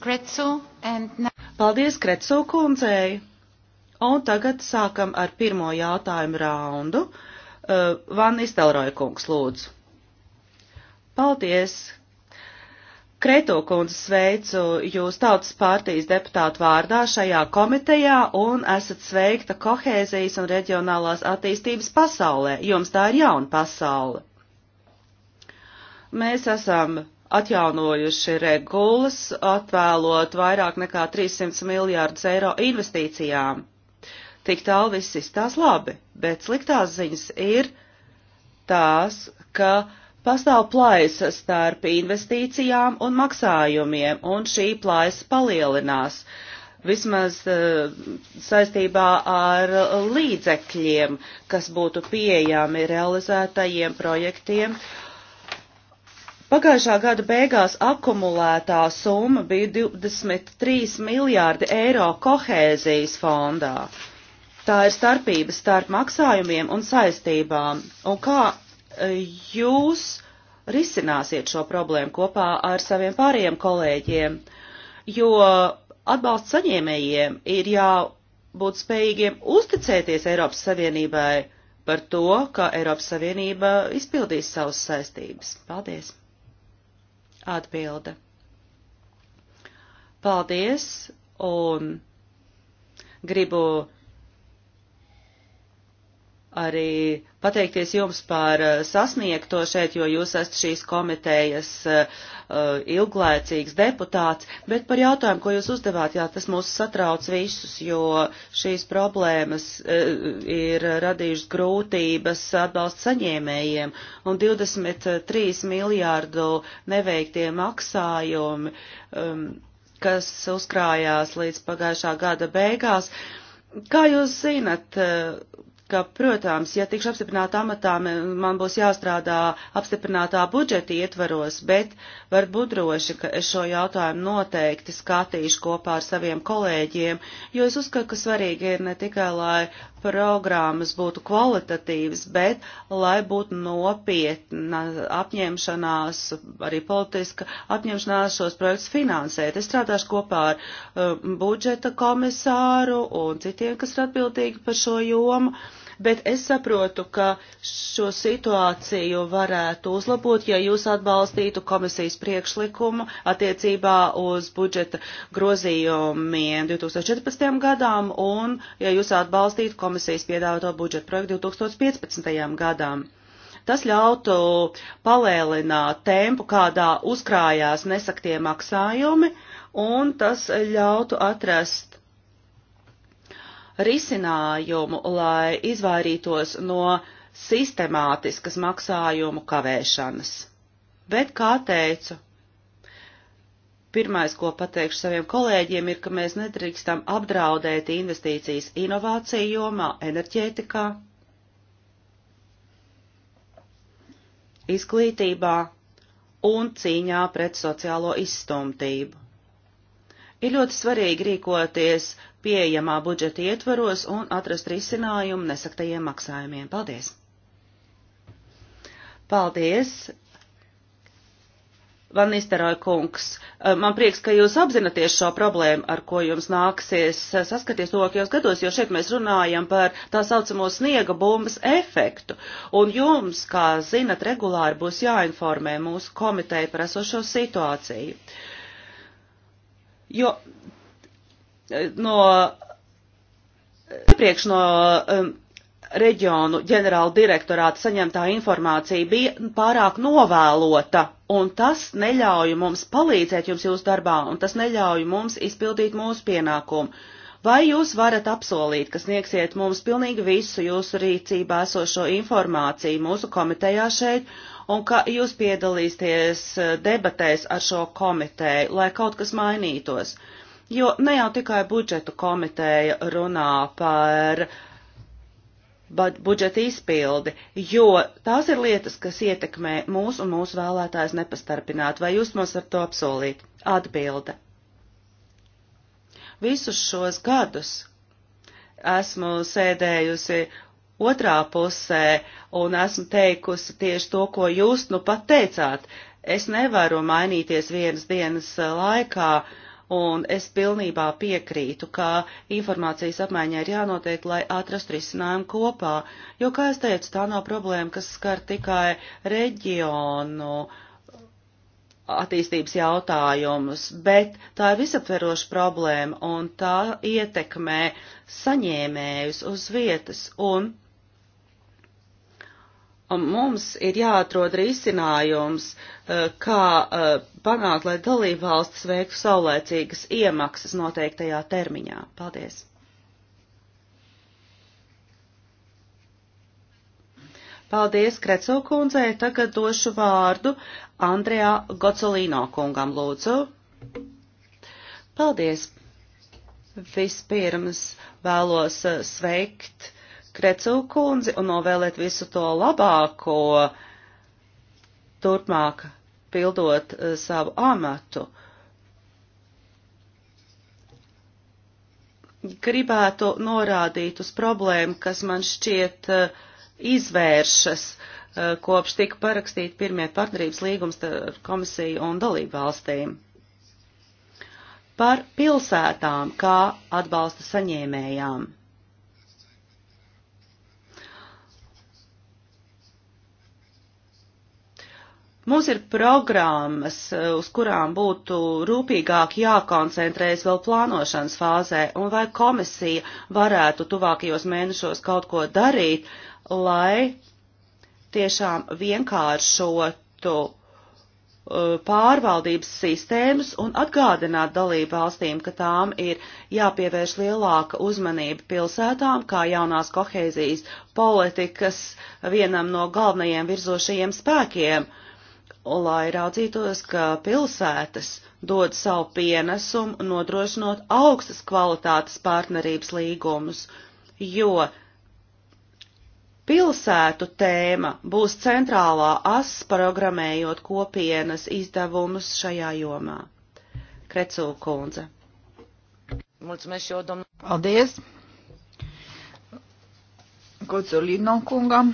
Kretsu and... Paldies Kretsu kundzei! Un tagad sākam ar pirmo jautājumu raundu. Uh, Van Istelroja kungs lūdzu. Paldies! Kreto kundze sveicu jūs tautas partijas deputātu vārdā šajā komitejā un esat sveikta kohēzijas un reģionālās attīstības pasaulē. Jums tā ir jauna pasaule. Mēs esam atjaunojuši regulas, atvēlot vairāk nekā 300 miljārdus eiro investīcijām. Tik tālu viss izstās labi, bet sliktās ziņas ir tās, ka pastāv plaisa starp investīcijām un maksājumiem, un šī plaisa palielinās vismaz uh, saistībā ar līdzekļiem, kas būtu pieejami realizētajiem projektiem, uh, Pagājušā gada beigās akumulētā summa bija 23 miljārdi eiro kohēzijas fondā. Tā ir starpība starp maksājumiem un saistībām. Un kā e, jūs risināsiet šo problēmu kopā ar saviem pārējiem kolēģiem? Jo atbalsta saņēmējiem ir jābūt spējīgiem uzticēties Eiropas Savienībai par to, ka Eiropas Savienība izpildīs savas saistības. Paldies! Atbilde. Paldies un gribu arī pateikties jums par eh, sasniegto šeit, jo jūs esat šīs komitejas uh, ilglaicīgs deputāts, bet par jautājumu, ko jūs uzdevāt, jā, tas mūs satrauc visus, jo šīs problēmas uh, ir radījušas grūtības atbalsta saņēmējiem, un 23 miljārdu neveiktie maksājumi, um, kas uzkrājās līdz pagājušā gada beigās. Kā jūs zinat, uh, ka, protams, ja tikšu apstiprināta amatā, man būs jāstrādā apstiprinātā budžeta ietvaros, bet var būt droši, ka es šo jautājumu noteikti skatīšu kopā ar saviem kolēģiem, jo es uzskatu, ka svarīgi ir ne tikai, lai programmas būtu kvalitatīvas, bet lai būtu nopietna apņemšanās, arī politiska apņemšanās šos projektus finansēt. Es strādāšu kopā ar uh, budžeta komisāru un citiem, kas ir atbildīgi par šo jomu. Uh, bet es saprotu, ka šo situāciju varētu uzlabot, ja jūs atbalstītu komisijas priekšlikumu attiecībā uz budžeta grozījumiem 2014. gadām un ja jūs atbalstītu komisijas piedāvāto budžeta projektu 2015. gadām. Tas ļautu palēlināt tempu, kādā uzkrājās nesaktie maksājumi, un tas ļautu atrast risinājumu, lai izvairītos no sistemātiskas maksājumu kavēšanas. Bet, kā teicu, pirmais, ko pateikšu saviem kolēģiem, ir, ka mēs nedrīkstam apdraudēt investīcijas inovāciju jomā, enerģētikā, izglītībā un cīņā pret sociālo izstumtību. Ir ļoti svarīgi rīkoties pieejamā budžeta ietvaros un atrast risinājumu nesaktajiem maksājumiem. Paldies! Paldies! Van Nisteroja kungs, man prieks, ka jūs apzināties šo problēmu, ar ko jums nāksies saskaties tuvākajos gados, jo šeit mēs runājam par tā saucamo sniega bumbas efektu. Un jums, kā zinat, regulāri būs jāinformē mūsu komiteja par esošo situāciju. Uh, jo eh, no iepriekš no um, reģionu ģenerāla direktorāta saņemtā informācija bija pārāk novēlota, un tas neļauj mums palīdzēt jums jūsu darbā, un tas neļauj mums izpildīt mūsu pienākumu. Vai jūs varat apsolīt, ka sniegsiet mums pilnīgi visu jūsu rīcībā esošo informāciju mūsu komitejā šeit, un ka jūs piedalīsieties eh, debatēs ar šo komiteju, lai kaut kas mainītos. Jo ne jau tikai budžetu komiteja runā par budžeta izpildi, jo tās ir lietas, kas ietekmē mūs un mūsu vēlētājs nepastarpināt. Vai jūs mums ar to apsolīt? Atbilde. Visus šos gadus esmu sēdējusi otrā pusē, un esmu teikusi tieši to, ko jūs nu pat teicāt. Es nevaru mainīties vienas dienas eh, laikā, un es pilnībā piekrītu, ka informācijas apmaiņai ir jānotiek, lai atrastu risinājumu kopā, jo, kā es teicu, tā nav problēma, kas skar tikai reģionu attīstības jautājumus, bet tā ir visaptveroša problēma un tā ietekmē saņēmējus uz vietas un Un mums ir jāatrod risinājums, eh, kā eh, panākt, lai dalībvalstis veiktu saulēcīgas iemaksas noteiktajā termiņā. Paldies! Paldies, Kreco kundzei. Tagad došu vārdu Andrejā Gocolīno kungam, lūdzu. Paldies! Vispirms vēlos eh, sveikt Krecu kundzi un novēlēt visu to labāko turpmāk pildot eh, savu amatu. Gribētu norādīt uz problēmu, kas man šķiet eh, izvēršas eh, kopš tika parakstīti pirmie partnerības līgums ar komisiju un dalību valstīm. Par pilsētām kā atbalsta saņēmējām. Mums ir programmas, eh, uz kurām būtu rūpīgāk jākoncentrējas vēl plānošanas fāzē, un vai komisija varētu tuvākajos mēnešos kaut ko darīt, lai tiešām vienkāršotu eh, pārvaldības sistēmas un atgādināt dalību valstīm, ka tām ir jāpievērš lielāka uzmanība pilsētām, kā jaunās kohēzijas politikas vienam no galvenajiem virzošajiem spēkiem. Uh, lai raudzītos, ka pilsētas dod savu pienesumu nodrošinot augstas kvalitātes partnerības līgumus, jo pilsētu tēma būs centrālā as programmējot kopienas izdevumus šajā jomā. Krecū kundze. Paldies! Kocolino kungam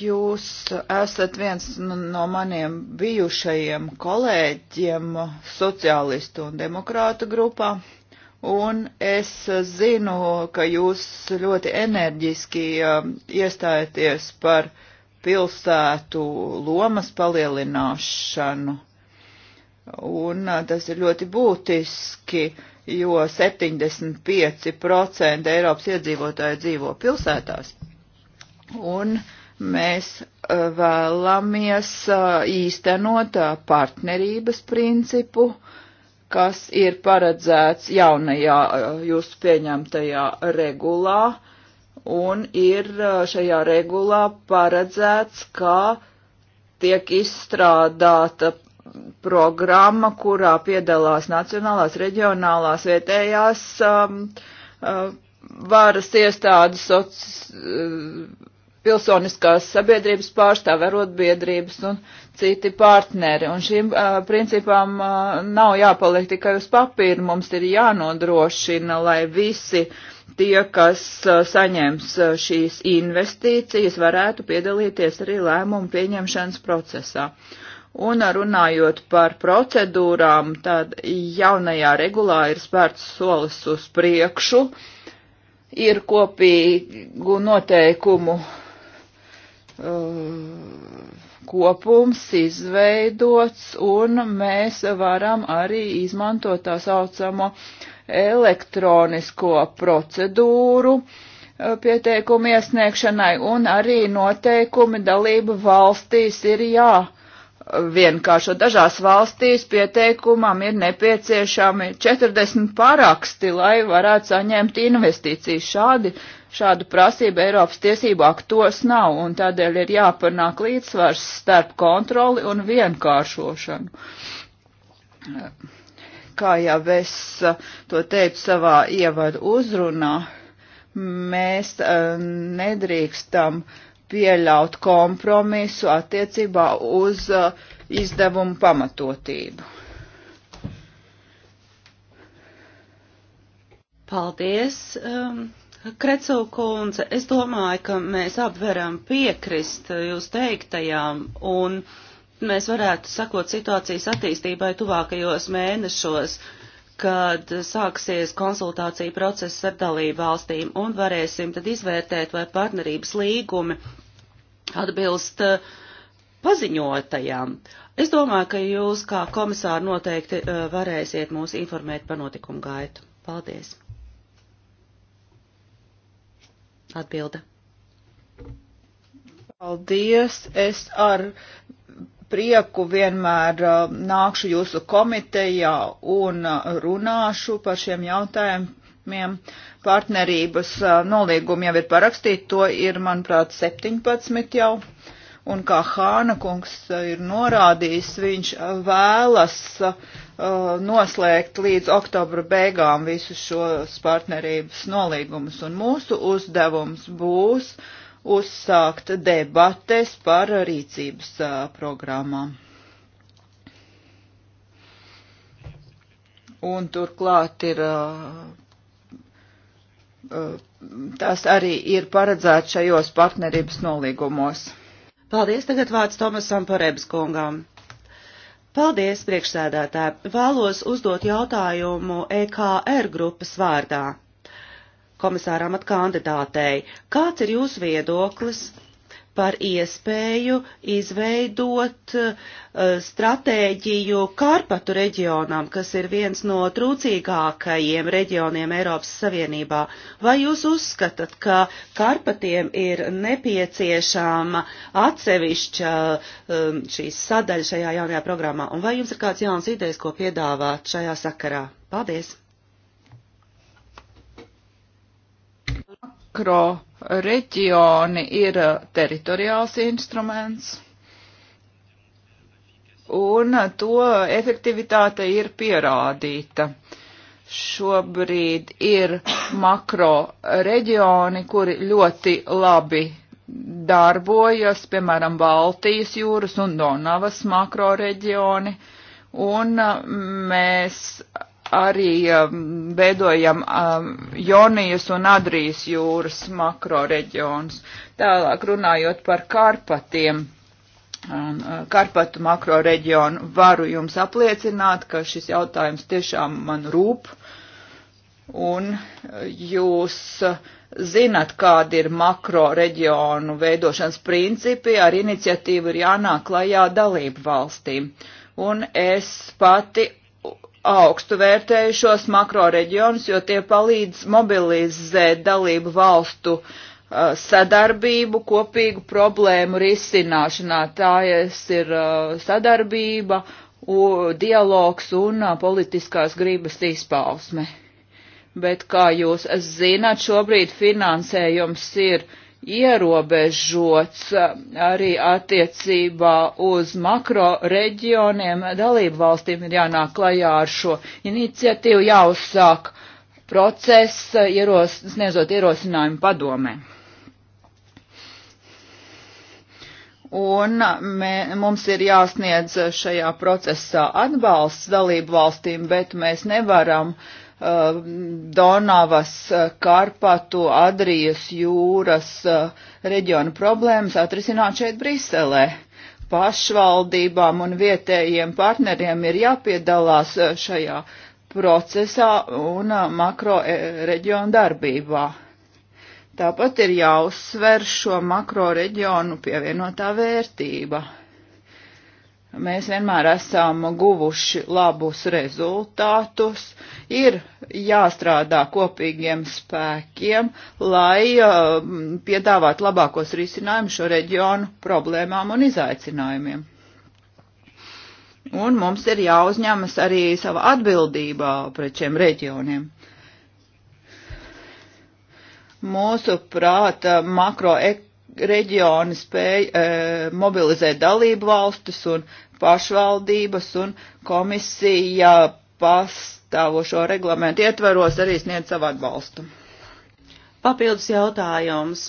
Jūs esat viens no maniem bijušajiem kolēģiem sociālistu un demokrātu grupā, un es zinu, ka jūs ļoti enerģiski um, iestājaties par pilsētu lomas palielināšanu. Un uh, tas ir ļoti būtiski, jo 75% Eiropas iedzīvotāji dzīvo pilsētās. Un uh, Mēs uh, vēlamies uh, īstenot uh, partnerības principu, kas ir paredzēts jaunajā jūsu pieņemtajā regulā, un ir šajā regulā paredzēts, ka tiek izstrādāta programma, kurā piedalās nacionālās, reģionālās, vietējās um, uh, varas iestādes, soci, uh, pilsoniskās sabiedrības pārstāvi, arotbiedrības un citi partneri. Un šīm uh, principām uh, nav jāpaliek tikai uz papīra, mums ir jānodrošina, lai visi tie, kas uh, saņems uh, šīs investīcijas, varētu piedalīties arī lēmumu pieņemšanas procesā. Un runājot par procedūrām, tad jaunajā regulā ir spērts solis uz priekšu, ir kopīgu noteikumu uh, Uh, kopums izveidots, un mēs varam arī izmantot tā saucamo elektronisko procedūru uh, pieteikumu iesniegšanai, un arī noteikumi dalību valstīs ir jā. Vienkāršo dažās valstīs pieteikumam ir nepieciešami 40 paraksti, lai varētu saņemt investīcijas. Šādi uh, Šādu prasību Eiropas tiesību aktos nav, un tādēļ ir jāpanāk līdzsvars starp kontroli un vienkāršošanu. Kā jau es uh, to teicu savā ievadu uzrunā, mēs uh, nedrīkstam pieļaut kompromisu attiecībā uz uh, izdevumu pamatotību. Paldies! Um, Kreco kundze, es domāju, ka mēs apveram piekrist jūs teiktajām un mēs varētu sakot situācijas attīstībai tuvākajos mēnešos, kad sāksies konsultācija process ar dalību valstīm un varēsim tad izvērtēt, vai partnerības līgumi atbilst eh, paziņotajām. Es domāju, ka jūs kā komisāri noteikti eh, varēsiet mūs informēt par notikumu gaitu. Paldies! Atbilda. Paldies! Es ar prieku vienmēr uh, nākšu jūsu komitejā un uh, runāšu par šiem jautājumiem. Partnerības uh, nolīgumi jau ir parakstīti, to ir, manuprāt, 17 jau. Un kā Hāna kungs ir norādījis, viņš vēlas Uh, noslēgt līdz oktobra beigām visus šos partnerības nolīgumus, un mūsu uzdevums būs uzsākt debates par rīcības uh, programmām. Un turklāt ir, uh, tas arī ir paredzēts šajos partnerības nolīgumos. Paldies, tagad vārds Tomasam Parebs kungam. Paldies, priekšsēdētāji. Vēlos uzdot jautājumu EKR grupas vārdā komisāram at kandidātei. Kāds ir jūsu viedoklis par iespēju izveidot uh, stratēģiju Karpatu reģionam, kas ir viens no trūcīgākajiem reģioniem Eiropas Savienībā. Vai jūs uzskatāt, ka Karpatiem ir nepieciešama atsevišķa um, šīs sadaļa šajā jaunajā programmā, un vai jums ir kāds jauns idejas, ko piedāvāt šajā sakarā? Paldies! makro reģioni ir uh, teritoriāls instruments, un uh, to efektivitāte ir pierādīta. Šobrīd ir makro reģioni, kuri ļoti labi darbojas, piemēram, Baltijas jūras un Donavas makro reģioni, un uh, mēs arī um, veidojam um, Jonijas un Adrijas jūras makroreģionus. Tālāk runājot par Karpatiem. Um, Karpatu makroreģionu varu jums apliecināt, ka šis jautājums tiešām man rūp. Un uh, jūs uh, zinat, kādi ir makroreģionu veidošanas principi, ar iniciatīvu ir jānāk klajā dalību valstīm un es pati augstu vērtēju šos makroreģionus, jo tie palīdz mobilizēt dalību valstu uh, sadarbību kopīgu problēmu risināšanā. Tā ir uh, sadarbība, u, dialogs un uh, politiskās gribas izpausme. Bet, kā jūs zināt, šobrīd finansējums ir uh, ierobežots eh, arī attiecībā uz makro reģioniem. Dalību valstīm ir jānāk klajā ar šo iniciatīvu, jāuzsāk process, eh, ieros, sniedzot ierosinājumu padomē. Un mē, mums ir jāsniedz šajā procesā atbalsts dalību valstīm, bet mēs nevaram uh, Uh, Donavas, uh, Karpatu, Adrijas jūras uh, reģiona problēmas atrisināt šeit Briselē. Pašvaldībām un vietējiem partneriem ir jāpiedalās šajā procesā un makro e, reģionu darbībā. Tāpat ir jāuzsver šo makro reģionu pievienotā vērtība. Mēs vienmēr esam guvuši labus rezultātus, ir jāstrādā kopīgiem spēkiem, lai uh, piedāvātu labākos risinājumus šo reģionu problēmām un izaicinājumiem. Un mums ir jāuzņemas arī sava atbildībā pret šiem reģioniem. Mūsu prāta makroekonomika reģioni spēj e, mobilizēt dalību valstis un pašvaldības un komisija pastāvošo reglamentu ietveros arī sniedz savu atbalstu. Papildus jautājums.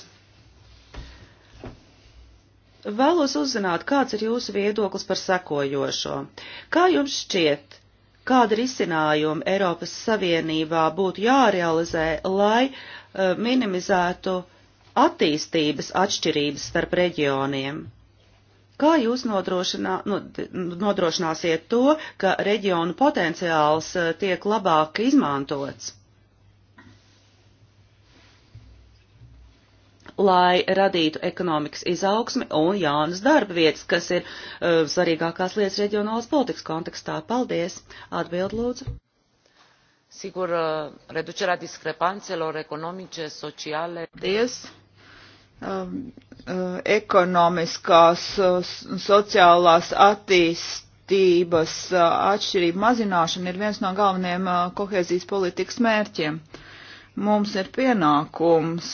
Vēlos uzzināt, kāds ir jūsu viedoklis par sekojošo. Kā jums šķiet, kāda risinājuma Eiropas Savienībā būtu jārealizē, lai uh, minimizētu attīstības atšķirības starp reģioniem. Kā jūs nodrošinā, nu, nodrošināsiet to, ka reģionu potenciāls eh, tiek labāk izmantots? lai radītu ekonomikas izaugsmi un jaunas darba vietas, kas ir uh, svarīgākās lietas reģionālas politikas kontekstā. Paldies! Atbild lūdzu! Sigur, eh, reducerea discrepanțelor economice, sociale. Paldies! Um, uh, ekonomiskās, uh, sociālās attīstības uh, atšķirību mazināšana ir viens no galvenajiem kohēzijas politikas mērķiem. Mums ir pienākums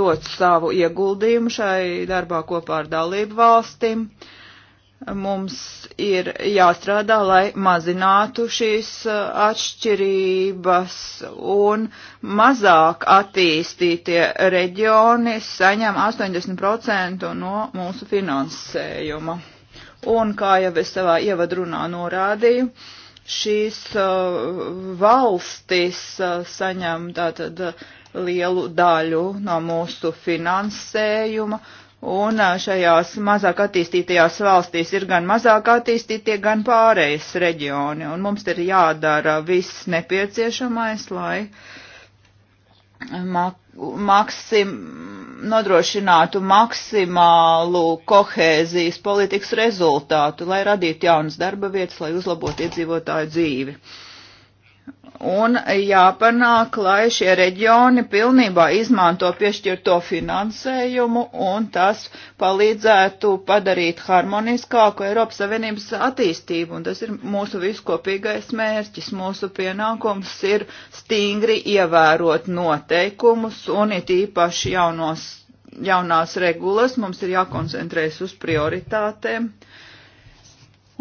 dot savu ieguldījumu šai darbā kopā ar dalību valstīm. Uh, mums ir jāstrādā, lai mazinātu šīs uh, atšķirības, un mazāk attīstītie reģioni saņem 80% no mūsu finansējuma. Un, kā jau es savā ievadrunā norādīju, šīs uh, valstis uh, saņem tātad lielu daļu no mūsu finansējuma, uh, Un šajās mazāk attīstītajās valstīs ir gan mazāk attīstītie, gan pārējais reģioni. Un mums ir jādara viss nepieciešamais, lai mak maksim, nodrošinātu maksimālu kohēzijas politikas rezultātu, lai radītu jaunas darba vietas, lai uzlabotu iedzīvotāju dzīvi un jāpanāk, lai šie reģioni pilnībā izmanto piešķirto finansējumu un tas palīdzētu padarīt harmoniskāku Eiropas Savienības attīstību. Un tas ir mūsu viskopīgais mērķis. Mūsu pienākums ir stingri ievērot noteikumus un it īpaši jaunos, jaunās regulas. Mums ir jākoncentrējas uz prioritātēm. Uh,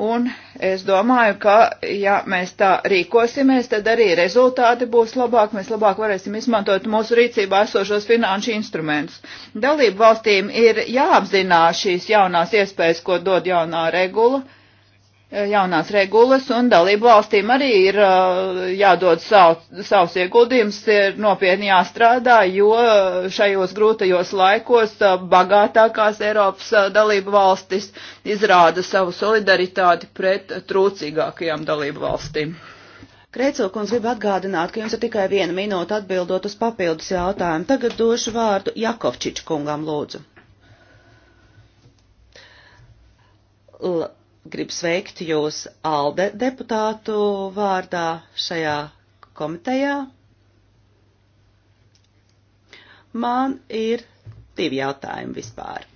Un es domāju, ka, ja mēs tā rīkosimies, tad arī rezultāti būs labāk, mēs labāk varēsim izmantot mūsu rīcībā esošos finanšu instrumentus. Dalību valstīm ir jāapzinās šīs jaunās iespējas, ko dod jaunā regula. Uh, E, jaunās regulas, un dalību valstīm arī ir e, jādod sav, savs ieguldījums, ir nopietni jāstrādā, jo šajos grūtajos laikos e, bagātākās Eiropas dalību valstis izrāda savu solidaritāti pret trūcīgākajām dalību valstīm. Kreicokums grib atgādināt, ka jums ir tikai viena minūte atbildot uz papildus jautājumu. Tagad došu vārdu Jakovčič kungam lūdzu. L gribu sveikt jūs ALDE deputātu vārdā šajā komitejā. Man ir divi jautājumi vispār.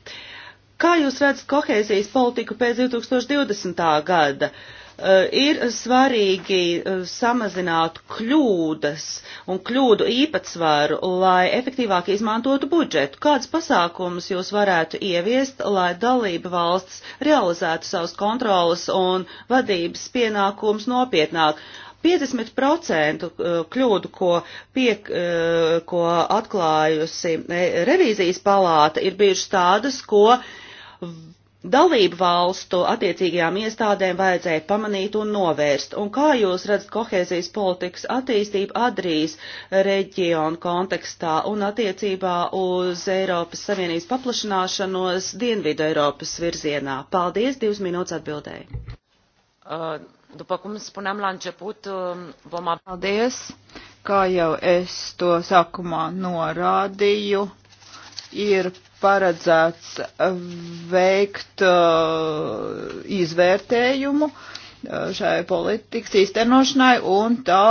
Kā jūs redzat kohēzijas politiku pēc 2020. gada? Uh, Eh, ir svarīgi eh, samazināt kļūdas un kļūdu īpatsvaru, lai efektīvāk izmantotu budžetu. Kādas pasākumus jūs varētu ieviest, lai dalība valsts realizētu savus kontrolas un vadības pienākumus nopietnāk? 50% eh, kļūdu, ko, pie, ko atklājusi revīzijas palāta, ir bijušas tādas, ko Dalību valstu attiecīgajām iestādēm vajadzēja pamanīt un novērst, un kā jūs redzat kohēzijas politikas attīstību adrīs reģionu kontekstā un attiecībā uz Eiropas Savienības paplašanāšanos Dienvidu Eiropas virzienā? Paldies, divas minūtes atbildēju. Uh, după cum spuneam la început, um, vom... Paldies, kā jau es to sākumā norādīju, ir paredzēts veikt uh, izvērtējumu uh, šai politikas īstenošanai, un tā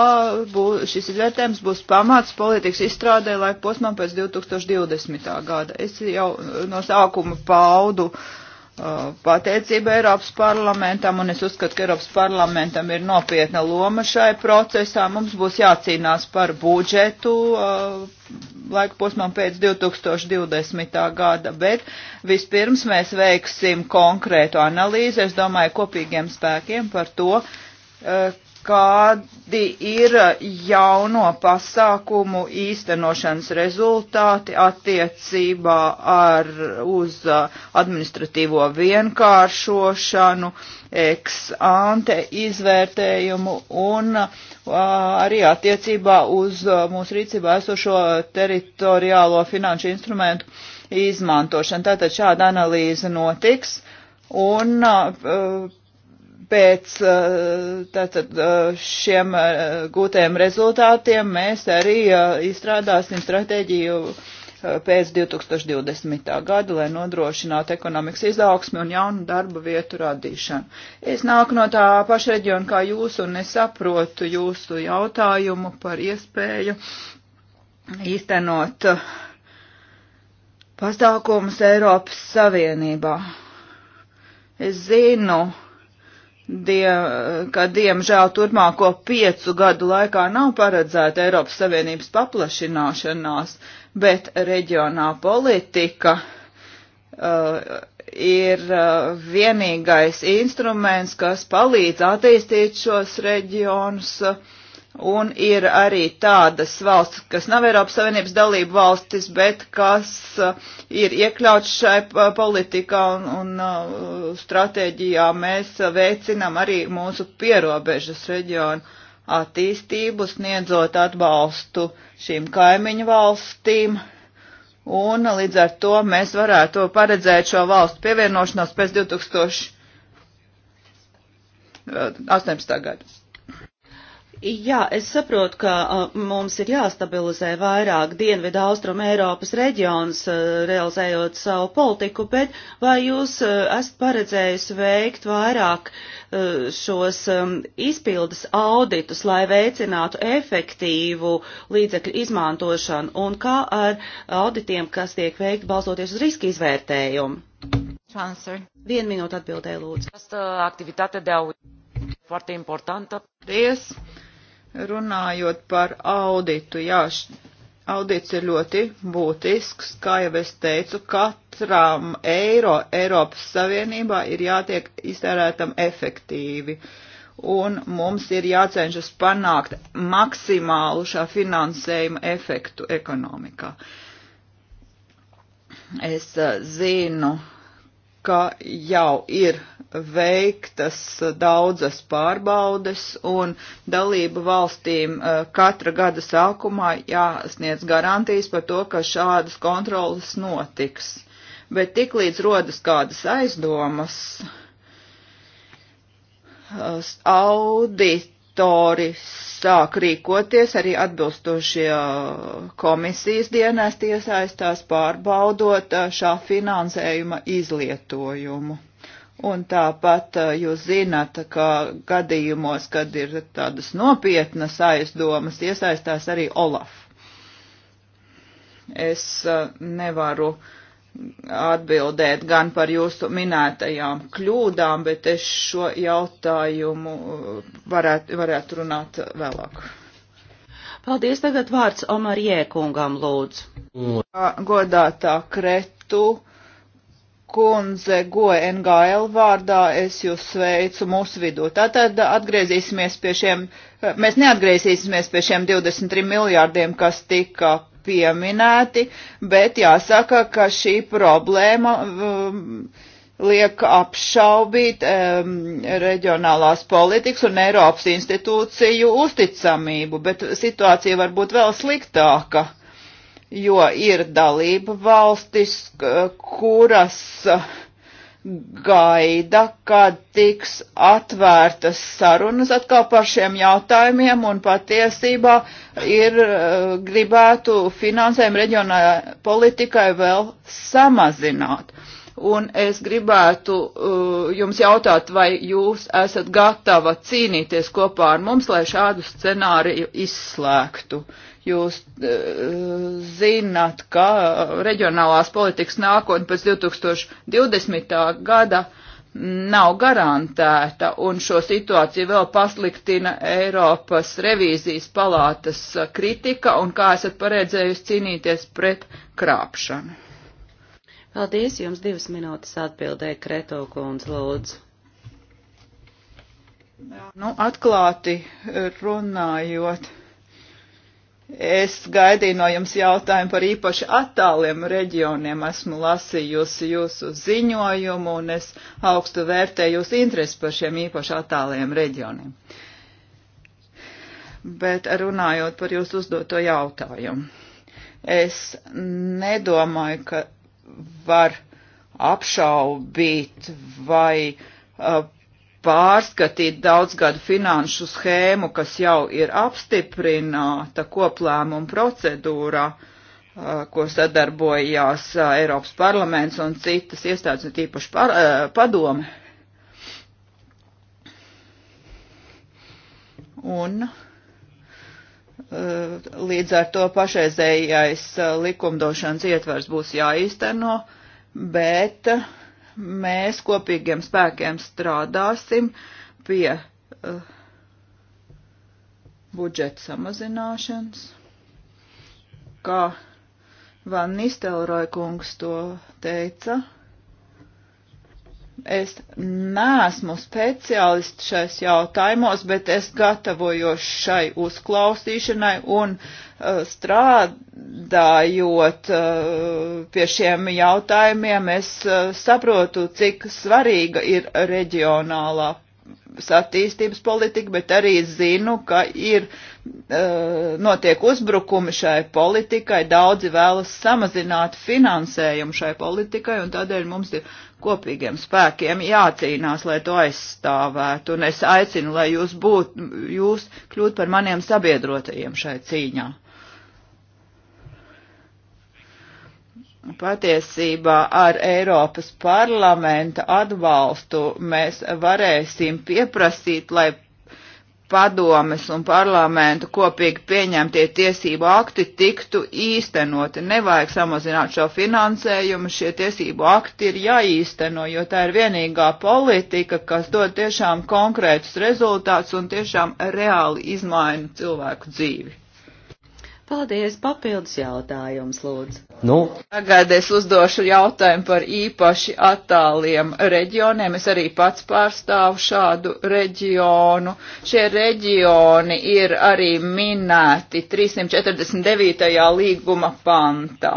būs, šis izvērtējums būs pamats politikas izstrādē laika posmam pēc 2020. gada. Es jau no sākuma paudu uh, pateicība Eiropas parlamentam, un es uzskatu, ka Eiropas parlamentam ir nopietna loma šai procesā. Mums būs jācīnās par budžetu uh, laika posmām pēc 2020. gada, bet vispirms mēs veiksim konkrētu analīzi, es domāju, kopīgiem spēkiem par to, uh, kādi ir jauno pasākumu īstenošanas rezultāti attiecībā ar, uz administratīvo vienkāršošanu, ex-ante izvērtējumu un arī attiecībā uz mūsu rīcībā esošo teritoriālo finanšu instrumentu izmantošanu. Tātad šāda analīze notiks un uh, pēc uh, tātad, uh, šiem uh, gūtajiem rezultātiem mēs arī izstrādāsim stratēģiju pēc 2020. gada, lai nodrošinātu ekonomikas izaugsmi un jaunu darba vietu radīšanu. Es nāku no tā paša reģiona kā jūs un nesaprotu jūsu jautājumu par iespēju īstenot pasākumus Eiropas Savienībā. Es zinu, die, ka diemžēl turpmāko piecu gadu laikā nav paredzēta Eiropas Savienības paplašināšanās, bet reģionā politika uh, ir uh, vienīgais instruments, kas palīdz attīstīt šos reģionus. Uh, Un ir arī tādas valsts, kas nav Eiropas Savienības dalība valstis, bet kas uh, ir iekļauts šai uh, politikā un, un uh, stratēģijā. Mēs veicinam arī mūsu pierobežas reģionu attīstību, sniedzot atbalstu šīm kaimiņu valstīm. Un līdz ar to mēs varētu paredzēt šo valstu pievienošanos pēc 2018. gada. Jā, es saprotu, ka a, mums ir jāstabilizē vairāk Dienvidu Austrum Eiropas reģions, a, realizējot savu politiku, bet vai jūs a, esat paredzējis veikt vairāk šos izpildes auditus, lai veicinātu efektīvu līdzekļu izmantošanu un kā ar auditiem, kas tiek veikti balstoties uz riska izvērtējumu? Transfer. Vienu minūtu atbildēju, lūdzu. Tas, uh, e foarte importantă. Paldies! Runājot par auditu, jā, audits ir ļoti būtisks, kā jau es teicu, katram eiro Eiropas Savienībā ir jātiek iztērētam efektīvi. Un mums ir jācenšas panākt maksimālu šā finansējuma efektu ekonomikā. Es eh, zinu, ka jau ir veiktas daudzas pārbaudes un dalību valstīm e, katra gada sākumā jāsniedz garantijas par to, ka šādas kontrolas notiks. Bet tiklīdz rodas kādas aizdomas, e, auditori sāk rīkoties, arī atbilstošie e, komisijas dienesti iesaistās pārbaudot šā finansējuma izlietojumu Un tāpat jūs zināt, ka gadījumos, kad ir tādas nopietnas aizdomas, iesaistās arī Olaf. Es nevaru atbildēt gan par jūsu minētajām kļūdām, bet es šo jautājumu varētu, varētu runāt vēlāk. Paldies, tagad vārds Omar Jēkungam lūdzu. Godātā Kretu kundze GoNGL vārdā es jūs sveicu mūsu vidū. Tātad atgriezīsimies pie šiem, mēs neatgriezīsimies pie šiem 23 miljārdiem, kas tika pieminēti, bet jāsaka, ka šī problēma um, liek apšaubīt um, reģionālās politikas un Eiropas institūciju uzticamību, bet situācija var būt vēl sliktāka. Uh, jo ir dalība valstis, kuras eh, gaida, kad tiks atvērtas sarunas atkal par šiem jautājumiem un patiesībā ir eh, gribētu finansējumu reģionālajai politikai vēl samazināt. Un es gribētu uh, jums jautāt, vai jūs esat gatava cīnīties kopā ar mums, lai šādu scenāriju izslēgtu. Uh, Jūs uh, e, zināt, ka reģionālās politikas nākotne pēc 2020. gada nav garantēta, un šo situāciju vēl pasliktina Eiropas revīzijas palātas kritika, un kā esat paredzējusi cīnīties pret krāpšanu. Paldies, jums divas minūtes atbildēja Kreto kundze, lūdzu. Nu, atklāti runājot. Es gaidīju no jums jautājumu par īpaši attāliem reģioniem. Esmu lasījusi jūsu ziņojumu un es augstu vērtēju jūsu interesi par šiem īpaši attāliem reģioniem. Bet runājot par jūsu uzdoto jautājumu, es nedomāju, ka var apšaubīt vai uh, pārskatīt daudzgadu finanšu schēmu, kas jau ir apstiprināta koplēmuma procedūrā, ko sadarbojās Eiropas parlaments un citas iestādes, un tīpaši par, padome. Un līdz ar to pašreizējais likumdošanas ietvers būs jāīsteno, bet uh, mēs kopīgiem spēkiem strādāsim pie uh, budžeta samazināšanas, kā Van Nistelroja kungs to teica es neesmu speciālists šais jautājumos, bet es gatavojos šai uzklausīšanai un uh, strādājot uh, pie šiem jautājumiem, es uh, saprotu, cik svarīga ir reģionālā attīstības politika, bet arī zinu, ka ir uh, notiek uzbrukumi šai politikai, daudzi vēlas samazināt finansējumu šai politikai, un tādēļ mums ir kopīgiem spēkiem jācīnās, lai to aizstāvētu, un es aicinu, lai jūs būtu, jūs kļūt par maniem sabiedrotajiem šai cīņā. patiesībā ar Eiropas parlamenta atbalstu mēs varēsim pieprasīt, lai padomes un parlamentu kopīgi pieņemtie tiesību akti tiktu īstenoti. Nevajag samazināt šo finansējumu, šie tiesību akti ir jāīsteno, jo tā ir vienīgā politika, kas dod tiešām konkrētus rezultātus un tiešām reāli izmaina cilvēku dzīvi. Paldies, papildus jautājums, lūdzu. Nu. Tagad es uzdošu jautājumu par īpaši attāliem reģioniem. Es arī pats pārstāvu šādu reģionu. Šie reģioni ir arī minēti 349. līguma pantā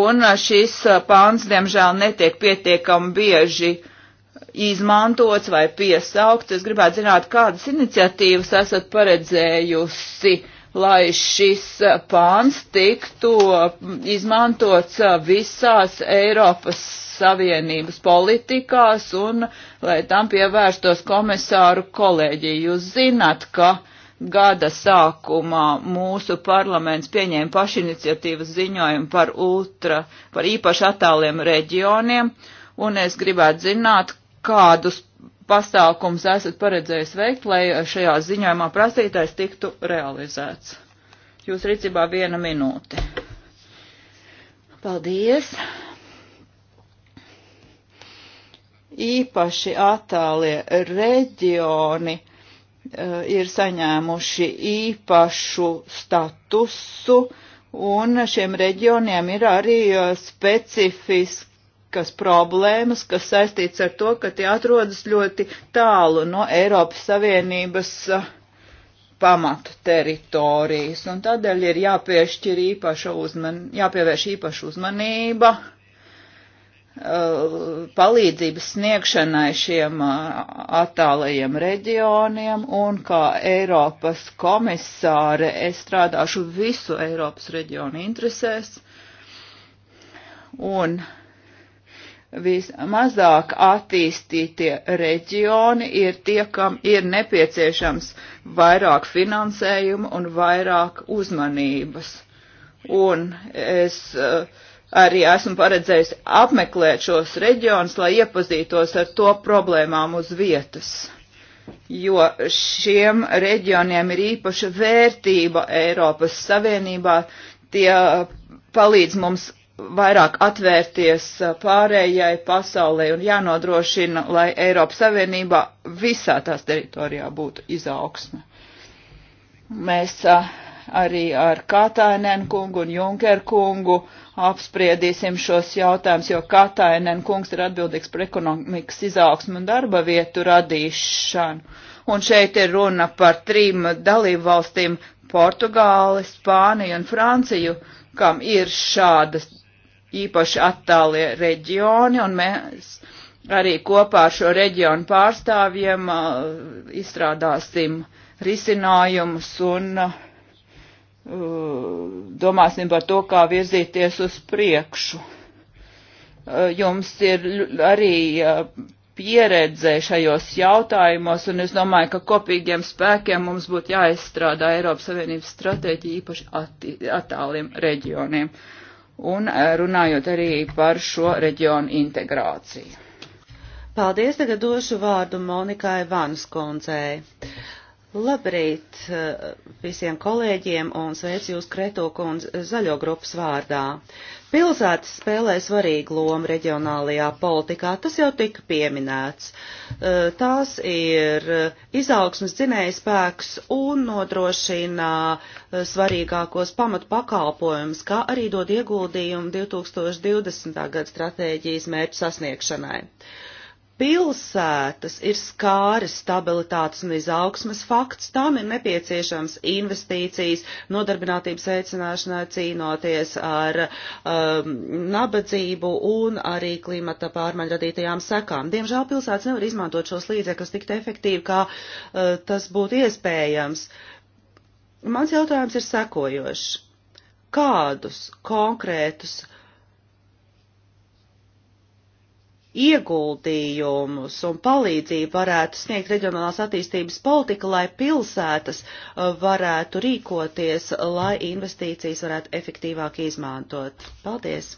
un šis pāns, diemžēl, netiek pietiekami bieži izmantots vai piesaukts. Es gribētu zināt, kādas iniciatīvas esat paredzējusi, lai šis pāns tiktu izmantots visās Eiropas Savienības politikās un lai tam pievērstos komisāru kolēģi. Jūs zināt, ka gada sākumā mūsu parlaments pieņēma pašiniciatīvas ziņojumu par ultra, par īpaši attāliem reģioniem, un es gribētu zināt, kādus pasākums esat paredzējis veikt, lai šajā ziņojumā prasītais tiktu realizēts? Jūs rīcībā viena minūte. Paldies! Īpaši attālie reģioni uh, ir saņēmuši īpašu statusu, un šiem reģioniem ir arī eh, specifiski kas problēmas, kas saistīts ar to, ka tie atrodas ļoti tālu no Eiropas Savienības uh, pamatu teritorijas, un tādēļ ir jāpiešķir īpaša uzman, jāpievērš īpaša uzmanība uh, palīdzības sniegšanai šiem uh, attālajiem reģioniem, un kā Eiropas komisāre es strādāšu visu Eiropas reģionu interesēs, un uh, vismazāk attīstītie reģioni ir tie, kam ir nepieciešams vairāk finansējumu un vairāk uzmanības. Un es eh, arī esmu paredzējis apmeklēt šos reģionus, lai iepazītos ar to problēmām uz vietas, jo šiem reģioniem ir īpaša vērtība Eiropas Savienībā, tie palīdz mums vairāk atvērties eh, pārējai pasaulē un jānodrošina, lai Eiropas Savienībā visā tās teritorijā būtu izaugsme. Mēs eh, arī ar Katainen kungu un Junker kungu apspriedīsim šos jautājumus, jo Katainen kungs ir atbildīgs par ekonomikas izaugsmu un darba vietu radīšanu. Un šeit ir runa par trim dalību valstīm - Portugāli, Spāniju un Franciju, kam ir šādas īpaši attālie reģioni, un mēs arī kopā ar šo reģionu pārstāvjiem uh, izstrādāsim risinājumus un uh, domāsim par to, kā virzīties uz priekšu. Uh, jums ir arī pieredze šajos jautājumos, un es domāju, ka kopīgiem spēkiem mums būtu jāizstrādā Eiropas Savienības stratēģija īpaši attāliem reģioniem. Uh, un eh, runājot arī par šo reģionu integrāciju. Paldies, tagad došu vārdu Monikai Vanskundzei. Labrīt eh, visiem kolēģiem un sveicu jūs Kreto kundze zaļo grupas vārdā. Pilsētas spēlē svarīgu lomu reģionālajā politikā, tas jau tika pieminēts. Eh, tās ir izaugsmas dzinējas spēks un nodrošina eh, svarīgākos pamatpakalpojumus, kā arī dod ieguldījumu 2020. gada stratēģijas mērķu sasniegšanai. Pilsētas ir skāris stabilitātes un izaugsmas fakts, tām ir nepieciešams investīcijas, nodarbinātības veicināšanā cīnoties ar um, nabadzību un arī klimata pārmaiņu radītajām sekām. Diemžēl pilsētas nevar izmantot šos līdzekļus tik efektīvi, kā uh, tas būtu iespējams. Mans jautājums ir sekojošs. Kādus konkrētus uh, ieguldījumus un palīdzību varētu sniegt reģionālās attīstības politika, lai pilsētas uh, varētu rīkoties, lai investīcijas varētu efektīvāk izmantot. Paldies!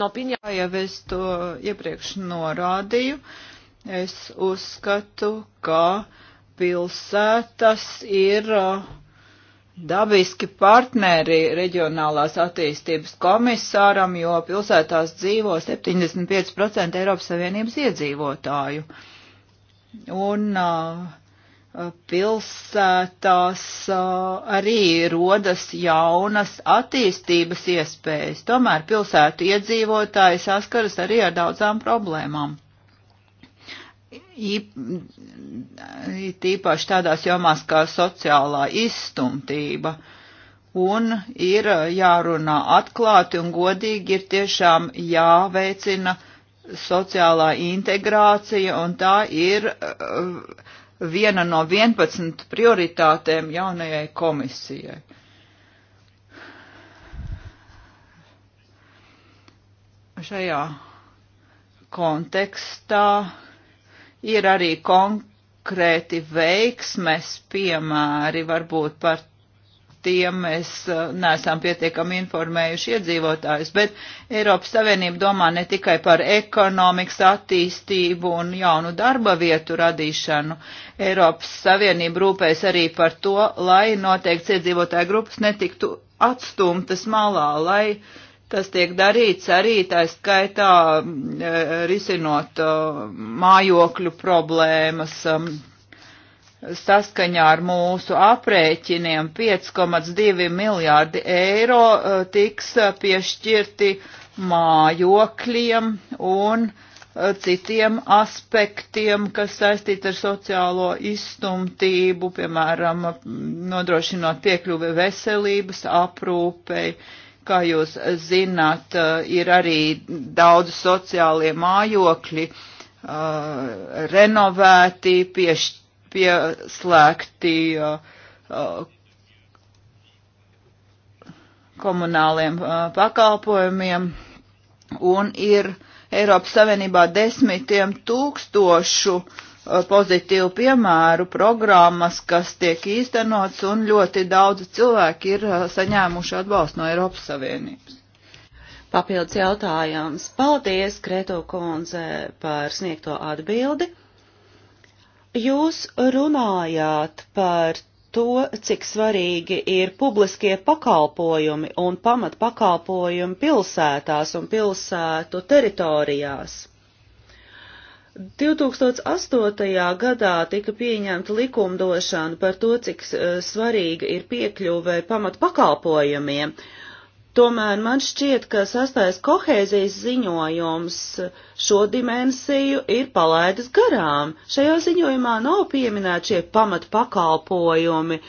No piņā jau es to iepriekš norādīju, es uzskatu, ka pilsētas ir uh, dabiski partneri reģionālās attīstības komisāram, jo pilsētās dzīvo 75% Eiropas Savienības iedzīvotāju. Un uh, pilsētās uh, arī rodas jaunas attīstības iespējas. Tomēr pilsētu iedzīvotāji saskaras arī ar daudzām problēmām īpaši tādās jomās kā sociālā izstumtība. Un ir jārunā atklāti un godīgi ir tiešām jāveicina sociālā integrācija, un tā ir viena no 11 prioritātēm jaunajai komisijai. Šajā kontekstā Ir arī konkrēti veiksmes piemēri, varbūt par tiem mēs uh, neesam pietiekami informējuši iedzīvotājus, bet Eiropas Savienība domā ne tikai par ekonomikas attīstību un jaunu darba vietu radīšanu. Eiropas Savienība rūpēs arī par to, lai noteikts iedzīvotāju grupas netiktu atstumtas malā, lai Tas tiek darīts arī tā skaitā e, risinot mājokļu problēmas saskaņā ar mūsu aprēķiniem 5,2 miljārdi eiro e, tiks e, piešķirti mājokļiem un citiem aspektiem, kas saistīti ar sociālo izstumtību, piemēram, nodrošinot piekļuvi veselības aprūpei, Kā jūs zināt, eh, ir arī daudz sociālie mājokļi uh, renovēti, pieš, pieslēgti uh, komunāliem uh, pakalpojumiem un ir Eiropas Savienībā desmitiem tūkstošu uh, Uh, pozitīvu piemēru programmas, kas tiek īstenots, un ļoti daudz cilvēki ir uh, saņēmuši atbalstu no Eiropas Savienības. Papildus jautājums. Paldies, Kreto Konze, par sniegto atbildi. Jūs runājāt par to, cik svarīgi ir publiskie pakalpojumi un pamatpakalpojumi pilsētās un pilsētu teritorijās. 2008. gadā tika pieņemta likumdošana par to, cik eh, svarīga ir piekļuve pamat pakalpojumiem. Tomēr man šķiet, ka sastais kohēzijas ziņojums šo dimensiju ir palaidis garām. Šajā ziņojumā nav pieminēti šie pamat pakalpojumi,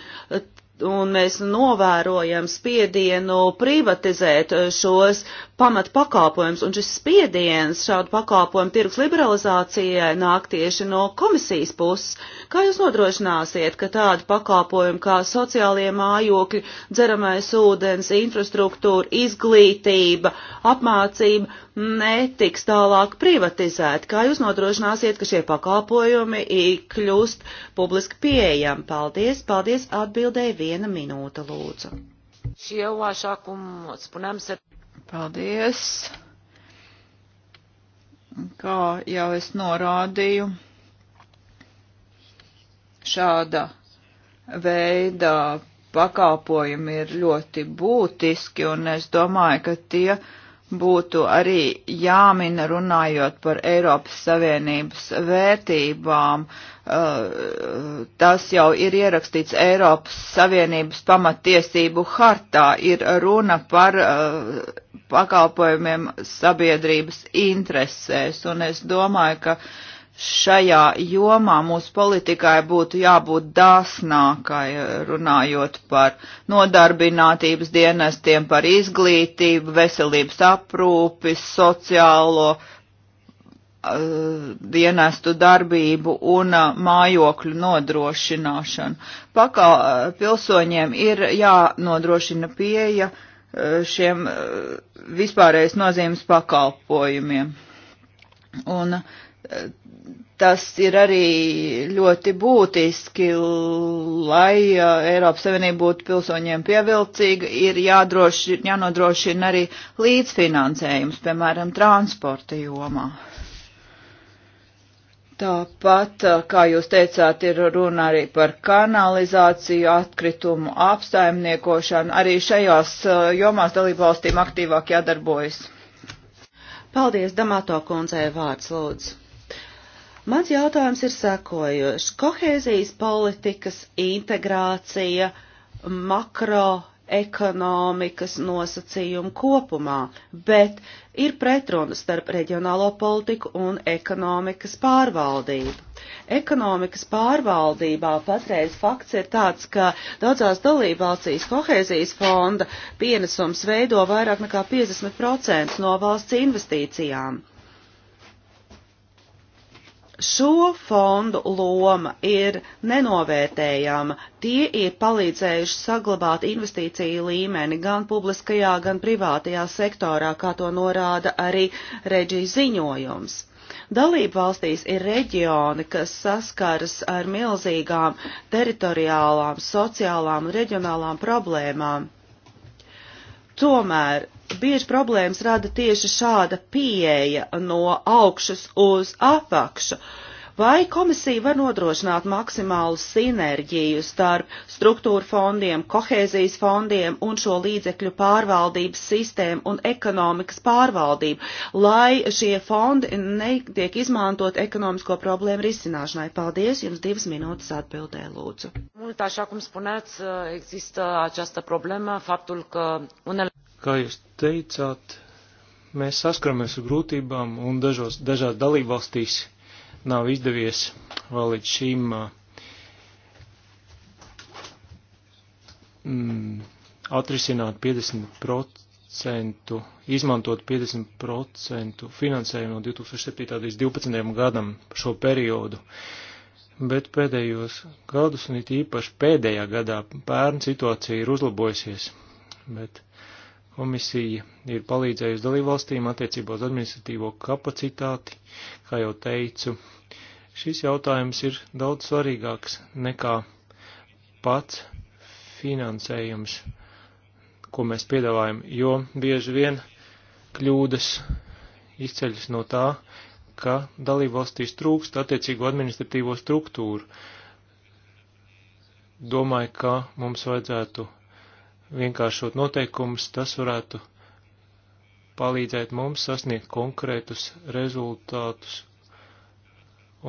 un mēs novērojam spiedienu privatizēt eh, šos pamatpakāpojumus, un šis spiediens šādu pakāpojumu tirgus liberalizācijai nāk tieši no komisijas puses. Kā jūs nodrošināsiet, ka tādi pakāpojumi kā sociālie mājokļi, dzeramais ūdens, infrastruktūra, izglītība, apmācība netiks tālāk privatizēti? Kā jūs nodrošināsiet, ka šie pakāpojumi kļūst publiski pieejami? Paldies, paldies atbildēji Viena minūte, lūdzu. Paldies. Kā jau es norādīju, šāda veida pakalpojumi ir ļoti būtiski, un es domāju, ka tie būtu arī jāmina runājot par Eiropas Savienības vērtībām. Uh, tas jau ir ierakstīts Eiropas Savienības pamatiesību hartā, ir runa par uh, pakalpojumiem sabiedrības interesēs, un es domāju, ka uh, šajā jomā mūsu politikai būtu jābūt dāsnākai, runājot par nodarbinātības dienestiem, par izglītību, veselības aprūpi, sociālo uh, dienestu darbību un uh, mājokļu nodrošināšanu. Pakā uh, pilsoņiem ir jānodrošina pieeja uh, šiem uh, vispārējais nozīmes pakalpojumiem. Un uh, Tas ir arī ļoti būtiski, lai Eiropas Savienība būtu pilsoņiem pievilcīga, ir jādrošina, jānodrošina arī līdzfinansējums, piemēram, transporta jomā. Tāpat, kā jūs teicāt, ir runa arī par kanalizāciju, atkritumu apsaimniekošanu. Arī šajās jomās dalībvalstīm aktīvāk jādarbojas. Paldies, Damato kundzei vārds lūdzu. Mans jautājums ir sekojošs. Kohēzijas politikas integrācija makroekonomikas nosacījumu kopumā, bet ir pretruna starp reģionālo politiku un ekonomikas pārvaldību. Ekonomikas pārvaldībā patreiz fakts ir tāds, ka daudzās dalībvalstīs kohēzijas fonda pienesums veido vairāk nekā 50% no valsts investīcijām. Šo fondu loma ir nenovērtējama. Tie ir palīdzējuši saglabāt investīciju līmeni gan publiskajā, gan privātajā sektorā, kā to norāda arī reģijas ziņojums. Dalību valstīs ir reģioni, kas saskaras ar milzīgām teritoriālām, sociālām un reģionālām problēmām. Tomēr bieži problēmas rada tieši šāda pieeja no augšas uz apakšu. Vai komisija var nodrošināt maksimālu sinerģiju starp struktūra fondiem, kohēzijas fondiem un šo līdzekļu pārvaldības sistēmu un ekonomikas pārvaldību, lai šie fondi netiek izmantot ekonomisko problēmu risināšanai? Paldies, jums divas minūtes atbildē, lūdzu. Mult, așa cum spuneați, există această problemă, faptul că unele Kā jūs teicāt, mēs saskaramies ar grūtībām un dažos, dažās dalībvalstīs nav izdevies vēl līdz šīm mm, atrisināt 50%, izmantot 50% finansējumu no 2007. līdz 2012. gadam šo periodu. Bet pēdējos gadus, un it īpaši pēdējā gadā, pērn situācija ir uzlabojusies. Bet Komisija ir palīdzējusi dalībvalstīm attiecībā uz administratīvo kapacitāti, kā jau teicu. Šis jautājums ir daudz svarīgāks nekā pats finansējums, ko mēs piedāvājam, jo bieži vien kļūdas izceļas no tā, ka dalībvalstīs trūkst attiecīgo administratīvo struktūru. Domāju, ka mums vajadzētu vienkāršot noteikumus, tas varētu palīdzēt mums sasniegt konkrētus rezultātus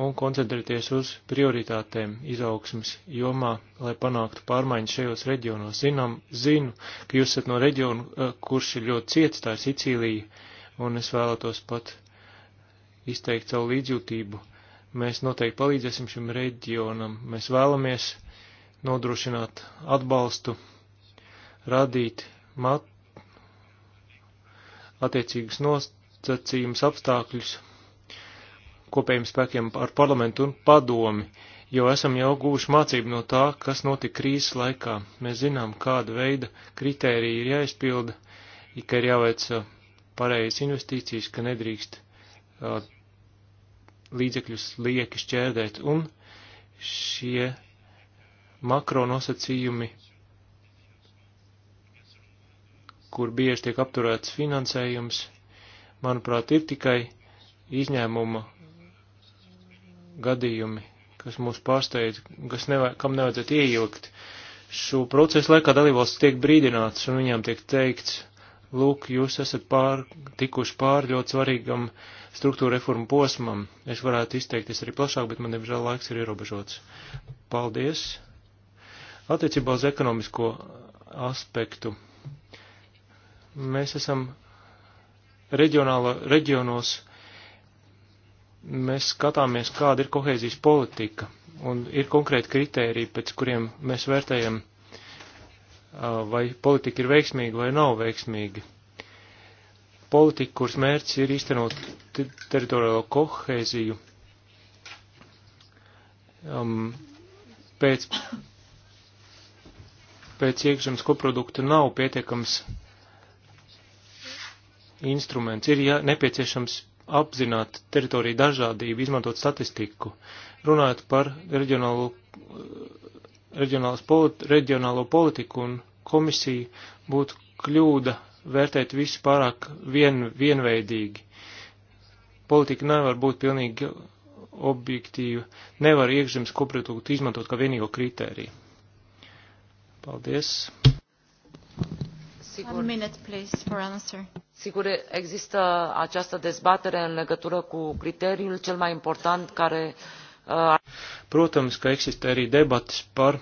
un koncentrēties uz prioritātēm izaugsmas jomā, lai panāktu pārmaiņas šajos reģionos. Zinām, zinu, ka jūs esat no reģiona, eh, kurš ir ļoti ciets, tā ir Sicīlija, un es vēlētos pat izteikt savu līdzjūtību. Mēs noteikti palīdzēsim šim reģionam. Mēs vēlamies nodrošināt atbalstu radīt mat, attiecīgus nosacījumus apstākļus kopējiem spēkiem ar parlamentu un padomi, jo esam jau guvuši mācību no tā, kas notika krīzes laikā. Mēs zinām, kāda veida kritērija ir jāizpilda, ka ir jāveic uh, pareizas investīcijas, ka nedrīkst uh, līdzekļus lieki šķērdēt, un šie makro nosacījumi kur bieži tiek apturēts finansējums, manuprāt, ir tikai izņēmuma gadījumi, kas mūs pārsteidz, kas nevai, kam nevajadzētu ieilgt. Šo procesu laikā dalībvalsts tiek brīdināts un viņām tiek teikts, lūk, jūs esat pār, tikuši pār ļoti svarīgam struktūra reformu posmam. Es varētu izteikties arī plašāk, bet man, diemžēl, laiks ir ierobežots. Paldies! Attiecībā uz ekonomisko aspektu Mēs esam reģionāla, reģionos, mēs skatāmies, kāda ir kohēzijas politika, un ir konkrēti kritēriji, pēc kuriem mēs vērtējam, vai politika ir veiksmīga vai nav veiksmīga. Politika, kuras mērķis ir īstenot teritoriālo kohēziju, um, pēc, pēc iekšzemes koprodukta nav pietiekams instruments. Ir jā, nepieciešams apzināt teritoriju dažādību, izmantot statistiku. Runājot par reģionālo, politi, reģionālo politiku un komisiju, būtu kļūda vērtēt visu pārāk vien, vienveidīgi. Politika nevar būt pilnīgi objektīva, nevar iekšzemes koproduktu izmantot kā vienīgo kritēriju. Paldies! Sigur, minute, please, for answer. sigur există această dezbatere în legătură cu criteriul cel mai important care uh... Protams, ka eksistē arī debatas par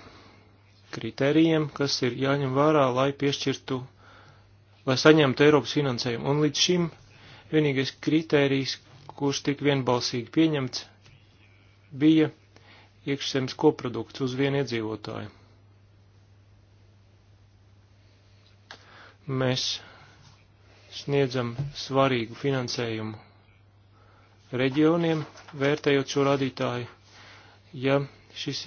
kritērijiem, kas ir jāņem vērā, lai piešķirtu, lai saņemtu Eiropas finansējumu. Un līdz šim vienīgais kritērijs, kurš tik vienbalsīgi pieņemts, bija iekšzemes koprodukts uz vienu iedzīvotāju. Mēs sniedzam svarīgu finansējumu reģioniem, vērtējot šo rādītāju. Ja šis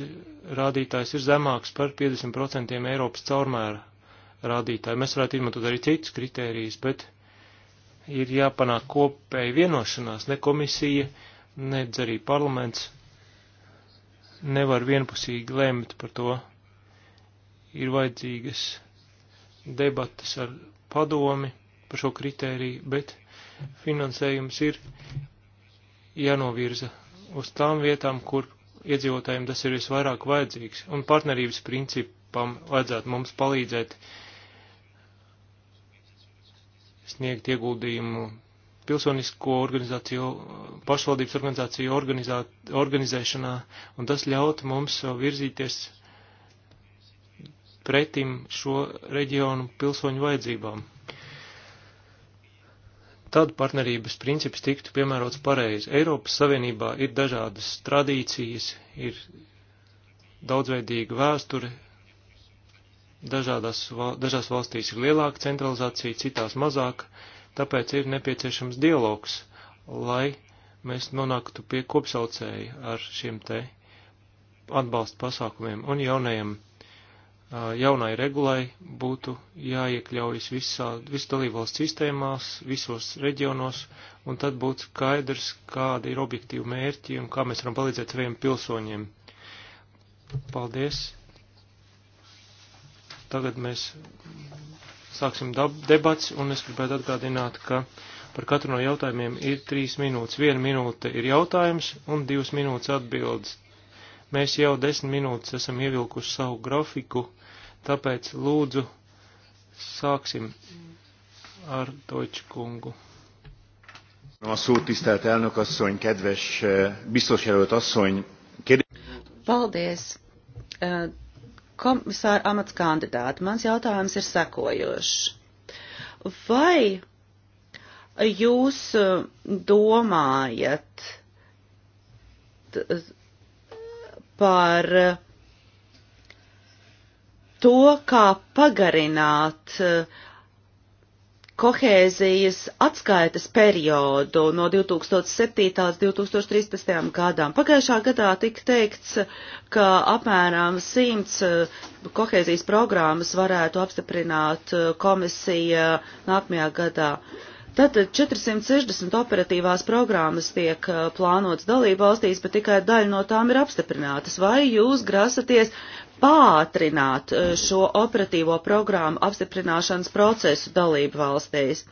rādītājs ir zemāks par 50% Eiropas caurmēra rādītāju, mēs varētu izmantot arī citus kritērijus, bet ir jāpanāk kopēja vienošanās, ne komisija, nedz arī parlaments nevar vienpusīgi lemt par to. Ir vajadzīgas debatas ar padomi par šo kritēriju, bet finansējums ir jānovirza uz tām vietām, kur iedzīvotājiem tas ir visvairāk vajadzīgs. Un partnerības principam vajadzētu mums palīdzēt sniegt ieguldījumu pilsonisko organizāciju, pašvaldības organizāciju organizēšanā, un tas ļaut mums virzīties pretim šo reģionu pilsoņu vajadzībām. Tad partnerības princips tiktu piemērots pareizi. Eiropas Savienībā ir dažādas tradīcijas, ir daudzveidīga vēsture, dažādās, dažās valstīs ir lielāka centralizācija, citās mazāk, tāpēc ir nepieciešams dialogs, lai mēs nonāktu pie kopsaucēja ar šiem te atbalsta pasākumiem un jaunajiem jaunai regulai būtu jāiekļaujas visā, visu dalībvalsts sistēmās, visos reģionos, un tad būtu skaidrs, kāda ir objektīva mērķi un kā mēs varam palīdzēt saviem pilsoņiem. Paldies! Tagad mēs sāksim debats, un es gribētu atgādināt, ka par katru no jautājumiem ir trīs minūtes. Viena minūte ir jautājums, un divas minūtes atbildes. Mēs jau desmit minūtes esam ievilkuši savu grafiku, tāpēc lūdzu sāksim ar Deutsche kungu. A szót tisztelt elnök asszony, kedves eh, biztos jelölt asszony. Kérdé... Paldies. Eh, komisāra amats kandidāti, mans jautājums ir sekojošs. Vai jūs eh, domājat par eh, to, kā pagarināt eh, kohēzijas atskaites periodu no 2007. līdz 2013. gadām. Pagājušā gadā tika teikts, ka apmēram 100 eh, kohēzijas programmas varētu apstiprināt komisija nākamajā gadā. Uh, Tātad 460 operatīvās programmas tiek uh, plānotas dalību valstīs, bet tikai daļa no tām ir apstiprinātas. Vai jūs grasaties pātrināt uh, šo operatīvo programmu apstiprināšanas procesu dalību valstīs?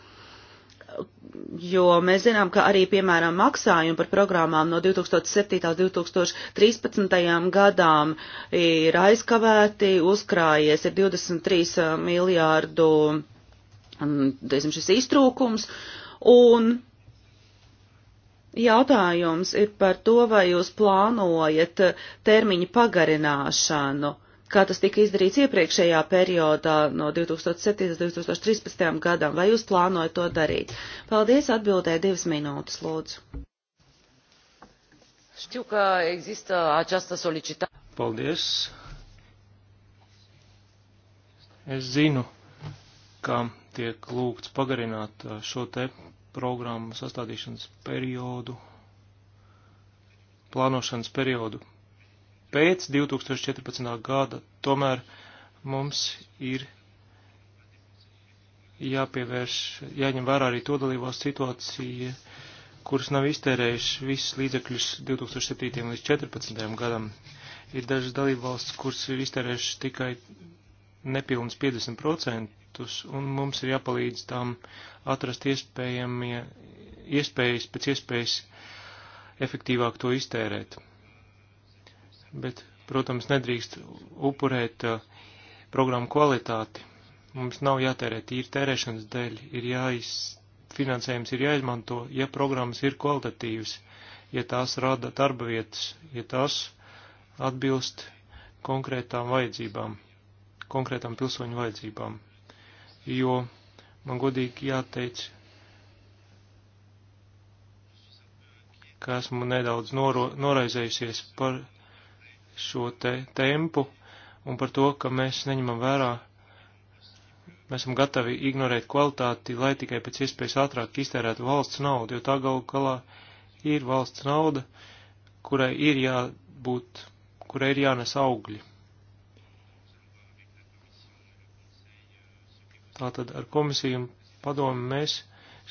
Jo mēs zinām, ka arī, piemēram, maksājumi par programmām no 2007. līdz 2013. gadām ir aizkavēti, uzkrājies ir 23 uh, miljārdu eiro teiksim, šis iztrūkums. Un jautājums ir par to, vai jūs plānojat termiņu pagarināšanu, kā tas tika izdarīts iepriekšējā periodā no 2007. līdz 2013. gadam, vai jūs plānojat to darīt? Paldies, atbildēja divas minūtes, lūdzu. Știu că există această solicitare. Paldies. Es zinu, ka tiek lūgts pagarināt uh, šo te programmu sastādīšanas periodu, plānošanas periodu pēc 2014. gada. Tomēr mums ir jāpievērš, jāņem vērā arī to dalībās situācija, kuras nav iztērējuši visus līdzekļus 2007. līdz 2014. gadam. Ir dažas dalībvalstis, kuras ir iztērējuši tikai nepilnus 50% produktus, un mums ir jāpalīdz tām atrast iespējamie, iespējas, pēc iespējas efektīvāk to iztērēt. Bet, protams, nedrīkst upurēt uh, programmu kvalitāti. Mums nav jātērē tīri tērēšanas dēļ, ir jāiz, finansējums ir jāizmanto, ja programmas ir kvalitatīvas, ja tās rada darba vietas, ja tās atbilst konkrētām vajadzībām, konkrētām pilsoņu vajadzībām jo man godīgi jāteic, ka esmu nedaudz noro, noraizējusies par šo te tempu un par to, ka mēs neņemam vērā, mēs esam gatavi ignorēt kvalitāti, lai tikai pēc iespējas ātrāk iztērētu valsts naudu, jo tā galu galā ir valsts nauda, kurai ir jābūt, kurai ir jānes augļi. Tātad ar komisiju un padomu mēs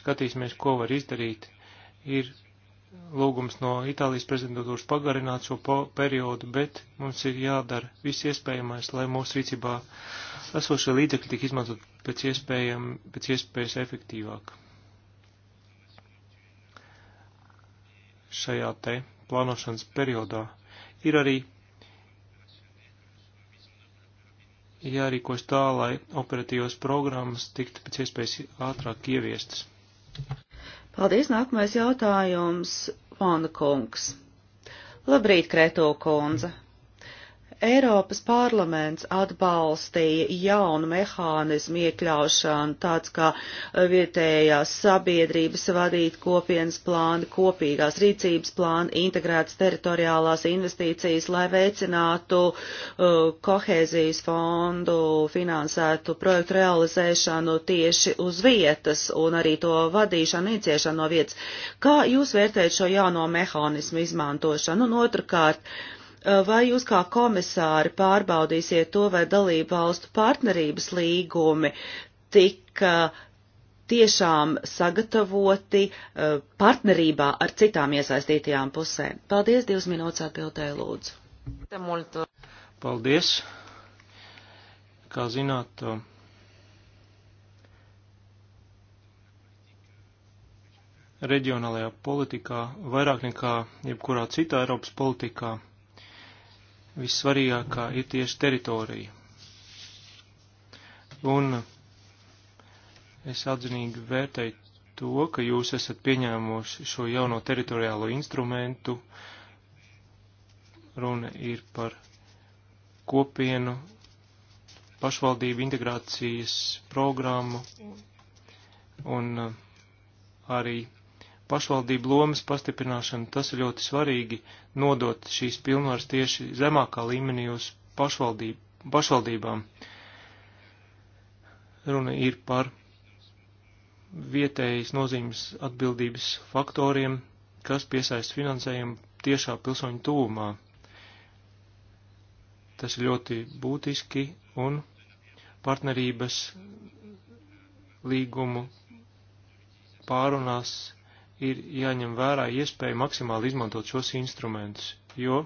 skatīsimies, ko var izdarīt. Ir lūgums no Itālijas prezidentūras pagarināt šo periodu, bet mums ir jādara viss iespējamais, lai mūsu rīcībā esošie līdzekļi tik izmantot pēc, iespējam, pēc iespējas efektīvāk. Šajā te plānošanas periodā ir arī jārīkojas tā, lai operatīvos programmas tiktu pēc iespējas ātrāk ieviestas. Paldies, nākamais jautājums, Vāna kungs. Labrīt, Kreto kundze. Eiropas parlaments atbalstīja jaunu mehānismu iekļaušanu, tāds kā uh, vietējās sabiedrības vadīt kopienas plāni, kopīgās rīcības plāni, integrētas teritoriālās investīcijas, lai veicinātu uh, kohēzijas fondu finansētu projektu realizēšanu tieši uz vietas un arī to vadīšanu, ieciešanu no vietas. Kā jūs vērtējat šo jauno mehānismu izmantošanu? Un otrkārt, uh, Vai jūs kā komisāri pārbaudīsiet to, vai dalību valstu partnerības līgumi tika tiešām sagatavoti partnerībā ar citām iesaistītajām pusēm? Paldies, divas minūtes atbildēju lūdzu. Paldies. Kā zināt, reģionālajā politikā vairāk nekā jebkurā citā Eiropas politikā vissvarīgākā ir tieši teritorija. Un es atzinīgi vērtēju to, ka jūs esat pieņēmuši šo jauno teritoriālo instrumentu. Runa ir par kopienu pašvaldību integrācijas programmu un uh, arī pašvaldību lomas pastiprināšana, tas ir ļoti svarīgi nodot šīs pilnvaras tieši zemākā līmenī uz pašvaldību, pašvaldībām. Runa ir par vietējas nozīmes atbildības faktoriem, kas piesaist finansējumu tiešā pilsoņu tūmā. Tas ir ļoti būtiski un partnerības līgumu pārunās ir jāņem vērā iespēja maksimāli izmantot šos instrumentus, jo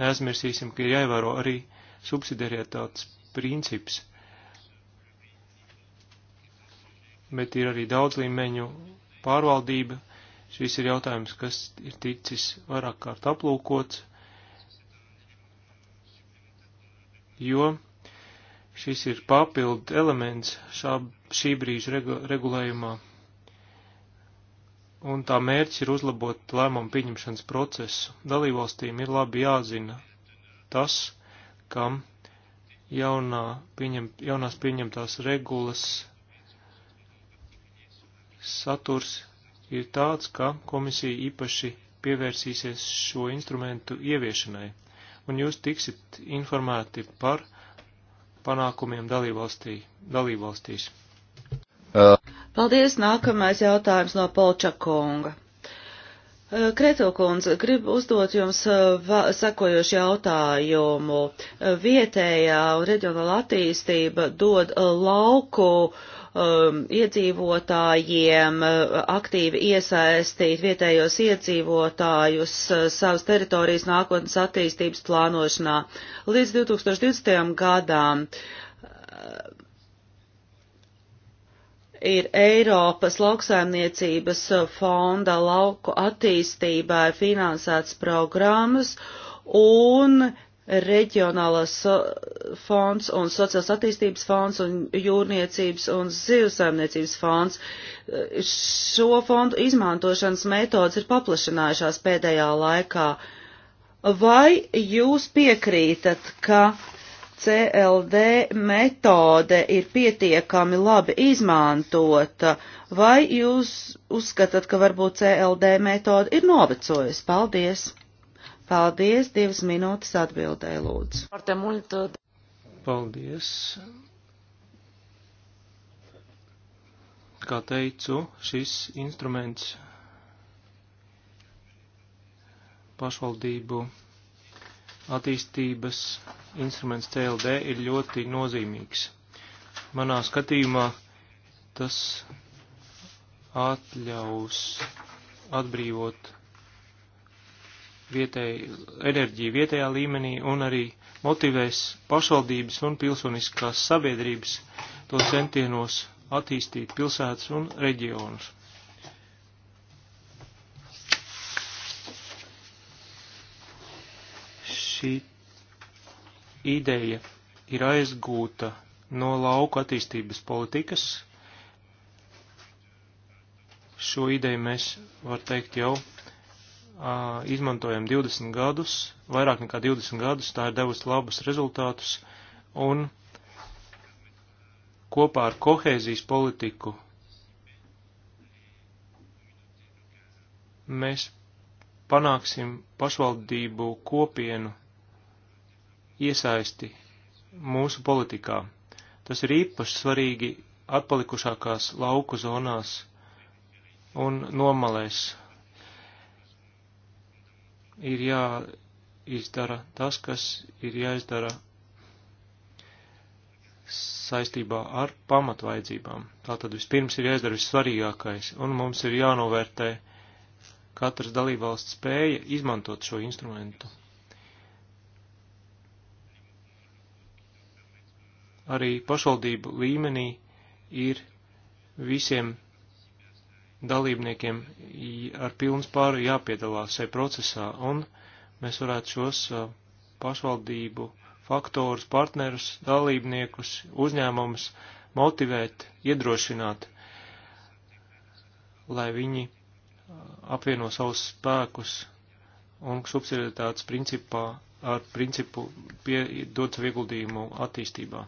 neaizmirsīsim, ka ir jāievēro arī subsidiarietāts princips. Bet ir arī daudz līmeņu pārvaldība. Šis ir jautājums, kas ir ticis vairāk kārt aplūkots, jo šis ir papildu elements šā, šī brīža regulējumā un tā mērķis ir uzlabot lēmumu pieņemšanas procesu. Dalībvalstīm ir labi jāzina tas, kam jaunā, pieņem, jaunās pieņemtās regulas saturs ir tāds, ka komisija īpaši pievērsīsies šo instrumentu ieviešanai, un jūs tiksit informēti par panākumiem dalībvalstī, dalībvalstīs. Uh. Paldies, nākamais jautājums no Polčakonga. Eh, Kretokundz, gribu uzdot jums eh, sekojošu jautājumu. Eh, vietējā un reģionāla attīstība dod lauku um, iedzīvotājiem aktīvi iesaistīt vietējos iedzīvotājus savas teritorijas nākotnes attīstības plānošanā. Līdz 2020. gadām ir Eiropas lauksaimniecības fonda lauku attīstībai finansēts programmas un reģionālās so fonds un sociāls attīstības fonds un jūrniecības un zivsaimniecības fonds. Šo fondu izmantošanas metodas ir paplašinājušās pēdējā laikā. Vai jūs piekrītat, ka CLD metode ir pietiekami labi izmantota, vai jūs uzskatāt, ka varbūt CLD metode ir novecojusi? Paldies! Paldies! Divas minūtes atbildē, lūdzu. Paldies! Kā teicu, šis instruments pašvaldību attīstības instruments CLD ir ļoti nozīmīgs. Manā skatījumā tas atļaus atbrīvot vietēji, enerģiju vietējā līmenī un arī motivēs pašvaldības un pilsoniskās sabiedrības to centienos attīstīt pilsētas un reģionus. šī ideja ir aizgūta no lauku attīstības politikas. Šo ideju mēs, var teikt, jau uh, izmantojam 20 gadus, vairāk nekā 20 gadus, tā ir devusi labus rezultātus, un kopā ar kohēzijas politiku mēs panāksim pašvaldību kopienu iesaisti mūsu politikā. Tas ir īpaši svarīgi atpalikušākās lauku zonās un nomalēs. Ir jāizdara tas, kas ir jāizdara saistībā ar pamatvaidzībām. Tātad vispirms ir jāizdara vissvarīgākais, un mums ir jānovērtē katras dalībvalsts spēja izmantot šo instrumentu. arī pašvaldību līmenī ir visiem dalībniekiem ar pilnas pāru jāpiedalās šajā procesā, un mēs varētu šos pašvaldību faktorus, partnerus, dalībniekus, uzņēmumus motivēt, iedrošināt, lai viņi apvieno savus spēkus un subsidiaritātes principā ar principu piedod savu ieguldījumu attīstībā.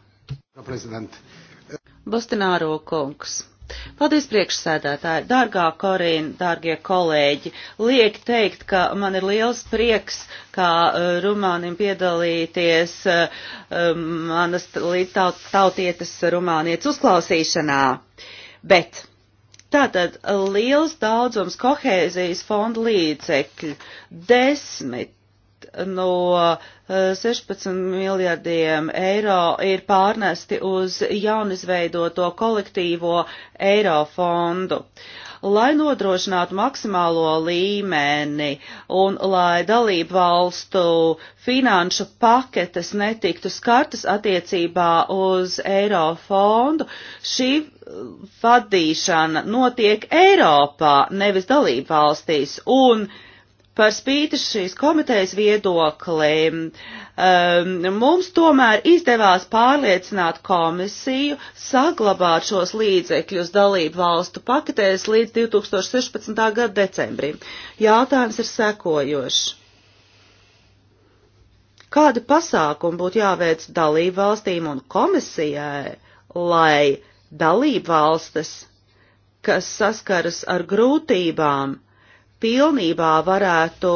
Bostināro kungs. Paldies priekšsēdētāji, dārgā Korīna, dārgie kolēģi. Liek teikt, ka man ir liels prieks, kā uh, Rumānim piedalīties uh, um, manas līdztautietes Rumānietes uzklausīšanā. Bet tātad liels daudzums kohēzijas fonda līdzekļu - desmit no 16 eh, miljardiem eiro ir pārnesti uz jaunizveidoto kolektīvo eiro fondu. Lai nodrošinātu maksimālo līmeni un lai dalību valstu finanšu paketes netiktu skartas attiecībā uz eiro fondu, šī eh, vadīšana notiek Eiropā, nevis dalību valstīs. Un uh, par spīti šīs komitejas viedoklim, um, ehm, mums tomēr izdevās pārliecināt komisiju saglabāt šos līdzekļus dalību valstu paketēs līdz 2016. gada decembrim. Jautājums ir sekojošs. Kādi pasākumi būtu jāveic dalību valstīm un komisijai, lai dalību valstis, kas saskaras ar grūtībām, pilnībā varētu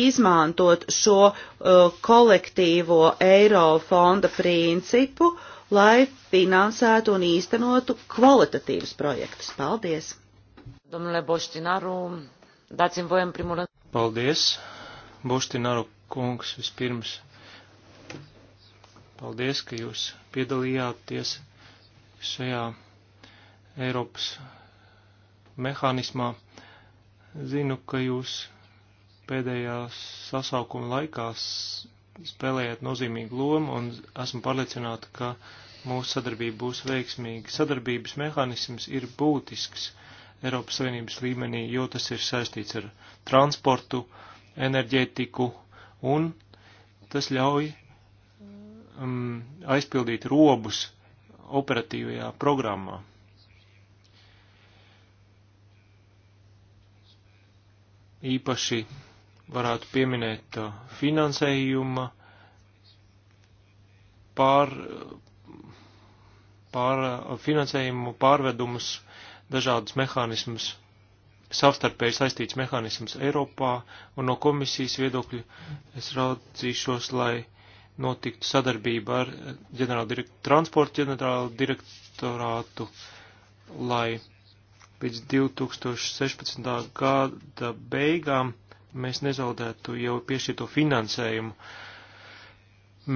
izmantot šo uh, kolektīvo eiro fonda principu, lai finansētu un īstenotu kvalitatīvus projektus. Paldies! Domnule Boštināru, dați-mi voie în primul rând. Paldies, Boštināru kungs, vispirms. Paldies, ka jūs piedalījāties šajā Eiropas mehānismā Zinu, ka jūs pēdējā sasaukuma laikā spēlējat nozīmīgu lomu un esmu pārliecināta, ka mūsu sadarbība būs veiksmīga. Sadarbības mehānisms ir būtisks Eiropas Savienības līmenī, jo tas ir saistīts ar transportu, enerģētiku un tas ļauj um, aizpildīt robus operatīvajā programmā. īpaši varētu pieminēt uh, finansējuma pār, pār, uh, finansējumu pārvedumus, dažādus mehānismus, savstarpēji saistīts mehānismus Eiropā, un no komisijas viedokļa es raudzīšos, lai notiktu sadarbība ar ģenerāla direkt, transporta ģenerāla direktorātu, lai līdz 2016. gada beigām mēs nezaudētu jau piešķirto finansējumu.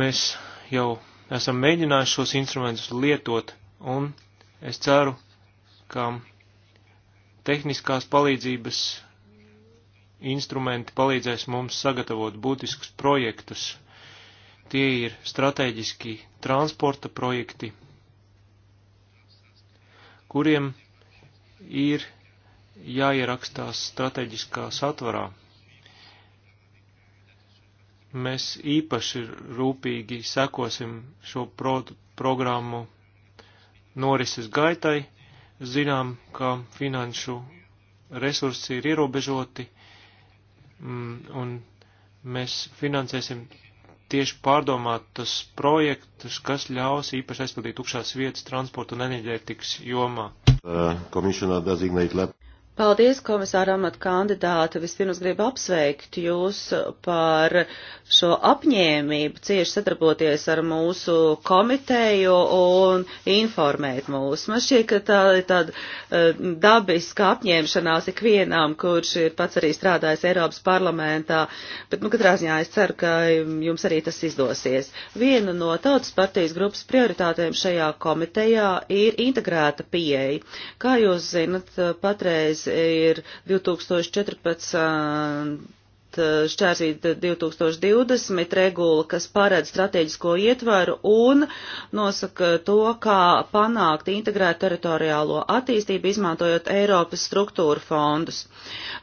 Mēs jau esam mēģinājuši šos instrumentus lietot, un es ceru, ka tehniskās palīdzības instrumenti palīdzēs mums sagatavot būtiskus projektus. Tie ir strateģiski transporta projekti, kuriem ir jāierakstās strateģiskā satvarā. Mēs īpaši rūpīgi sekosim šo pro programmu norises gaitai. Zinām, ka finanšu resursi ir ierobežoti, mm, un mēs finansēsim tieši pārdomātas projektus, kas ļaus īpaši aizpildīt tukšās vietas transporta un enerģētikas jomā. Uh, Paldies, komisāra amata kandidāte. Vispirms gribu apsveikt jūs par šo apņēmību cieši sadarboties ar mūsu komiteju un informēt mūs. Man šķiet, ka tā ir tāda eh, dabiska apņēmšanās ikvienam, kurš ir pats arī strādājis Eiropas parlamentā, bet, nu, katrā ziņā es ceru, ka jums arī tas izdosies. Viena no tautas partijas grupas prioritātēm šajā komitejā ir integrēta pieeja. Kā jūs zinat, patreiz mērķis ir 2014 šķērsīt 2020 regula, kas paredz strateģisko ietvaru un nosaka to, kā panākt integrēt teritoriālo attīstību, izmantojot Eiropas struktūru fondus.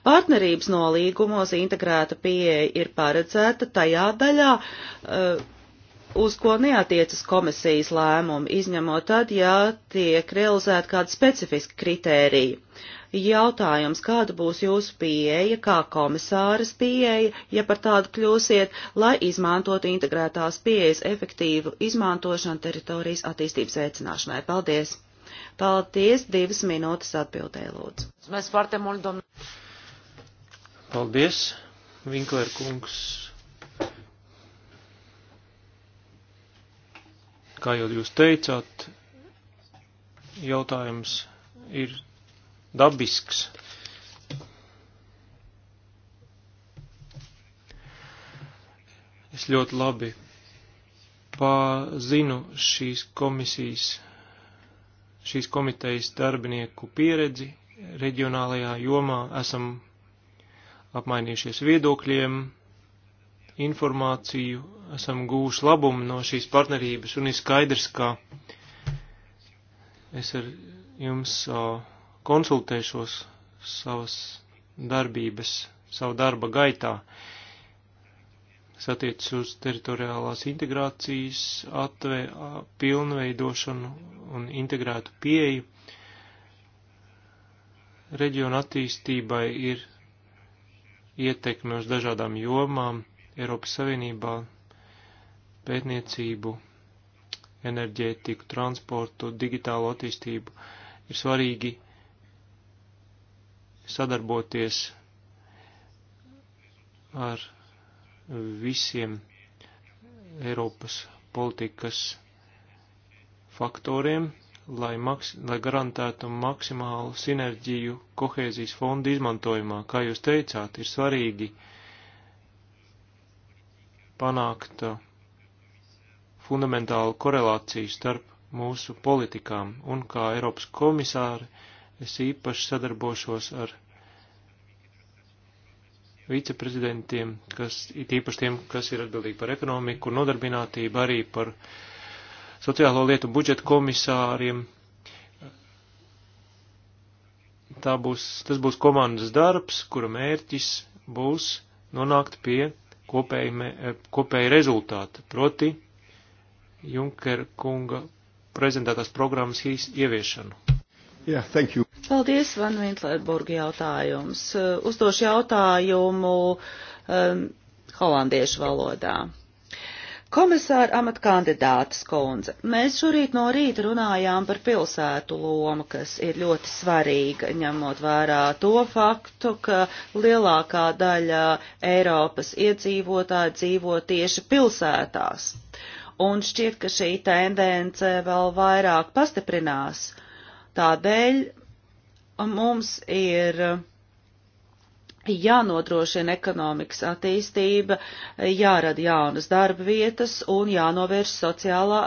Partnerības nolīgumos integrēta pieeja ir paredzēta tajā daļā, eh, uz ko neatiecas komisijas lēmumi, izņemot tad, ja tiek realizēta kāda specifiska kritērija jautājums, kāda būs jūsu pieeja, kā komisāras pieeja, ja par tādu kļūsiet, lai izmantotu integrētās pieejas efektīvu izmantošanu teritorijas attīstības veicināšanai. Paldies! Paldies! Divas minūtes atbildēja lūdzu. Mēs foarte mult, domn... Paldies, Vinkler kungs. Kā jau jūs teicāt, jautājums ir dabisks. Es ļoti labi pārzinu šīs komisijas, šīs komitejas darbinieku pieredzi reģionālajā jomā. Esam apmainījušies viedokļiem, informāciju, esam gūši labumu no šīs partnerības un ir skaidrs, ka es ar jums uh, konsultēšos savas darbības, savu darba gaitā. Es attiecu uz teritoriālās integrācijas, atvē, pilnveidošanu un integrētu pieeju. Reģiona attīstībai ir ietekme uz dažādām jomām Eiropas Savienībā - pētniecību, enerģētiku, transportu, digitālo attīstību. Ir svarīgi sadarboties ar visiem Eiropas politikas faktoriem, lai, maks, lai garantētu maksimālu sinerģiju kohēzijas fonda izmantojumā. Kā jūs teicāt, ir svarīgi panākt fundamentālu korelāciju starp mūsu politikām un kā Eiropas komisāri Es īpaši sadarbošos ar viceprezidentiem, kas ir īpaši tiem, kas ir atbildīgi par ekonomiku, nodarbinātību, arī par sociālo lietu budžeta komisāriem. Tā būs, tas būs komandas darbs, kura mērķis būs nonākt pie kopēja, eh, kopēja rezultāta, proti Junker kunga prezentētās programmas ieviešanu. Yeah, thank you. Paldies, Van Vintlērburgi jautājums. Uh, uzdošu jautājumu um, holandiešu valodā. Komisāra amat kandidātas kundze, mēs šorīt no rīta runājām par pilsētu lomu, kas ir ļoti svarīga, ņemot vērā to faktu, ka lielākā daļa Eiropas iedzīvotāji dzīvo tieši pilsētās. Un šķiet, ka šī tendence vēl vairāk pastiprinās. Tādēļ mums ir eh, jānodrošina ekonomikas attīstība, jārada jaunas darba vietas un jānovērš sociālā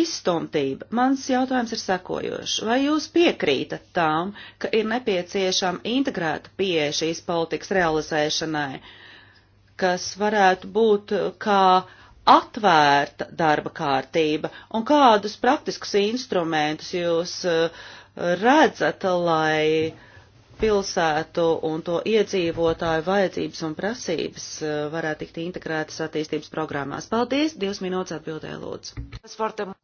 izstumtība. Mans jautājums ir sekojošs. Vai jūs piekrītat tām, ka ir nepieciešama integrēta pieeja šīs politikas realizēšanai, kas varētu būt eh, kā atvērta darba kārtība un kādus praktiskus instrumentus jūs uh, redzat, lai pilsētu un to iedzīvotāju vajadzības un prasības eh, varētu tikt integrētas attīstības programmās? Paldies, divas minūtes atbildē lūdzu.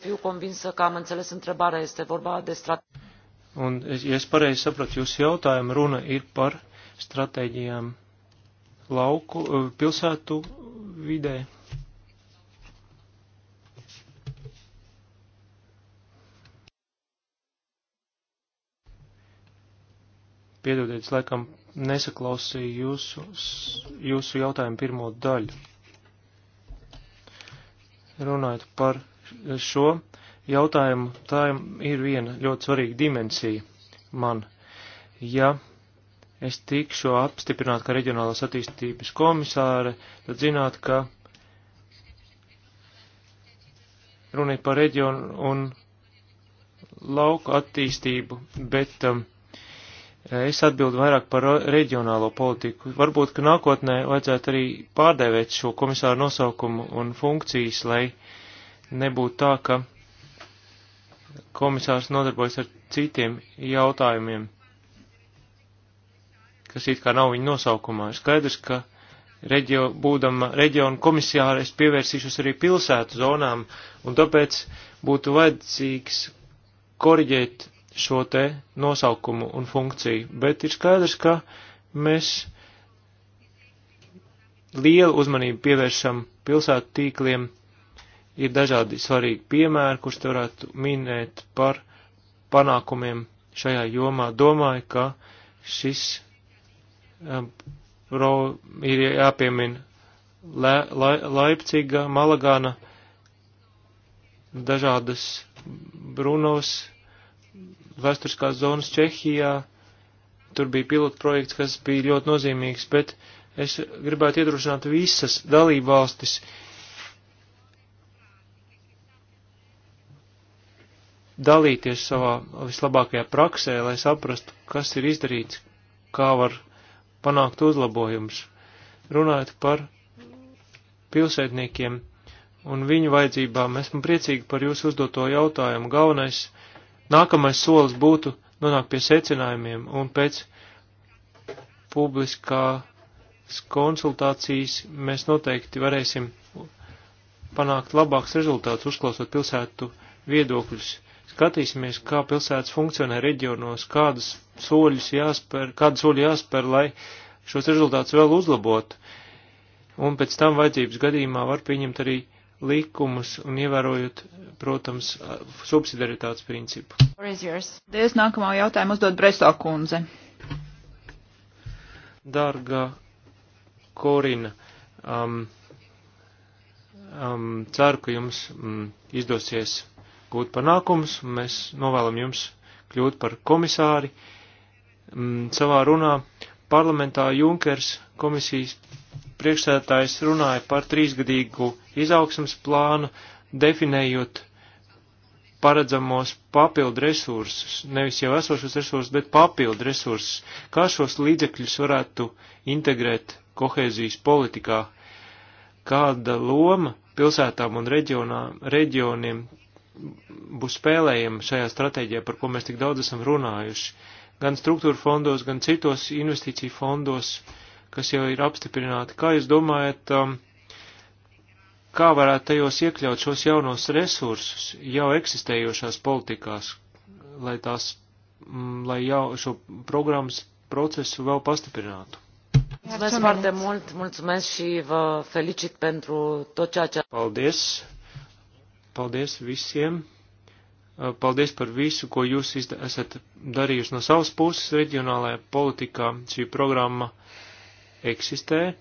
Fiu convinsă că am înțeles întrebarea, este vorba de strategie. Un, ja es pareizi sapratu jūsu jautājumu, runa ir par stratēģijām lauku, eh, pilsētu vidē. Piedodiet, laikam nesaklausīju jūsu, jūsu jautājumu pirmo daļu. Runājot par šo jautājumu, tā ir viena ļoti svarīga dimensija man. Ja es tikšu apstiprināt kā reģionālās attīstības komisāre, tad zināt, ka runa ir par reģionu un lauku attīstību, bet um, Es atbildu vairāk par reģionālo politiku. Varbūt, ka nākotnē vajadzētu arī pārdēvēt šo komisāru nosaukumu un funkcijas, lai nebūtu tā, ka komisārs nodarbojas ar citiem jautājumiem, kas it kā nav viņa nosaukumā. Skaidrs, ka reģio, būdama reģionu komisāra, es pievērsīšos arī pilsētu zonām, un tāpēc būtu vajadzīgs koriģēt šo te nosaukumu un funkciju, bet ir skaidrs, ka mēs lielu uzmanību pievēršam pilsētu tīkliem. Ir dažādi svarīgi piemēri, kurus te varētu minēt par panākumiem šajā jomā. Domāju, ka šis um, ro, ir jāpiemina Le, La, Laipciga, Malagāna, dažādas Brunos, vēsturiskās zonas Čehijā. Tur bija pilota projekts, kas bija ļoti nozīmīgs, bet es gribētu iedrošināt visas dalībvalstis dalīties savā vislabākajā praksē, lai saprastu, kas ir izdarīts, kā var panākt uzlabojumus. Runājot par pilsētniekiem un viņu vajadzībām, esmu priecīgi par jūsu uzdoto jautājumu. Galvenais Nākamais solis būtu nonākt pie secinājumiem un pēc publiskās konsultācijas mēs noteikti varēsim panākt labāks rezultāts, uzklausot pilsētu viedokļus. Skatīsimies, kā pilsētas funkcionē reģionos, kādas soļus jāspēr, kādu soļu jāspēr, lai šos rezultātus vēl uzlabotu. Un pēc tam vajadzības gadījumā var pieņemt arī likumus un ievērojot, protams, subsidaritātes principu. Paldies, nākamā jautājuma uzdod Breso kundze. Dārga Korina, um, um, ceru, ka jums um, izdosies gūt panākumus. Mēs novēlam jums kļūt par komisāri. Um, savā runā parlamentā Junkers komisijas priekšsēdētājs runāja par trīsgadīgu izaugsmas plānu, definējot paredzamos papildu resursus, nevis jau esošos resursus, bet papildu resursus, kā šos līdzekļus varētu integrēt kohēzijas politikā, kāda loma pilsētām un reģionā, reģioniem būs spēlējama šajā stratēģijā, par ko mēs tik daudz esam runājuši, gan struktūra fondos, gan citos investīciju fondos, kas jau ir apstiprināti. Kā jūs domājat, um, kā varētu tajos iekļaut šos jaunos resursus jau eksistējošās politikās, lai tās, mm, lai jau šo programmas procesu vēl pastiprinātu. Mulțumesc foarte mult, mulțumesc și vă felicit pentru tot ceea ce... Paldies, paldies visiem, paldies par visu, ko jūs esat darījuši no savas puses reģionālajā politikā. Šī programma eksistē,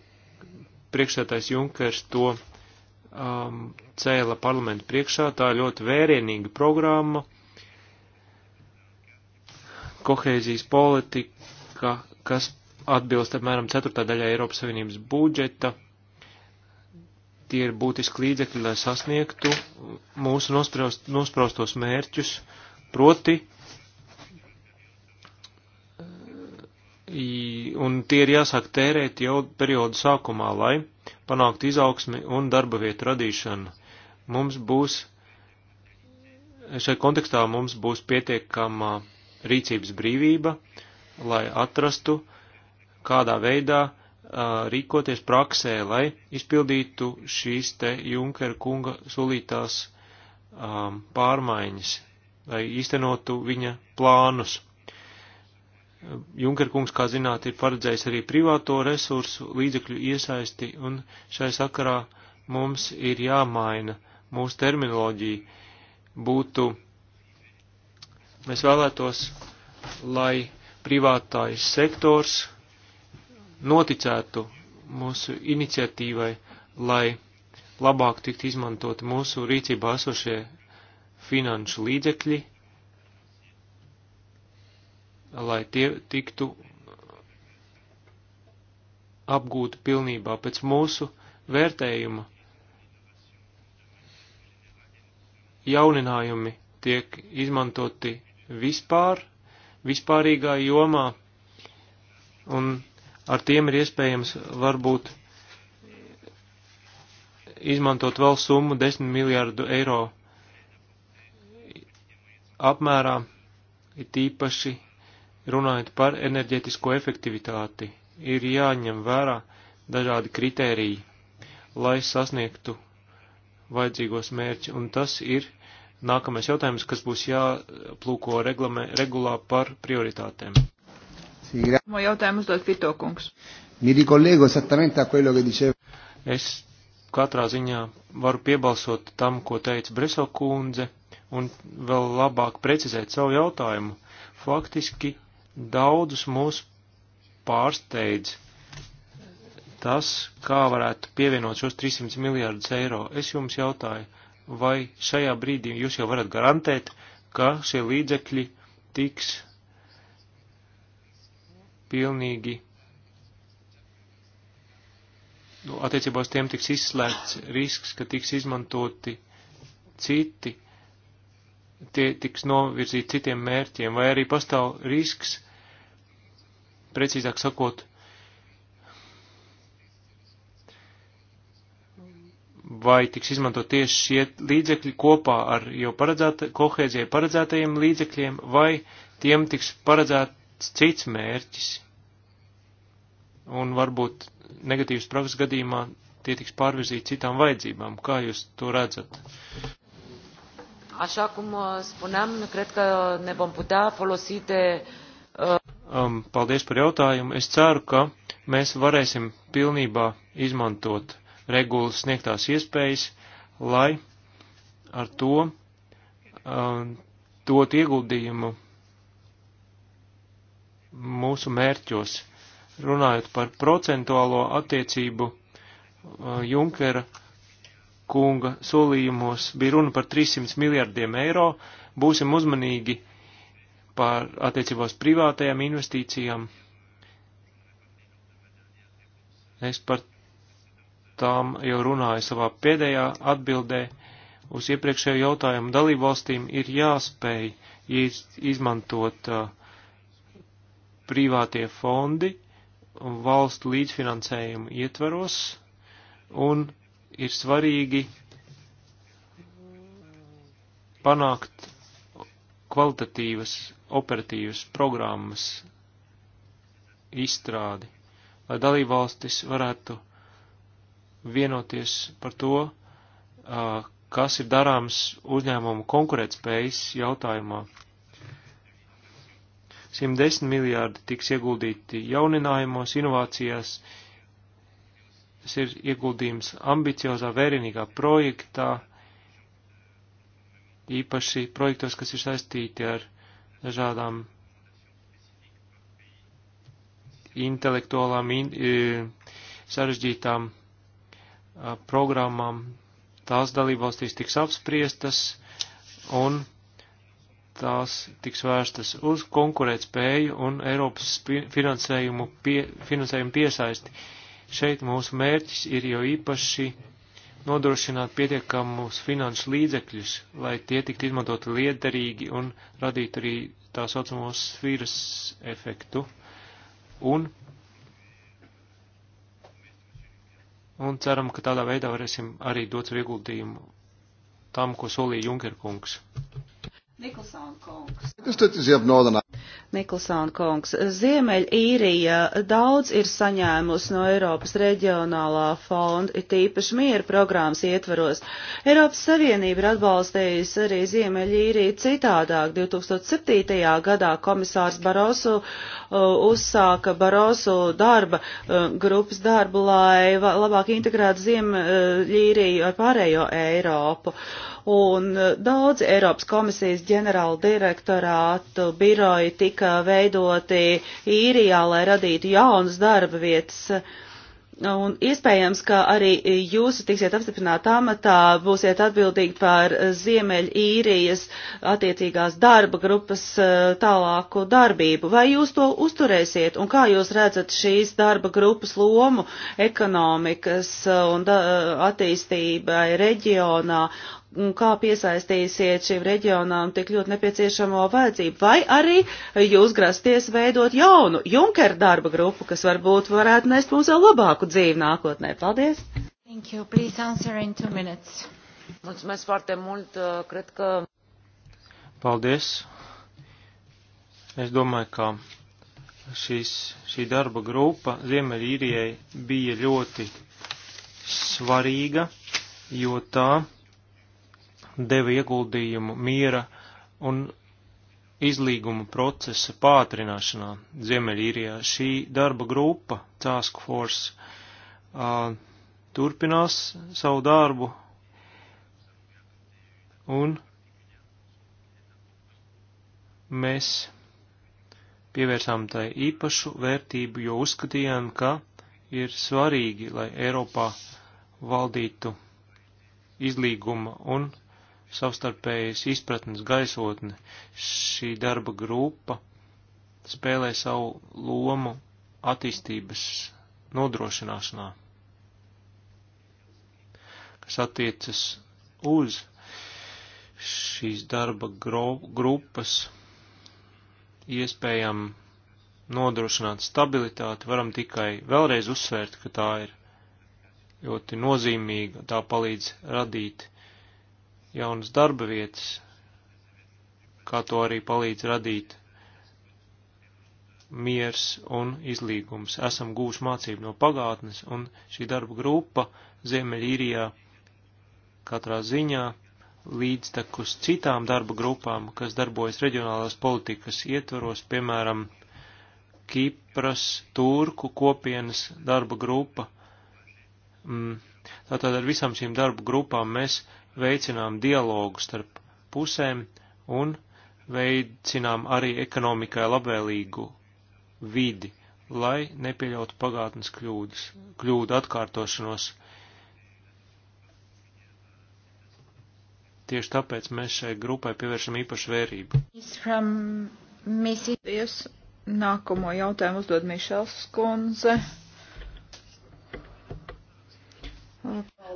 priekšsētājs Junkers to um, cēla parlamentu priekšā. Tā ļoti vērienīga programma. Kohēzijas politika, kas atbilst apmēram ceturtadaļai Eiropas Savienības budžeta. Tie ir būtiski līdzekļi, lai sasniegtu mūsu nospraust, nospraustos mērķus, proti, un tie ir jāsāk tērēt jau periodu sākumā, lai panākt izaugsmi un darba vietu radīšanu. Mums būs, šai kontekstā mums būs pietiekama rīcības brīvība, lai atrastu, kādā veidā uh, rīkoties praksē, lai izpildītu šīs te Junkera kunga sulītās um, pārmaiņas, lai īstenotu viņa plānus. Junker kungs, kā zināt, ir paredzējis arī privāto resursu līdzekļu iesaisti, un šai sakarā mums ir jāmaina mūsu terminoloģija. Būtu, mēs vēlētos, lai privātais sektors noticētu mūsu iniciatīvai, lai labāk tikt izmantoti mūsu rīcībā esošie finanšu līdzekļi lai tie tiktu apgūti pilnībā pēc mūsu vērtējuma. Jauninājumi tiek izmantoti vispār, vispārīgā jomā, un ar tiem ir iespējams varbūt izmantot vēl summu 10 miljārdu eiro apmērā, ir tīpaši runājot par enerģetisko efektivitāti, ir jāņem vērā dažādi kritēriji, lai sasniegtu vajadzīgos mērķi, un tas ir nākamais jautājums, kas būs jāplūko reglame, regulā par prioritātēm. Pirmo jautājumu uzdot Fitokungs. Es katrā ziņā varu piebalsot tam, ko teica Breso kundze, un vēl labāk precizēt savu jautājumu. Faktiski Daudzus mūs pārsteidz tas, kā varētu pievienot šos 300 miljārdus eiro. Es jums jautāju, vai šajā brīdī jūs jau varat garantēt, ka šie līdzekļi tiks pilnīgi, nu, attiecībā uz tiem tiks izslēgts risks, ka tiks izmantoti citi tie tiks novirzīti citiem mērķiem, vai arī pastāv risks, precīzāk sakot, vai tiks izmantot tieši šie līdzekļi kopā ar jau paredzēta, kohēzijai paredzētajiem līdzekļiem, vai tiem tiks paredzēts cits mērķis. Un varbūt negatīvas prakses gadījumā tie tiks pārvirzīti citām vajadzībām. Kā jūs to redzat? așa cum uh, spuneam, cred că ne vom putea folosi de. Uh, um, paldies par jautājumu. Es ceru, ka mēs varēsim pilnībā izmantot regulas sniegtās iespējas, lai ar to um, dot ieguldījumu mūsu mērķos. Runājot par procentuālo attiecību, uh, Junkera uh, kunga solījumos bija runa par 300 miljardiem eiro. Būsim uzmanīgi par attiecībos privātajām investīcijām. Es par tām jau runāju savā pēdējā atbildē uz iepriekšējo jautājumu. Dalību valstīm ir jāspēj iz, izmantot uh, privātie fondi valstu līdzfinansējumu ietvaros un ir svarīgi panākt kvalitatīvas operatīvas programmas izstrādi, lai dalībvalstis varētu vienoties par to, kas ir darāms uzņēmumu konkurētspējas jautājumā. 110 miljārdi tiks ieguldīti jauninājumos, inovācijās, uh, Tas ir ieguldījums ambiciozā, vērienīgā projektā, īpaši projektos, kas ir saistīti ar dažādām intelektuālām, in, e, sarežģītām programmām. Tās dalībvalstīs tiks apspriestas un tās tiks vērstas uz konkurētspēju un Eiropas finansējumu, pie, finansējumu piesaisti. Uh, Šeit mūsu mērķis ir jau īpaši nodrošināt pietiekamus finanšu līdzekļus, lai tie tiktu izmantoti liederīgi un radītu arī tā saucamo sfīras efektu. Un, un ceram, ka tādā veidā varēsim arī dot savu ieguldījumu tam, ko solīja Junker kungs. Nikolsāna kungs. Niklsāna kungs, Ziemeļīrija daudz ir saņēmusi no Eiropas reģionālā fonda, it īpaši miera programmas ietvaros. Eiropas Savienība ir atbalstījusi arī Ziemeļīriju citādāk. 2007. gadā komisārs Barosu uh, uzsāka Barosu darba uh, grupas darbu, lai labāk integrētu Ziemeļīriju ar pārējo Eiropu un e, daudz Eiropas komisijas ģenerāla direktorātu biroji tika veidoti īrijā, lai radītu jaunas darba vietas. Un iespējams, ka arī jūs tiksiet apstiprināti amatā, būsiet atbildīgi par Ziemeļ īrijas attiecīgās darba grupas e, tālāku darbību. Vai jūs to uzturēsiet un kā jūs redzat šīs darba grupas lomu ekonomikas un e, attīstībai reģionā kā piesaistīsiet šīm reģionām tik ļoti nepieciešamo vajadzību, vai arī jūs grasties veidot jaunu Junker darba grupu, kas varbūt varētu nest mums vēl labāku dzīvi nākotnē. Paldies! Thank you. Please answer in two minutes. Mulțumesc foarte mult. Cred că... Paldies. Es domāju, ka šis, šī darba grupa Ziemeļīrijai bija ļoti svarīga, jo tā deva ieguldījumu miera un izlīguma procesa pātrināšanā Ziemeļīrijā. Šī darba grupa, Task Force, uh, turpinās savu darbu un mēs pievērsām tai īpašu vērtību, jo uzskatījām, ka ir svarīgi, lai Eiropā valdītu izlīguma un savstarpējas izpratnes gaisotne. Šī darba grupa spēlē savu lomu attīstības nodrošināšanā, kas attiecas uz šīs darba grupas iespējam nodrošināt stabilitāti, varam tikai vēlreiz uzsvērt, ka tā ir ļoti nozīmīga, tā palīdz radīt jaunas darba vietas, kā to arī palīdz radīt miers un izlīgums. Esam gūši mācību no pagātnes, un šī darba grupa Ziemeļīrijā katrā ziņā līdztekus citām darba grupām, kas darbojas reģionālās politikas ietvaros, piemēram, Kipras turku kopienas darba grupa. Mm. Tātad ar visām šīm darba grupām mēs veicinām dialogu starp pusēm un veicinām arī ekonomikai labvēlīgu vidi, lai nepieļautu pagātnes kļūdas, kļūdu atkārtošanos. Tieši tāpēc mēs šai grupai pievēršam īpašu vērību. Nākamo jautājumu uzdod Mišels Kunze.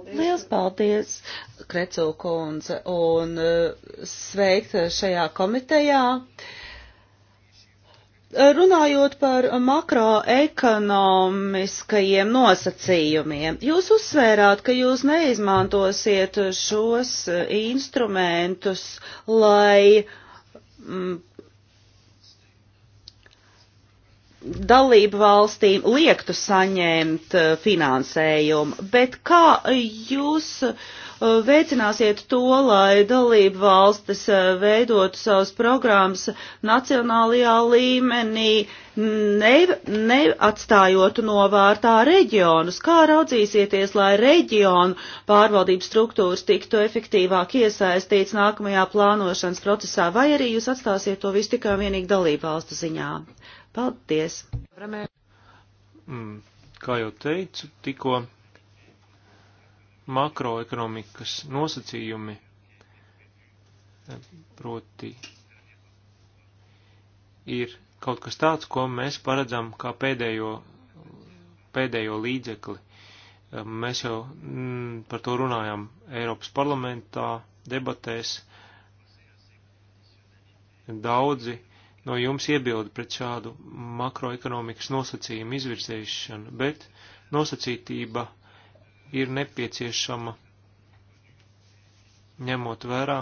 Paldies. Liels paldies, Krecu kundze, un eh, sveikt šajā komitejā. Runājot par makroekonomiskajiem nosacījumiem, jūs uzsvērāt, ka jūs neizmantosiet šos eh, instrumentus, lai mm, dalību valstīm liektu saņemt eh, finansējumu, bet kā jūs eh, veicināsiet to, lai dalību valstis eh, veidotu savas programmas nacionālajā līmenī, ne, neatstājot novārtā reģionus? Kā raudzīsieties, lai reģionu pārvaldības struktūras tiktu efektīvāk iesaistīts nākamajā plānošanas procesā, vai arī jūs atstāsiet to visu tikai un vienīgi dalību valstu ziņā? Paldies! Mm, kā jau teicu, tikko makroekonomikas nosacījumi, proti, ir kaut kas tāds, ko mēs paredzam kā pēdējo, pēdējo līdzekli. Mm, mēs jau mm, par to runājam Eiropas parlamentā, debatēs. Daudzi no jums iebildu pret šādu makroekonomikas nosacījumu izvirzēšanu, bet nosacītība ir nepieciešama ņemot vērā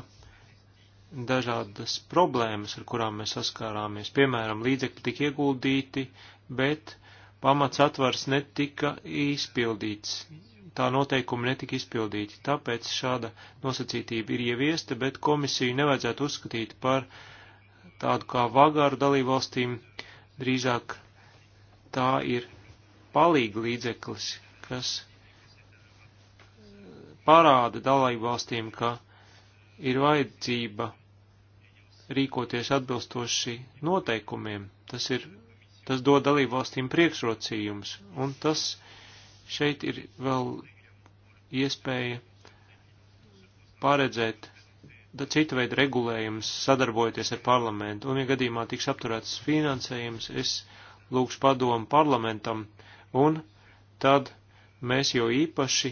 dažādas problēmas, ar kurām mēs saskārāmies. Piemēram, līdzekļi tika ieguldīti, bet pamats atvars netika izpildīts. Tā noteikumi netika izpildīti, tāpēc šāda nosacītība ir ieviesta, bet komisiju nevajadzētu uzskatīt par uh, tādu kā vagāru dalībvalstīm, drīzāk tā ir palīga līdzeklis, kas eh, parāda dalībvalstīm, ka ir vajadzība rīkoties atbilstoši noteikumiem. Tas ir, tas dod dalībvalstīm priekšrocījums, un tas šeit ir vēl iespēja paredzēt cita veida regulējums sadarbojoties ar parlamentu, un, ja gadījumā tiks apturēts finansējums, es lūgšu padomu parlamentam, un tad mēs jau īpaši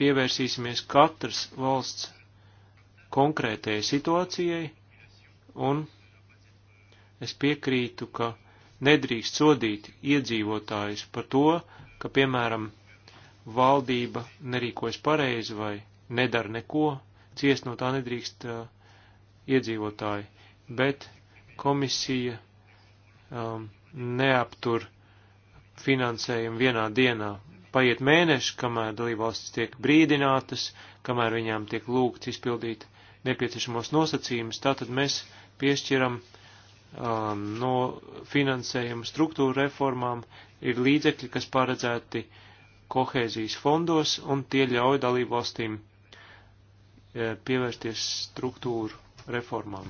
pievērsīsimies katras valsts konkrētajai situācijai, un es piekrītu, ka nedrīkst sodīt iedzīvotājus par to, ka, piemēram, valdība nerīkojas pareizi vai nedara neko, ciest no tā nedrīkst uh, iedzīvotāji, bet komisija um, neaptur finansējumu vienā dienā. Paiet mēneši, kamēr dalībvalstis tiek brīdinātas, kamēr viņām tiek lūgts izpildīt nepieciešamos nosacījumus, tātad mēs piešķiram um, no finansējuma struktūra reformām, ir līdzekļi, kas paredzēti kohēzijas fondos, un tie ļauj dalībvalstīm E, pievērsties struktūru reformām.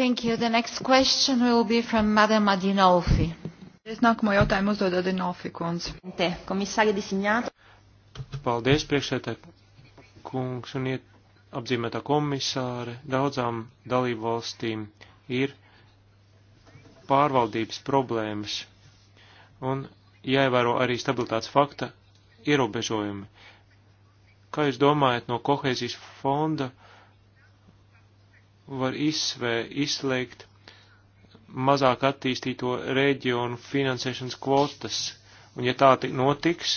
Thank you. The next question will be from Madam Adinolfi. Es nākamo jautājumu uzdod Adinolfi kundze. Te, komisāri disiņāt. Paldies, priekšētā kungs un iet apzīmētā komisāre. Daudzām dalību valstīm ir pārvaldības problēmas un jāievēro arī stabilitātes fakta ierobežojumi. Kā jūs domājat, no kohēzijas fonda var izsvē, izslēgt mazāk attīstīto reģionu finansēšanas kvotas? Un ja tā notiks,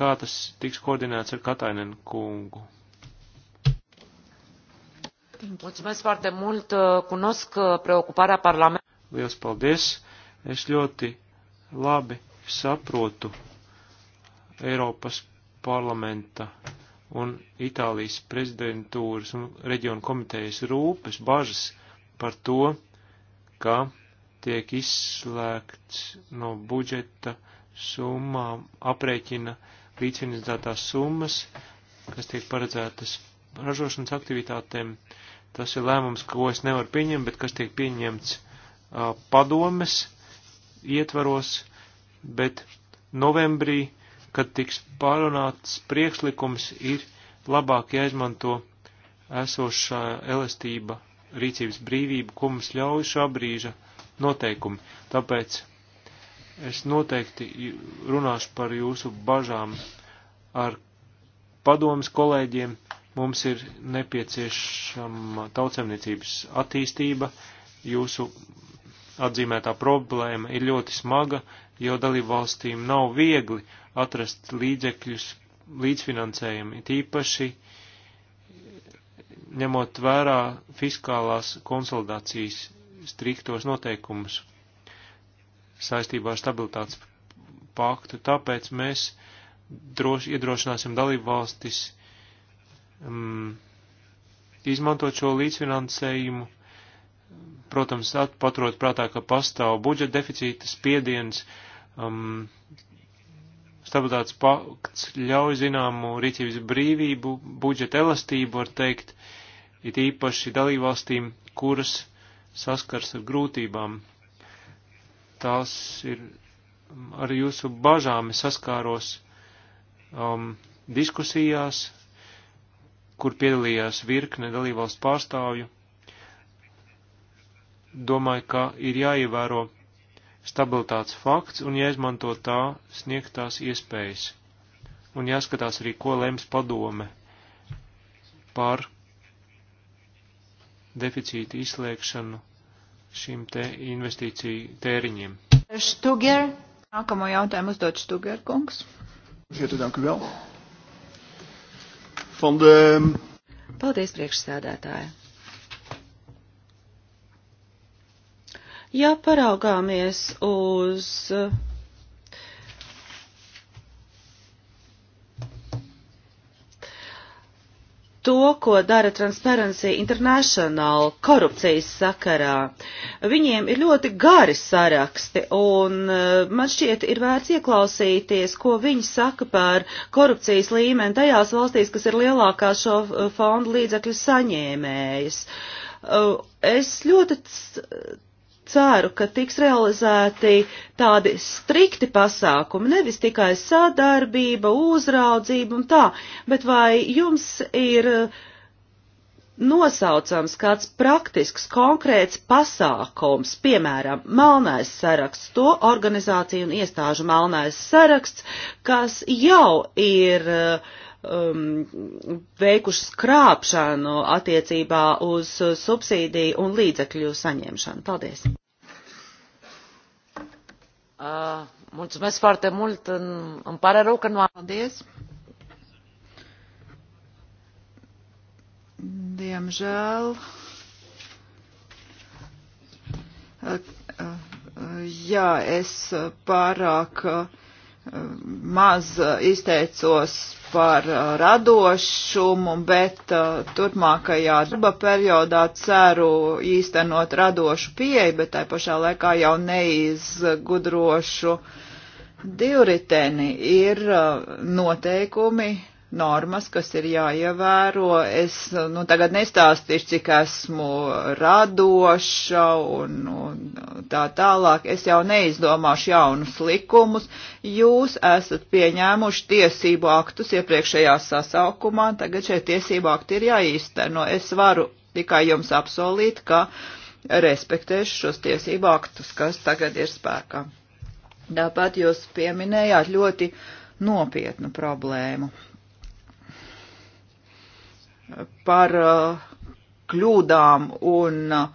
kā tas tiks koordinēts ar Katainen kungu? Mulțumesc foarte mult, cunosc preocuparea Parlamentului. Liels paldies! Es ļoti labi saprotu Eiropas parlamenta un Itālijas prezidentūras un reģionu komitejas rūpes, bažas par to, ka tiek izslēgts no budžeta summām aprēķina līdzfinansētās summas, kas tiek paredzētas ražošanas aktivitātēm. Tas ir lēmums, ko es nevaru pieņemt, bet kas tiek pieņemts uh, padomes ietvaros, bet novembrī kad tiks pārunāts priekšlikums, ir labāk jāizmanto esošā elastība, rīcības brīvība, ko mums ļauj šā brīža noteikumi. Tāpēc es noteikti runāšu par jūsu bažām ar padomas kolēģiem. Mums ir nepieciešama tautsemniecības attīstība, jūsu atzīmētā problēma ir ļoti smaga, jo dalībvalstīm nav viegli atrast līdzekļus līdzfinansējumi, tīpaši ņemot vērā fiskālās konsolidācijas striktos noteikumus saistībā ar stabilitātes paktu, tāpēc mēs droši, iedrošināsim dalību valstis um, mm, izmantot šo līdzfinansējumu, protams, paturot prātā, ka pastāv budžeta deficīta spiediens, uh, um, stabilitātes pakts ļauj zināmu rīcības brīvību, budžeta elastību, var teikt, it īpaši dalībvalstīm, kuras saskars ar grūtībām. Tās ir um, ar jūsu bažām saskāros um, diskusijās, kur piedalījās virkne dalībvalstu pārstāvju. Domāju, ka ir jāievēro stabilitātes fakts un jāizmanto tā sniegtās iespējas. Un jāskatās arī, ko lems padome par deficīta izslēgšanu šim te investīciju tēriņiem. Štuger, nākamo jautājumu uzdot Štuger kungs. Voorzitter, dank u wel. Van de... Paldies, priekšsēdētāji. Ja paraugāmies uz eh, to, ko dara Transparency International korupcijas sakarā. Viņiem ir ļoti gari saraksti, un eh, man šķiet ir vērts ieklausīties, ko viņi saka par korupcijas līmeni tajās valstīs, kas ir lielākā šo eh, fondu līdzekļu saņēmējas. Es ļoti ceru, ka tiks realizēti tādi strikti pasākumi, nevis tikai sadarbība, uzraudzība un tā, bet vai jums ir eh, nosaucams kāds praktisks, konkrēts pasākums, piemēram, melnais saraksts, to organizāciju un iestāžu melnais saraksts, kas jau ir uh, um, veikušas krāpšanu attiecībā uz subsīdiju un līdzekļu saņemšanu. Paldies! Uh, mulțumesc foarte mult. Îmi pare rău că nu am Paldies. Diemžēl. Uh, uh, jā, es pārāk uh, maz eh, izteicos par eh, radošumu, bet eh, turpmākajā darba periodā ceru īstenot radošu pieeju, bet tai pašā laikā jau neizgudrošu divriteni. Ir noteikumi, normas, kas ir jāievēro. Es nu, tagad nestāstīšu, cik esmu radoša un, un tā tālāk. Es jau neizdomāšu jaunus likumus. Jūs esat pieņēmuši tiesību aktus iepriekšējā sasaukumā. Tagad šie tiesību akti ir jāīsteno. Es varu tikai jums apsolīt, ka respektēšu šos tiesību aktus, kas tagad ir spēkā. Tāpat jūs pieminējāt ļoti nopietnu problēmu par uh, kļūdām un uh,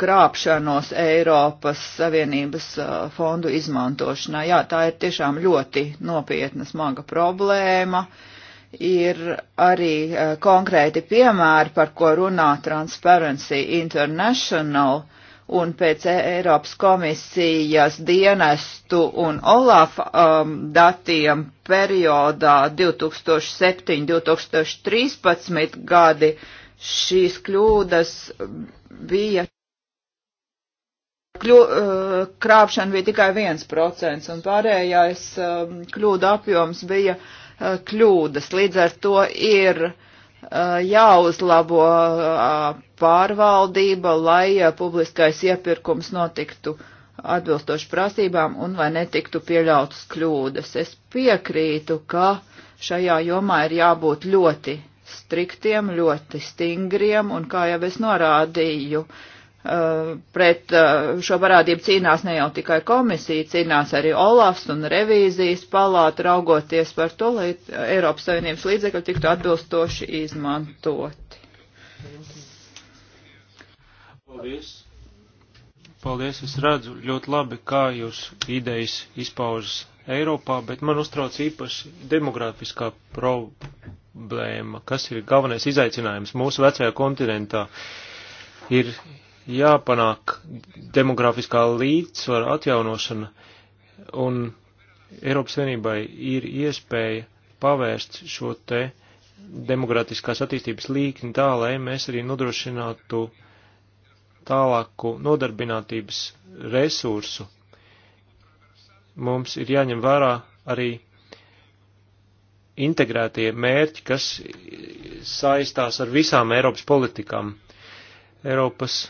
krāpšanos Eiropas Savienības uh, fondu izmantošanā. Jā, tā ir tiešām ļoti nopietna smaga problēma. Ir arī konkrēti piemēri, par ko runā Transparency International un pēc e- Eiropas komisijas dienestu un OLAF um, datiem periodā 2007-2013 gadi šīs kļūdas bija kļu, uh, krāpšana bija tikai 1%, un pārējais um, kļūda apjoms bija uh, kļūdas. Līdz ar to ir jāuzlabo pārvaldība, lai publiskais iepirkums notiktu atbilstoši prasībām un lai netiktu pieļautas kļūdas. Es piekrītu, ka šajā jomā ir jābūt ļoti striktiem, ļoti stingriem, un kā jau es norādīju, uh, Eh, pret eh, šo parādību cīnās ne jau tikai komisija, cīnās arī Olafs un revīzijas palāta raugoties par to, lai Eiropas Savienības līdzekļi tiktu atbilstoši izmantoti. Paldies. Paldies, es redzu ļoti labi, kā jūs idejas izpaužas Eiropā, bet man uztrauc īpaši demografiskā problēma, kas ir galvenais izaicinājums mūsu vecajā kontinentā. Ir jāpanāk demografiskā līdzsvara atjaunošana, un Eiropas Savienībai ir iespēja pavērst šo te demokratiskās attīstības līkni tā, lai mēs arī nodrošinātu tālāku nodarbinātības resursu. Mums ir jāņem vērā arī integrētie mērķi, kas saistās ar visām Eiropas politikām. Eiropas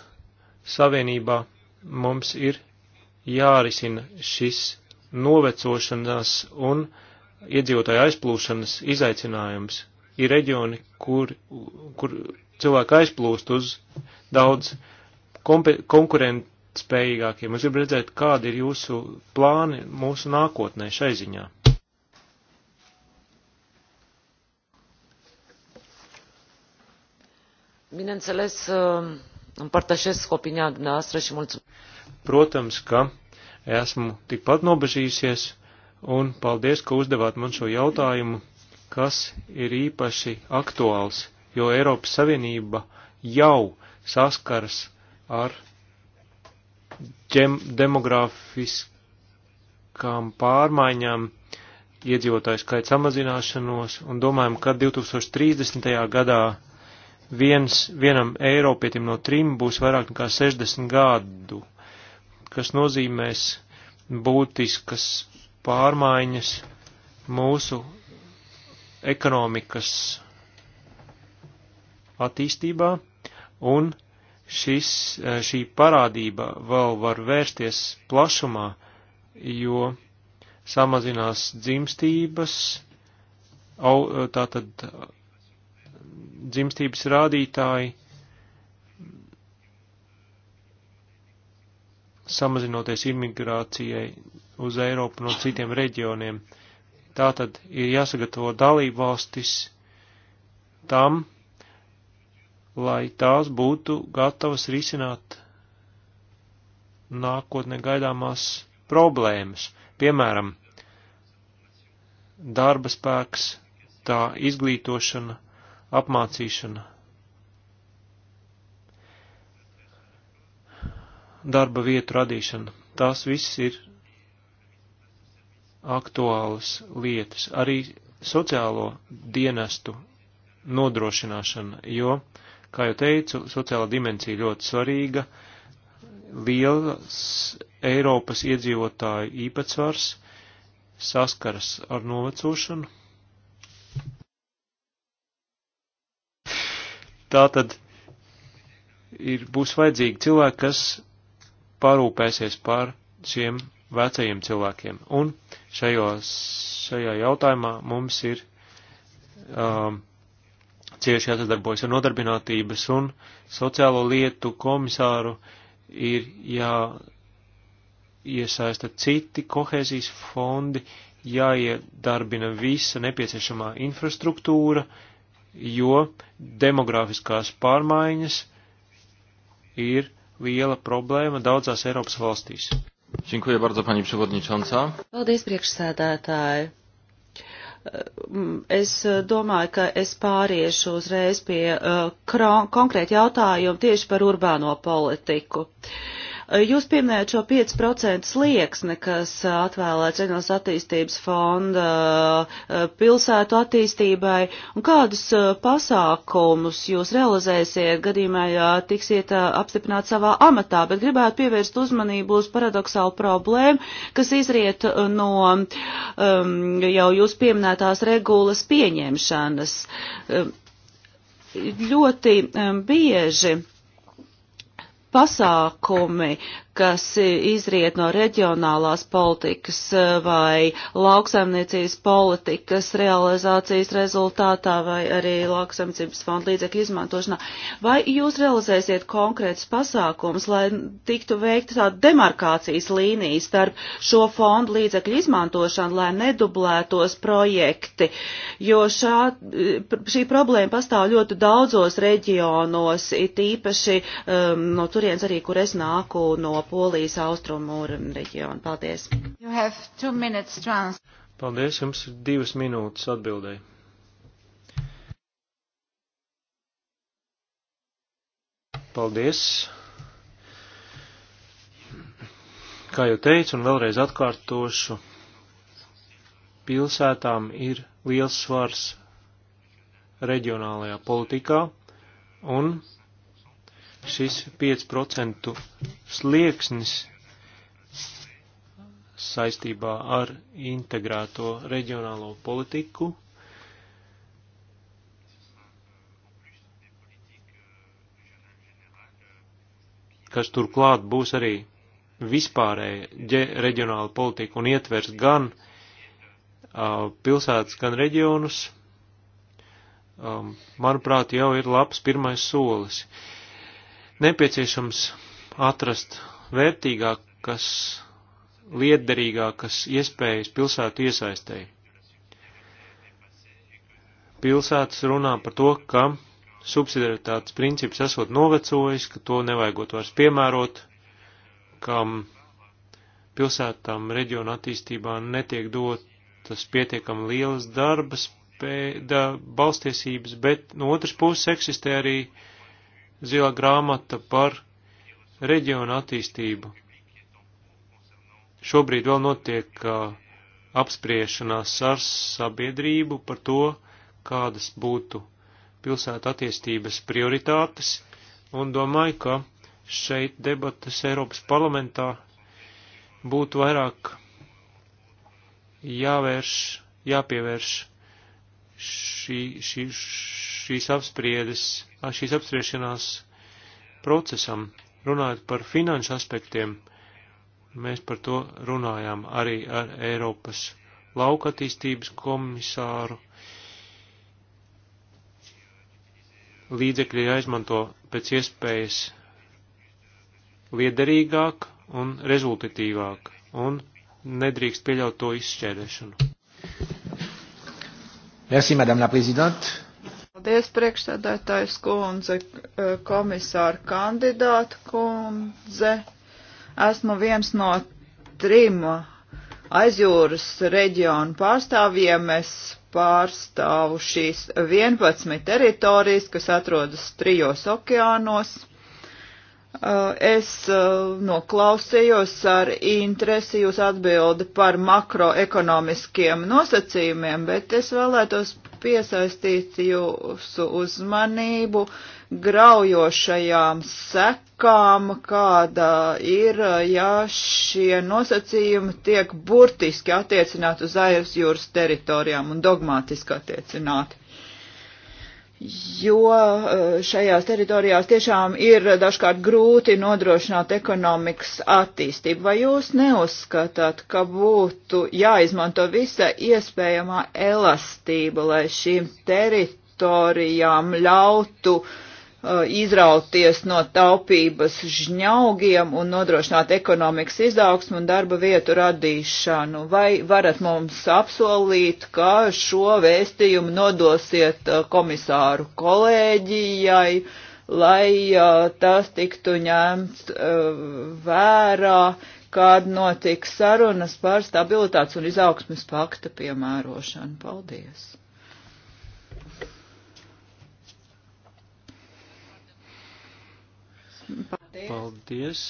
Savienībā mums ir jārisina šis novecošanās un iedzīvotāju aizplūšanas izaicinājums. Ir reģioni, kur, kur cilvēki aizplūst uz daudz konkurentspējīgākiem. Es gribu redzēt, kādi ir jūsu plāni mūsu nākotnē šai ziņā. Bineînțeles, uh Împărtășesc opinia dumneavoastră și mulțumesc. Protams, ka esmu tikpat nobežījusies un paldies, ka uzdevāt man šo jautājumu, kas ir īpaši aktuāls, jo Eiropas Savienība jau saskars ar demografiskām pārmaiņām, iedzīvotāju skaits samazināšanos un domājam, ka 2030. gadā viens, vienam Eiropietim no trim būs vairāk nekā 60 gadu, kas nozīmēs būtiskas pārmaiņas mūsu ekonomikas attīstībā, un šis, šī parādība vēl var vērsties plašumā, jo samazinās dzimstības, au, tātad dzimstības rādītāji, samazinoties imigrācijai uz Eiropu no citiem reģioniem. Tātad ir jāsagatavo dalību valstis tam, lai tās būtu gatavas risināt nākotnē gaidāmās problēmas. Piemēram, darba spēks, tā izglītošana, apmācīšana, darba vietu radīšana. Tās viss ir aktuālas lietas. Arī sociālo dienestu nodrošināšana, jo, kā jau teicu, sociāla dimensija ļoti svarīga. Liels Eiropas iedzīvotāju īpatsvars saskaras ar novecošanu Tā tad ir, būs vajadzīgi cilvēki, kas parūpēsies par šiem vecajiem cilvēkiem. Un šajos, šajā jautājumā mums ir um, cieši jāsadarbojas ar nodarbinātības un sociālo lietu komisāru, ir jāiesaista citi kohēzijas fondi, jāiedarbina visa nepieciešamā infrastruktūra, uh, jo demografiskās pārmaiņas ir liela problēma daudzās Eiropas valstīs. Dziękuję bardzo, pani przewodnicząca. Paldies, priekšsēdētāji. Es domāju, ka es pāriešu uzreiz pie uh, konkrēta jautājuma tieši par urbāno politiku. Uh, Jūs pieminējat šo 5% slieksni, kas atvēlēts reģionālās attīstības fonda pilsētu attīstībai, un kādus pasākumus jūs realizēsiet gadījumā, ja tiksiet apstiprināt savā amatā, bet gribētu pievērst uzmanību uz paradoxālu problēmu, kas izriet no um, jau jūs pieminētās regulas pieņemšanas. Um, ļoti um, bieži pasākumi, kas izriet no reģionālās politikas e, vai lauksaimniecības politikas realizācijas rezultātā vai arī lauksaimniecības fonda līdzekļu izmantošanā. Vai jūs realizēsiet konkrētus pasākums, lai tiktu veikta tāda demarkācijas līnija starp šo fondu līdzekļu izmantošanu, lai nedublētos projekti, jo šā, e, šī problēma pastāv ļoti daudzos reģionos, it īpaši um, no turienes arī, kur es nāku no Polijas austrumūra reģionu. Paldies! Minutes, Paldies, jums ir divas minūtes atbildēji. Paldies! Kā jau teicu, un vēlreiz atkārtošu, pilsētām ir liels svars reģionālajā politikā, un šis 5% slieksnis saistībā ar integrēto reģionālo politiku. kas turklāt būs arī vispārēja reģionāla politika un ietvers gan uh, pilsētas, gan reģionus, um, manuprāt, jau ir labs pirmais solis. Uh, nepieciešams atrast vērtīgākas, liederīgākas iespējas pilsētu iesaistēji. Pilsētas runā par to, ka subsidiaritātes princips esot novecojis, ka to nevajagot vairs piemērot, kam pilsētām reģiona attīstībā netiek dotas pietiekami lielas darbas, da, balstiesības, bet no otras puses eksistē arī uh, zilā grāmata par reģionu attīstību. Šobrīd vēl notiek uh, apspriešanās ar sabiedrību par to, kādas būtu pilsēta attīstības prioritātes, un domāju, ka šeit debatas Eiropas parlamentā būtu vairāk jāvērš, jāpievērš šī, šī, šīs apspriedes, šīs apspriešanās procesam. Runājot par finanšu aspektiem, mēs par to runājām arī ar Eiropas lauka attīstības komisāru. Līdzekļi jāizmanto pēc iespējas liederīgāk un rezultatīvāk, un nedrīkst pieļaut to izšķērdēšanu. Merci, Madame la Présidente. Paldies, priekšsēdētājs kundze, eh, komisāra kandidāta kundze. Esmu viens no trim aizjūras reģionu pārstāvjiem. Es pārstāvu šīs 11 teritorijas, kas atrodas trijos okeānos. Eh, es eh, noklausījos ar interesi jūs atbildi par makroekonomiskiem nosacījumiem, bet es vēlētos piesaistīt jūsu uzmanību graujošajām sekām, kāda ir, ja šie nosacījumi tiek burtiski attiecināti uz aizjūras teritorijām un dogmātiski attiecināti jo e, šajās teritorijās tiešām ir dažkārt grūti nodrošināt ekonomikas attīstību. Vai jūs neuzskatāt, ka būtu jāizmanto visa iespējamā elastība, lai šīm teritorijām ļautu uh, Uh, izrauties no taupības žņaugiem un nodrošināt ekonomikas izaugsmu un darba vietu radīšanu. Vai varat mums apsolīt, ka šo vēstījumu nodosiet uh, komisāru kolēģijai, lai uh, tas tiktu ņemts vērā, kad notiks sarunas par stabilitātes un izaugsmes pakta piemērošanu? Paldies! Paldies.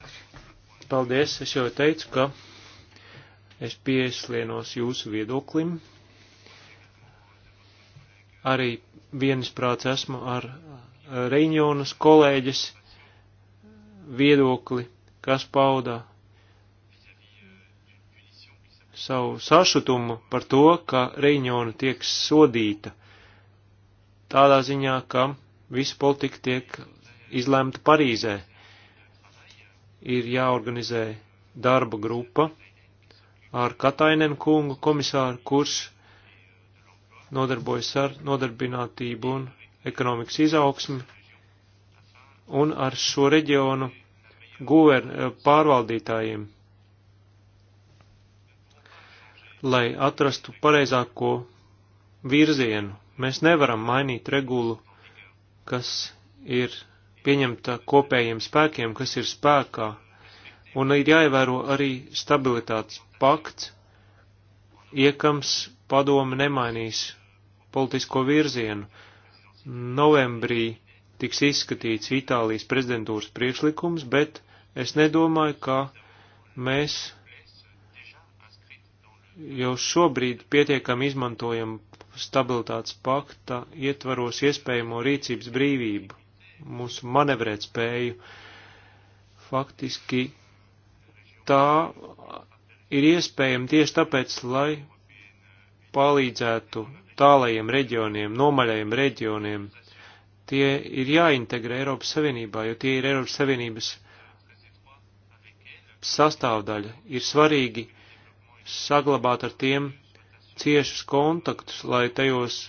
Paldies. Paldies. Es jau teicu, ka es pieslienos jūsu viedoklim. Arī viensprāts esmu ar Reņonas kolēģis viedokli, kas pauda savu sašutumu par to, ka Reņona tiek sodīta tādā ziņā, ka Visa politika tiek izlemta Parīzē. Ir jāorganizē darba grupa ar Katainen kungu komisāru, kurš nodarbojas ar nodarbinātību un ekonomikas izaugsmi, un ar šo reģionu guver, pārvaldītājiem, lai atrastu pareizāko virzienu. Mēs nevaram mainīt regulu kas ir pieņemta kopējiem spēkiem, kas ir spēkā, un ir jāievēro arī stabilitātes pakts, iekams padomi nemainīs politisko virzienu. Novembrī tiks izskatīts Itālijas prezidentūras priekšlikums, bet es nedomāju, ka mēs jau šobrīd pietiekami izmantojam stabilitātes pakta ietvaros iespējamo rīcības brīvību, mūsu manevrēt spēju. Faktiski tā ir iespējama tieši tāpēc, lai palīdzētu tālajiem reģioniem, nomaļajiem reģioniem. Tie ir jāintegrē Eiropas Savienībā, jo tie ir Eiropas Savienības sastāvdaļa. Ir svarīgi saglabāt ar tiem ciešus kontaktus, lai tajos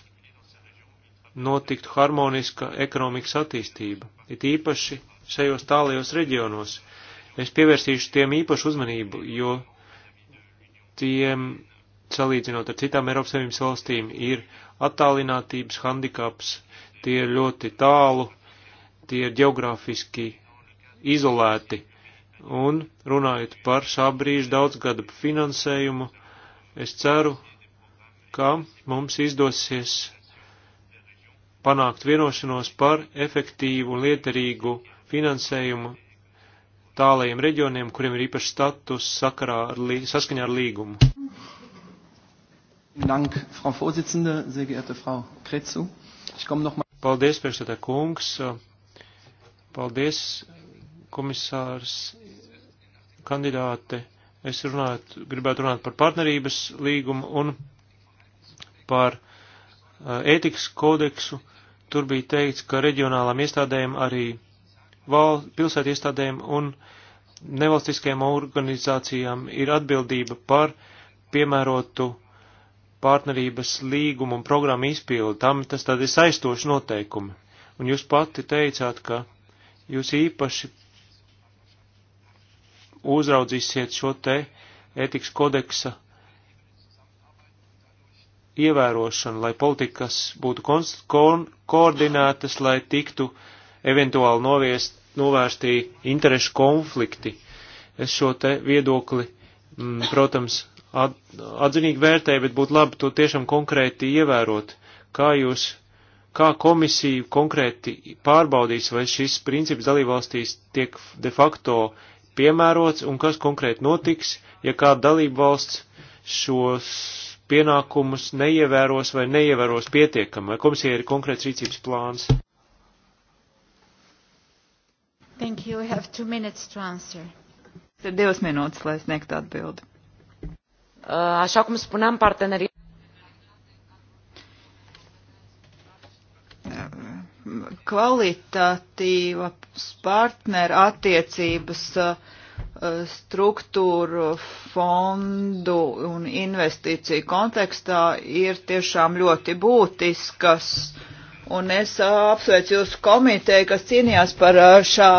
notiktu harmoniska ekonomikas attīstība, it īpaši šajos tālajos reģionos. Es pievērsīšu tiem īpašu uzmanību, jo tiem, salīdzinot ar citām Eiropas Savienības valstīm, ir attālinātības handikaps, tie ir ļoti tālu, tie ir geogrāfiski izolēti. Un runājot par šā brīža daudzgadu finansējumu, es ceru, ka mums izdosies panākt vienošanos par efektīvu, lietarīgu finansējumu tālajiem reģioniem, kuriem ir īpašs status sakarā ar lī, saskaņā ar līgumu. Dank, Frau Vorsitzende, sehr geehrte Frau Kretzu. Ich komme noch mal. Paldies, priekšsēdē kungs. Paldies, komisārs, kandidāte. Es runāt, gribētu runāt par partnerības līgumu un par uh, ētikas kodeksu, tur bija teikts, ka reģionālām iestādēm arī val, pilsētu iestādēm un nevalstiskajām organizācijām ir atbildība par piemērotu partnerības līgumu un programmu izpildu. Tam tas tad ir saistoši noteikumi. Un jūs pati teicāt, ka jūs īpaši uzraudzīsiet šo te ētikas kodeksa ievērošanu, lai politikas būtu ko koordinētas, lai tiktu eventuāli noviest, novērstī interešu konflikti. Es šo te viedokli, m, mm, protams, at, atzinīgi vērtēju, bet būtu labi to tiešām konkrēti ievērot. Kā jūs, kā komisija konkrēti pārbaudīs, vai šis princips dalībvalstīs tiek de facto piemērots un kas konkrēti notiks, ja kāda dalībvalsts šos pienākumus neievēros vai neievēros pietiekami, vai komisija ir konkrēts rīcības plāns? Thank you. We have two minutes to answer. Ir divas minūtes, lai sniegtu atbildi. Uh, așa cum spuneam, partenerii. Uh, kvalitatīvas partneru attiecības uh, Eh, struktūru fondu un investīciju kontekstā ir tiešām ļoti būtiskas. Un es eh, apsveicu jūsu komiteju, kas cīnījās par eh, šā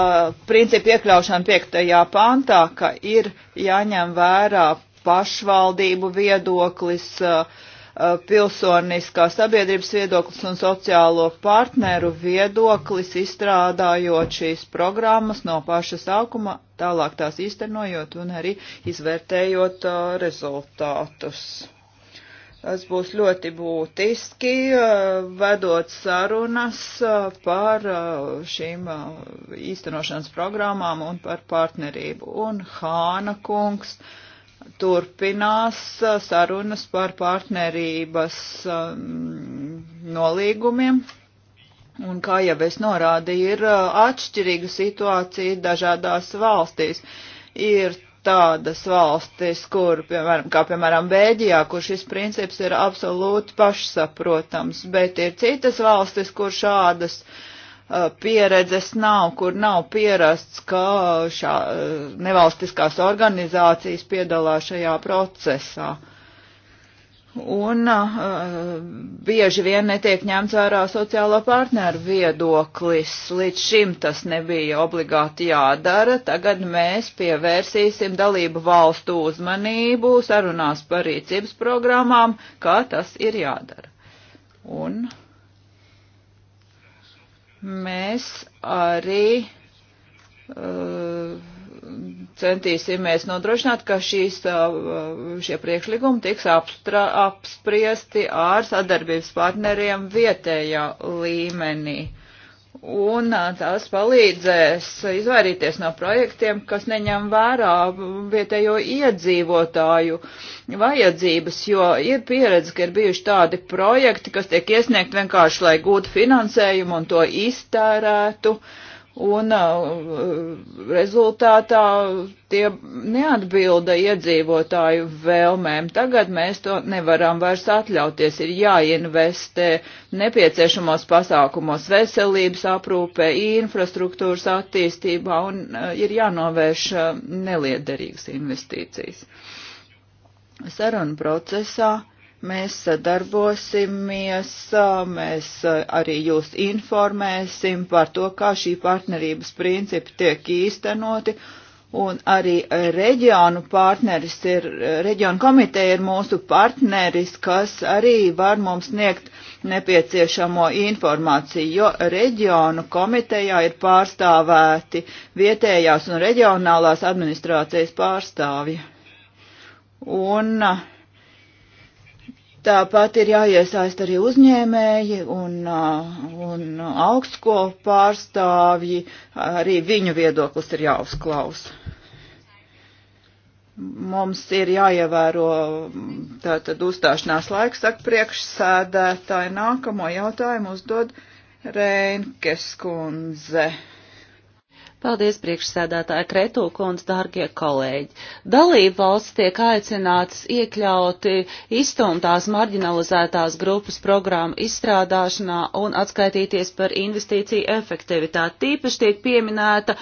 principu iekļaušanu piektajā pantā, ka ir jāņem vērā pašvaldību viedoklis, uh, Uh, pilsoniskā sabiedrības viedoklis un sociālo partneru viedoklis, izstrādājot šīs programmas no paša sākuma, tālāk tās īstenojot un arī izvērtējot uh, rezultātus. Tas būs ļoti būtiski, uh, vedot sarunas par šīm īstenošanas programmām un par partnerību. Un Hāna kungs turpinās sarunas par partnerības nolīgumiem. Un kā jau es norādīju, ir atšķirīga situācija dažādās valstīs. Ir tādas valstis, kur, piemēram, kā piemēram Bēģijā, kur šis princips ir absolūti pašsaprotams, bet ir citas valstis, kur šādas uh, Uh, pieredzes nav, kur nav pierasts, ka šā uh, nevalstiskās organizācijas piedalās šajā procesā. Un uh, bieži vien netiek ņemts vērā sociālo partneru viedoklis. Līdz šim tas nebija obligāti jādara. Tagad mēs pievērsīsim dalību valstu uzmanību sarunās par rīcības programmām, kā tas ir jādara. Un mēs arī uh, centīsimies nodrošināt, ka šīs, uh, šie priekšlikumi tiks apstra, apspriesti ar sadarbības partneriem vietējā līmenī un tās palīdzēs izvairīties no projektiem, kas neņem vērā vietējo iedzīvotāju vajadzības, jo ir pieredze, ka ir bijuši tādi projekti, kas tiek iesniegt vienkārši, lai gūtu finansējumu un to iztērētu. Uh, un uh, rezultātā tie neatbilda iedzīvotāju vēlmēm. Tagad mēs to nevaram vairs atļauties. Ir jāinvestē nepieciešamos pasākumos veselības aprūpē, infrastruktūras attīstībā un uh, ir jānovērš uh, neliederīgas investīcijas. Sarunu procesā mēs sadarbosimies, mēs arī jūs informēsim par to, kā šī partnerības principi tiek īstenoti, un arī reģionu partneris ir, reģionu komiteja ir mūsu partneris, kas arī var mums sniegt nepieciešamo informāciju, jo reģionu komitejā ir pārstāvēti vietējās un reģionālās administrācijas pārstāvji. Un uh, Tāpat ir jāiesaist arī uzņēmēji un, uh, un augstskolu pārstāvji, arī viņu viedoklis ir jāuzklausa. Mums ir jāievēro tātad uzstāšanās laiks, saka priekšsēdētāji. Nākamo jautājumu uzdod Rēnkes kundze. Paldies, priekšsēdētāja Kretu kundz, dārgie kolēģi. Dalību valsts tiek aicinātas iekļauti izstumtās marginalizētās grupas programmu izstrādāšanā un atskaitīties par investīciju efektivitāti. Tīpaši tiek pieminēta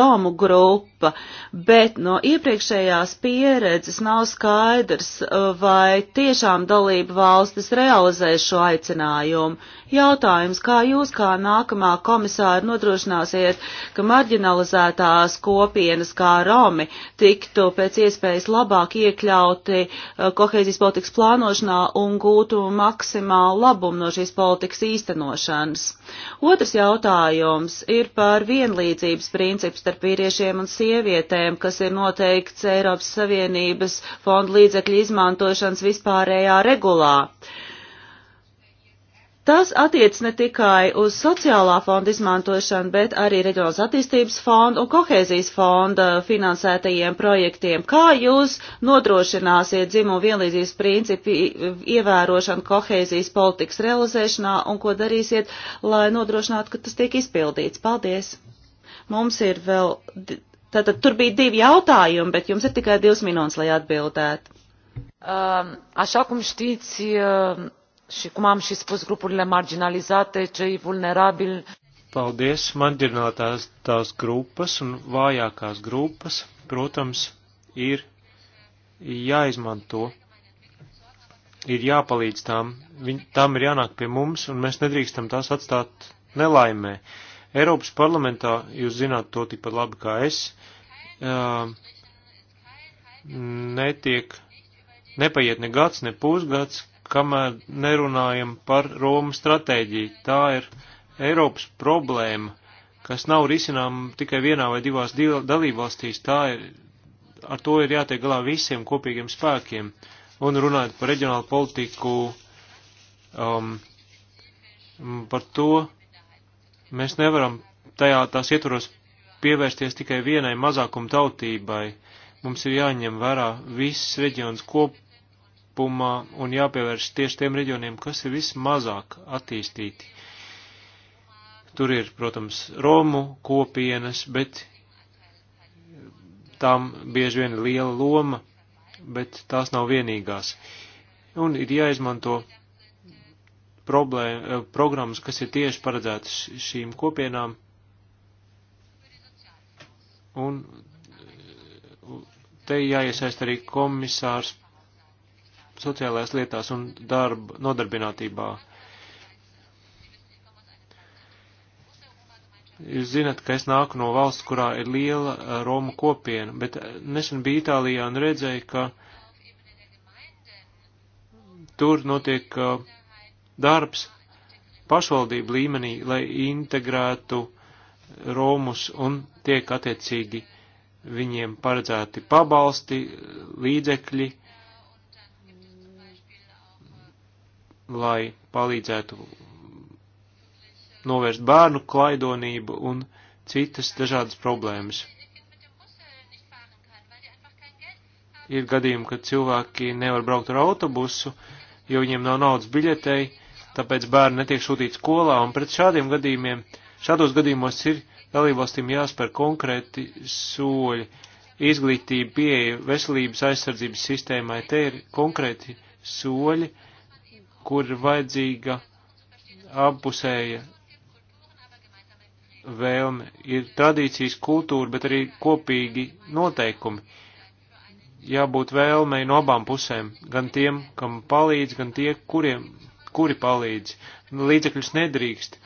Romu grupa grupa, bet no iepriekšējās pieredzes nav skaidrs, uh, vai tiešām dalība valstis realizē šo aicinājumu. Jautājums, kā jūs kā nākamā komisāra nodrošināsiet, ka marginalizētās kopienas kā Romi tiktu pēc iespējas labāk iekļauti uh, kohēzijas politikas plānošanā un gūtu maksimālu labumu no šīs politikas īstenošanas? Otrs jautājums ir par vienlīdzības principu starp vīriešiem un sievietēm sievietēm, kas ir noteikts Eiropas Savienības fondu līdzekļu izmantošanas vispārējā regulā. Tas attiec ne tikai uz sociālā fonda izmantošanu, bet arī reģionas attīstības fonda un kohēzijas fonda finansētajiem projektiem. Kā jūs nodrošināsiet dzimumu vienlīdzības principu ievērošanu kohēzijas politikas realizēšanā un ko darīsiet, lai nodrošinātu, ka tas tiek izpildīts? Paldies! Mums ir vēl Tātad tur bija divi jautājumi, bet jums ir tikai divas minūtes, lai atbildētu. Um, așa cum știți uh, și cum am și spus, grupurile marginalizate, cei vulnerabili. Paldies, marginalizētās tās grupas un vājākās grupas, protams, ir jāizmanto, ir jāpalīdz tām, viņ, tām ir jānāk pie mums, un mēs nedrīkstam tās atstāt nelaimē. Uh, Eiropas parlamentā, jūs zināt to tikpat labi kā es, netiek, nepaiet ne gads, ne pusgads, kamēr nerunājam par Romas stratēģiju. Tā ir Eiropas problēma, kas nav risinām tikai vienā vai divās dalībvalstīs. Tā ir, ar to ir jātiek galā visiem kopīgiem spēkiem. Un runājot par reģionālu politiku, um, par to, Mēs nevaram tajā tās ietvaros pievērsties tikai vienai mazākuma tautībai. Mums ir jāņem vērā viss reģions kopumā un jāpievērš tieši tiem reģioniem, kas ir vismazāk attīstīti. Tur ir, protams, Romu kopienas, bet tām bieži vien ir liela loma, bet tās nav vienīgās. Un ir jāizmanto problēma, eh, programmas, kas ir tieši paredzētas šīm kopienām. Un eh, te jāiesaist arī komisārs sociālajās lietās un darba nodarbinātībā. Jūs zinat, ka es nāku no valsts, kurā ir liela eh, Roma kopiena, bet nesen biju Itālijā un redzēju, ka tur notiek uh, darbs pašvaldību līmenī, lai integrētu Romus un tiek attiecīgi viņiem paredzēti pabalsti, līdzekļi, lai palīdzētu novērst bērnu klaidonību un citas dažādas problēmas. Ir gadījumi, kad cilvēki nevar braukt ar autobusu, jo viņiem nav naudas biļetei, tāpēc bērni netiek sūtīti skolā, un pret šādiem gadījumiem, šādos gadījumos ir dalībvalstīm jāspēr konkrēti soļi. Izglītība, pieeja veselības aizsardzības sistēmai, te ir konkrēti soļi, kur ir vajadzīga abpusēja vēlme, ir tradīcijas kultūra, bet arī kopīgi noteikumi. Jābūt vēlmei no abām pusēm, gan tiem, kam palīdz, gan tie, kuriem kuri palīdz. Līdzekļus nedrīkst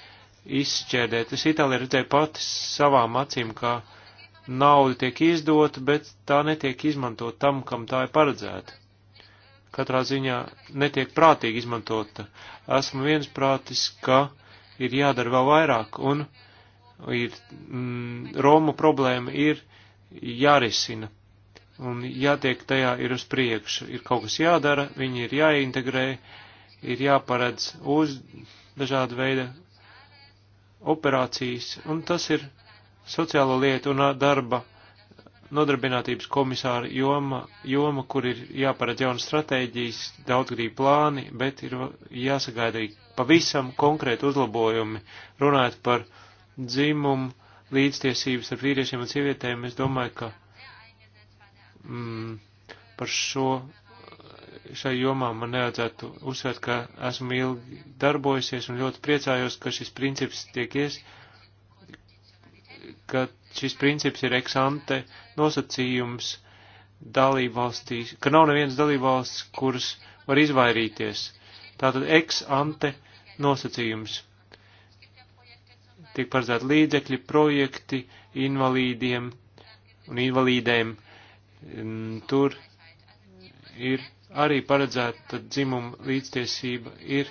izšķērdēt. Es Itālijā redzēju pati savām acīm, ka nauda tiek izdota, bet tā netiek izmantot tam, kam tā ir paredzēta. Katrā ziņā netiek prātīgi izmantota. Esmu viensprātis, ka ir jādara vēl vairāk, un ir, mm, Roma problēma ir jārisina, un jātiek tajā ir uz priekšu. Ir kaut kas jādara, viņi ir jāintegrē, ir jāparedz uz dažāda veida operācijas, un tas ir sociālo lietu un darba nodarbinātības komisāra joma, joma, kur ir jāparedz jaunas stratēģijas, daudzgrība plāni, bet ir jāsagaida arī pavisam konkrēti uzlabojumi. Runājot par dzimumu, līdztiesības ar vīriešiem un sievietēm, es domāju, ka mm, par šo šai jomā man nevajadzētu uzsvērt, ka esmu ilgi darbojusies un ļoti priecājos, ka šis princips tiek ies, ka šis princips ir eksante nosacījums dalībvalstīs, ka nav neviens dalībvalsts, kuras var izvairīties. Tātad eksante nosacījums. Tiek paredzēti līdzekļi, projekti invalīdiem un invalīdēm. Tur ir arī paredzēta dzimuma līdztiesība ir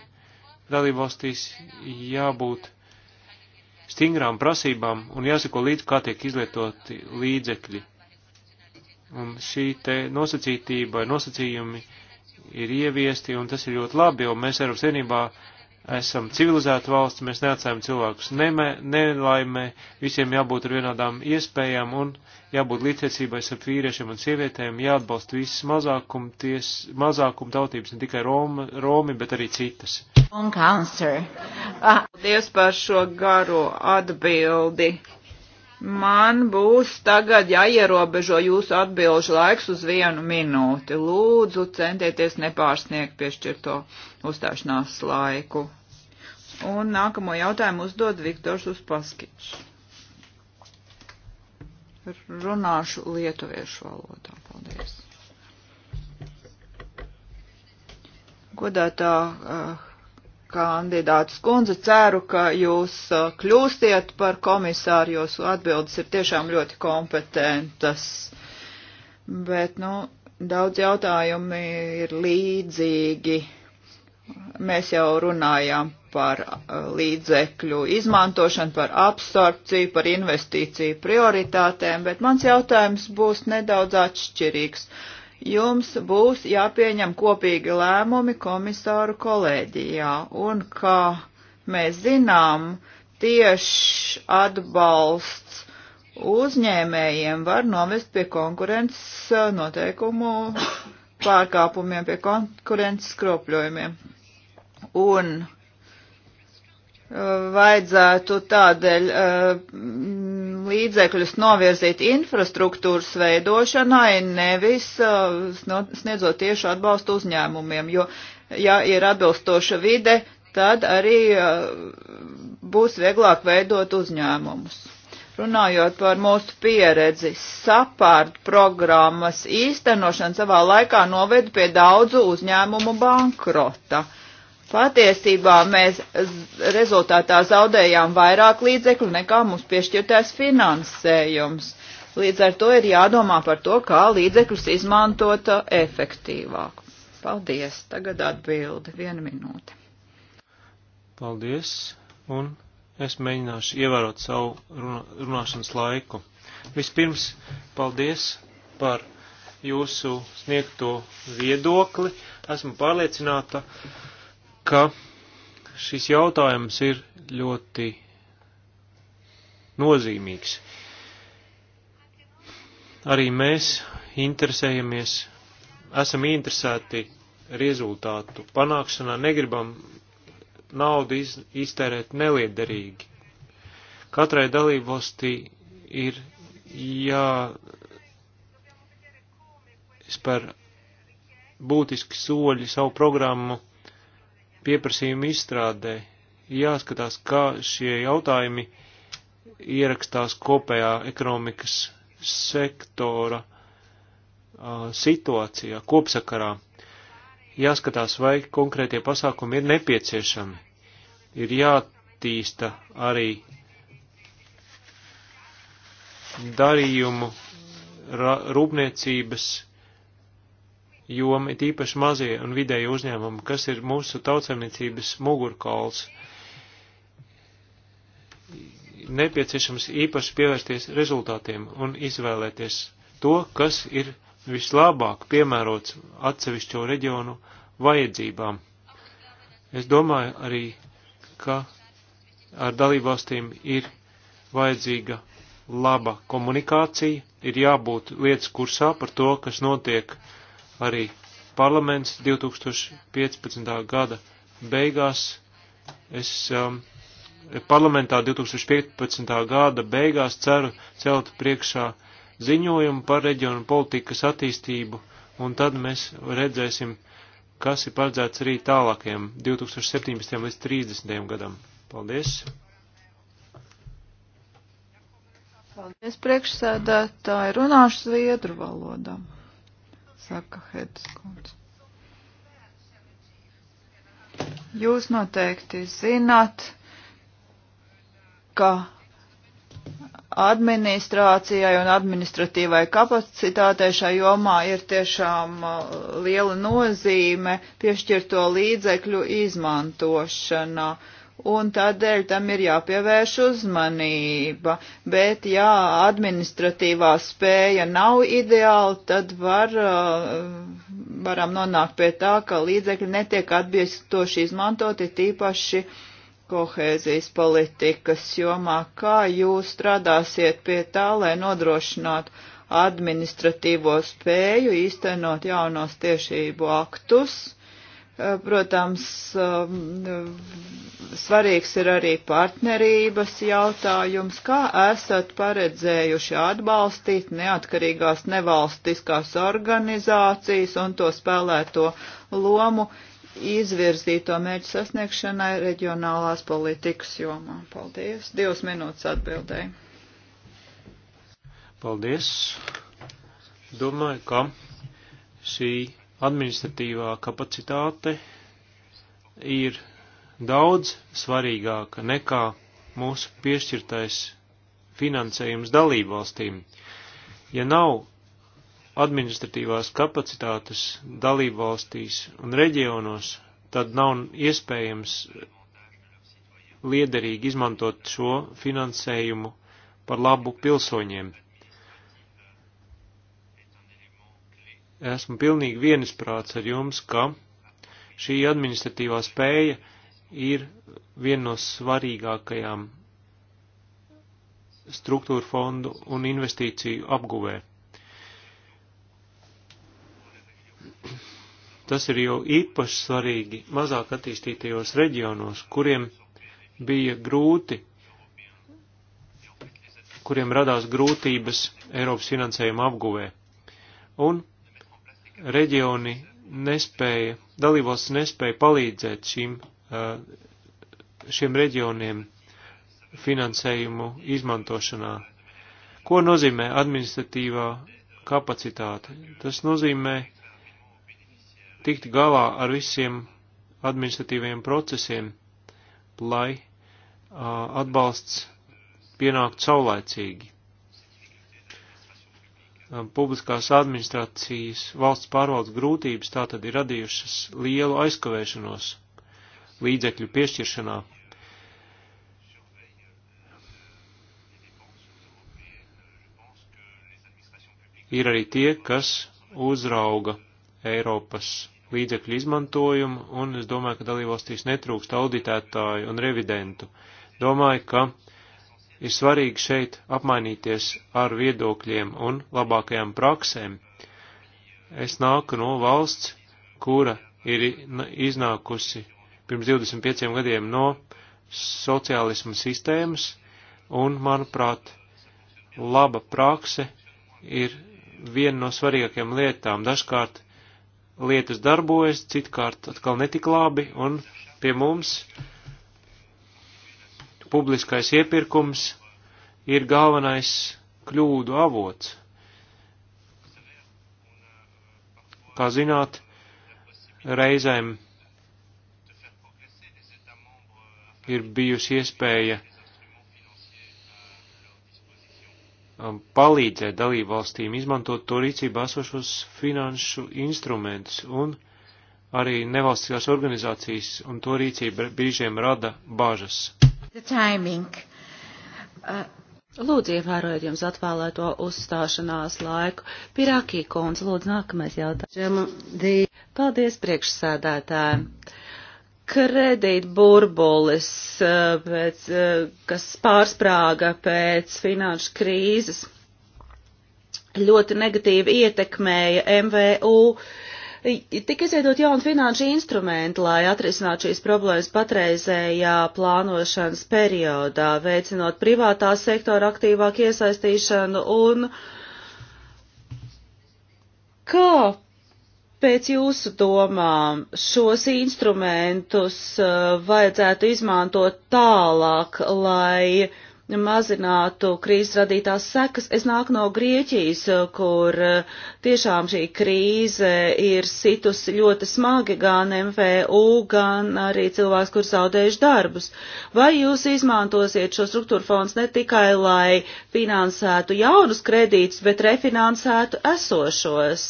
dalībvalstīs jābūt stingrām prasībām un jāsako līdz, kā tiek izlietoti līdzekļi. Un šī te nosacītība, nosacījumi ir ieviesti, un tas ir ļoti labi, jo mēs Eiropas vienībā esam civilizēta valsts, mēs neatstājam cilvēkus nelaimē, visiem jābūt ar vienādām iespējām un jābūt līdztiesībai ar vīriešiem un sievietēm, jāatbalsta visas mazākuma ties, mazākuma tautības, ne tikai Roma, Romi, bet arī citas. Ah. Paldies par šo garo atbildi. Man būs tagad jāierobežo jūsu atbilžu laiks uz vienu minūti. Lūdzu, centieties nepārsniegt piešķirto uzstāšanās laiku. Un nākamo jautājumu uzdod Viktors Uspaskičs. Runāšu lietuviešu valodā. Paldies. Godātā uh, eh, kandidātu skundze, ceru, ka jūs uh, kļūstiet par komisāru, jūsu atbildes ir tiešām ļoti kompetentas. Bet, nu, daudz jautājumi ir līdzīgi. Mēs jau runājām par uh, līdzekļu izmantošanu, par absorpciju, par investīciju prioritātēm, bet mans jautājums būs nedaudz atšķirīgs. Jums būs jāpieņem kopīgi lēmumi komisāru kolēģijā, un kā mēs zinām, tieši atbalsts uzņēmējiem var novest pie konkurences uh, noteikumu pārkāpumiem, pie konkurences skropļojumiem. Un vajadzētu tādēļ eh, līdzekļus novirzīt infrastruktūras veidošanai, nevis eh, sniedzot tiešu atbalstu uzņēmumiem, jo, ja ir atbilstoša vide, tad arī eh, būs vieglāk veidot uzņēmumus. Runājot par mūsu pieredzi, sapārt programmas īstenošana savā laikā noved pie daudzu uzņēmumu bankrota. Uh, Patiesībā mēs rezultātā zaudējām vairāk līdzekļu nekā mums piešķirtais finansējums. Līdz ar to ir jādomā par to, kā līdzekļus izmantot uh, efektīvāk. Paldies. Tagad atbildi. Viena minūte. Paldies. Un es mēģināšu ievērot savu runā, runāšanas laiku. Vispirms, paldies par jūsu sniegto viedokli. Esmu pārliecināta, ka šis jautājums ir ļoti nozīmīgs. Arī mēs interesējamies, esam interesēti rezultātu panākšanā, negribam naudu iz, iztērēt neliederīgi. Katrai dalībvalstī ir jāspēr būtiski soļi savu programmu pieprasījumu izstrādē. Jāskatās, kā šie jautājumi ierakstās kopējā ekonomikas sektora uh, situācijā, kopsakarā. Jāskatās, vai konkrētie pasākumi ir nepieciešami. Ir jātīsta arī darījumu rūpniecības joma, it īpaši mazie un vidēji uzņēmumi, kas ir mūsu tautsaimniecības mugurkols. Nepieciešams īpaši pievērsties rezultātiem un izvēlēties to, kas ir vislabāk piemērots atsevišķo reģionu vajadzībām. Es domāju arī, ka ar dalībvalstīm ir vajadzīga laba komunikācija, ir jābūt lietas kursā par to, kas notiek uh, arī parlaments 2015. gada beigās, es um, parlamentā 2015. gada beigās ceru celt priekšā ziņojumu par reģionu politikas attīstību, un tad mēs redzēsim, kas ir paredzēts arī tālākiem 2017. līdz 30. gadam. Paldies! Paldies priekšsēdētāji, runāšu zviedru valodā saka Hedskundze. Jūs noteikti zināt, ka administrācijai un administratīvai kapacitātei šai jomā ir tiešām uh, liela nozīme piešķirto līdzekļu izmantošanā. Uh, un tādēļ tam ir jāpievērš uzmanība. Bet, ja administratīvā spēja nav ideāla, tad var, uh, varam nonākt pie tā, ka līdzekļi netiek atbilstoši izmantoti tīpaši kohēzijas politikas jomā. Kā jūs strādāsiet pie tā, lai nodrošinātu administratīvo spēju īstenot jaunos tiešību aktus? Eh, protams, eh, svarīgs ir arī partnerības jautājums, kā esat paredzējuši atbalstīt neatkarīgās nevalstiskās organizācijas un to spēlēto lomu izvirzīto mērķu sasniegšanai reģionālās politikas jomā. Paldies. Divas minūtes atbildēji. Paldies. Domāju, ka šī administratīvā kapacitāte ir daudz svarīgāka nekā mūsu piešķirtais finansējums dalībvalstīm. Ja nav administratīvās kapacitātes dalībvalstīs un reģionos, tad nav iespējams liederīgi izmantot šo finansējumu par labu pilsoņiem. Esmu pilnīgi vienisprāts ar jums, ka šī administratīvā spēja ir viena no svarīgākajām struktūra fondu un investīciju apguvē. Tas ir jau īpaši svarīgi mazāk attīstītajos reģionos, kuriem bija grūti, kuriem radās grūtības Eiropas finansējuma apguvē. Un reģioni nespēja, dalībvalsts nespēja palīdzēt šīm, eh, šiem reģioniem finansējumu izmantošanā. Ko nozīmē administratīvā kapacitāte? Tas nozīmē tikt galā ar visiem administratīviem procesiem, lai eh, atbalsts pienāktu saulēcīgi. Um, publiskās administrācijas valsts pārvaldes grūtības tātad ir radījušas lielu aizkavēšanos līdzekļu piešķiršanā. Ir arī tie, kas uzrauga Eiropas līdzekļu izmantojumu, un es domāju, ka dalībvalstīs netrūkst auditētāju un revidentu. Domāju, ka ir svarīgi šeit apmainīties ar viedokļiem un labākajām praksēm. Es nāku no valsts, kura ir iznākusi pirms 25 gadiem no sociālismu sistēmas, un, manuprāt, laba prakse ir viena no svarīgākajām lietām. Dažkārt lietas darbojas, citkārt atkal netik labi, un pie mums publiskais iepirkums ir galvenais kļūdu avots. Kā zināt, reizēm ir bijusi iespēja um, palīdzēt dalībvalstīm izmantot to rīcībā esošos finanšu instrumentus, un arī nevalstiskās organizācijas un to rīcība brīžiem rada bažas. Uh... Lūdzu, ievērojiet jums atvēlēto uzstāšanās laiku. Pirākī kundze, lūdzu, nākamais jautājums. Paldies, priekšsēdētāji. Kredīt burbulis, uh, pēc, uh, kas pārsprāga pēc finanšu krīzes, ļoti negatīvi ietekmēja MVU Tik izveidot jaunu finanšu instrumentu, lai atrisinātu šīs problēmas patreizējā plānošanas periodā, veicinot privātā sektora aktīvāku iesaistīšanu un kā pēc jūsu domām šos instrumentus uh, vajadzētu izmantot tālāk, lai uh, mazinātu krīzes radītās sekas. Es nāku no Grieķijas, kur eh, tiešām šī krīze ir situsi ļoti smagi gan MVU, gan arī cilvēks, kur zaudējuši darbus. Vai jūs izmantosiet šo struktūru fonds ne tikai, lai finansētu jaunus kredītus, bet refinansētu esošos?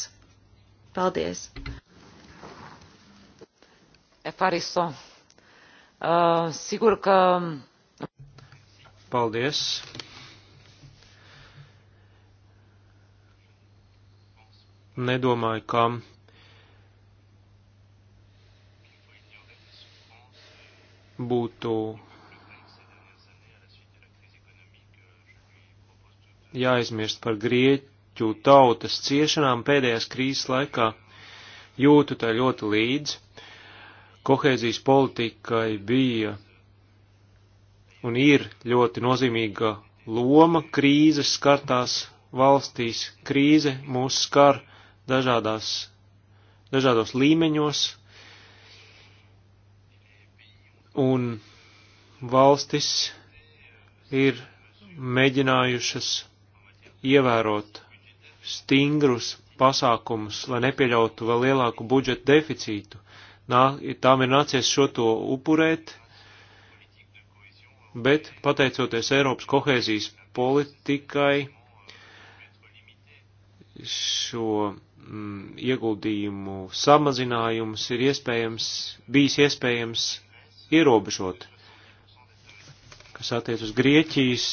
Paldies! Efariso, uh, sigur că Paldies! Nedomāju, kam. būtu jāizmirst par grieķu tautas ciešanām pēdējās krīzes laikā. Jūtu tā ļoti līdz. Kohēzijas politikai bija un ir ļoti nozīmīga loma krīzes skartās valstīs. Krīze mūs skar dažādās, dažādos līmeņos, un valstis ir mēģinājušas ievērot stingrus pasākumus, lai nepieļautu vēl lielāku budžeta deficītu. Nā, tām ir nācies šo to upurēt, bet pateicoties Eiropas kohēzijas politikai šo mm, ieguldījumu samazinājums ir iespējams, bijis iespējams ierobežot, kas attiec uz Grieķijas.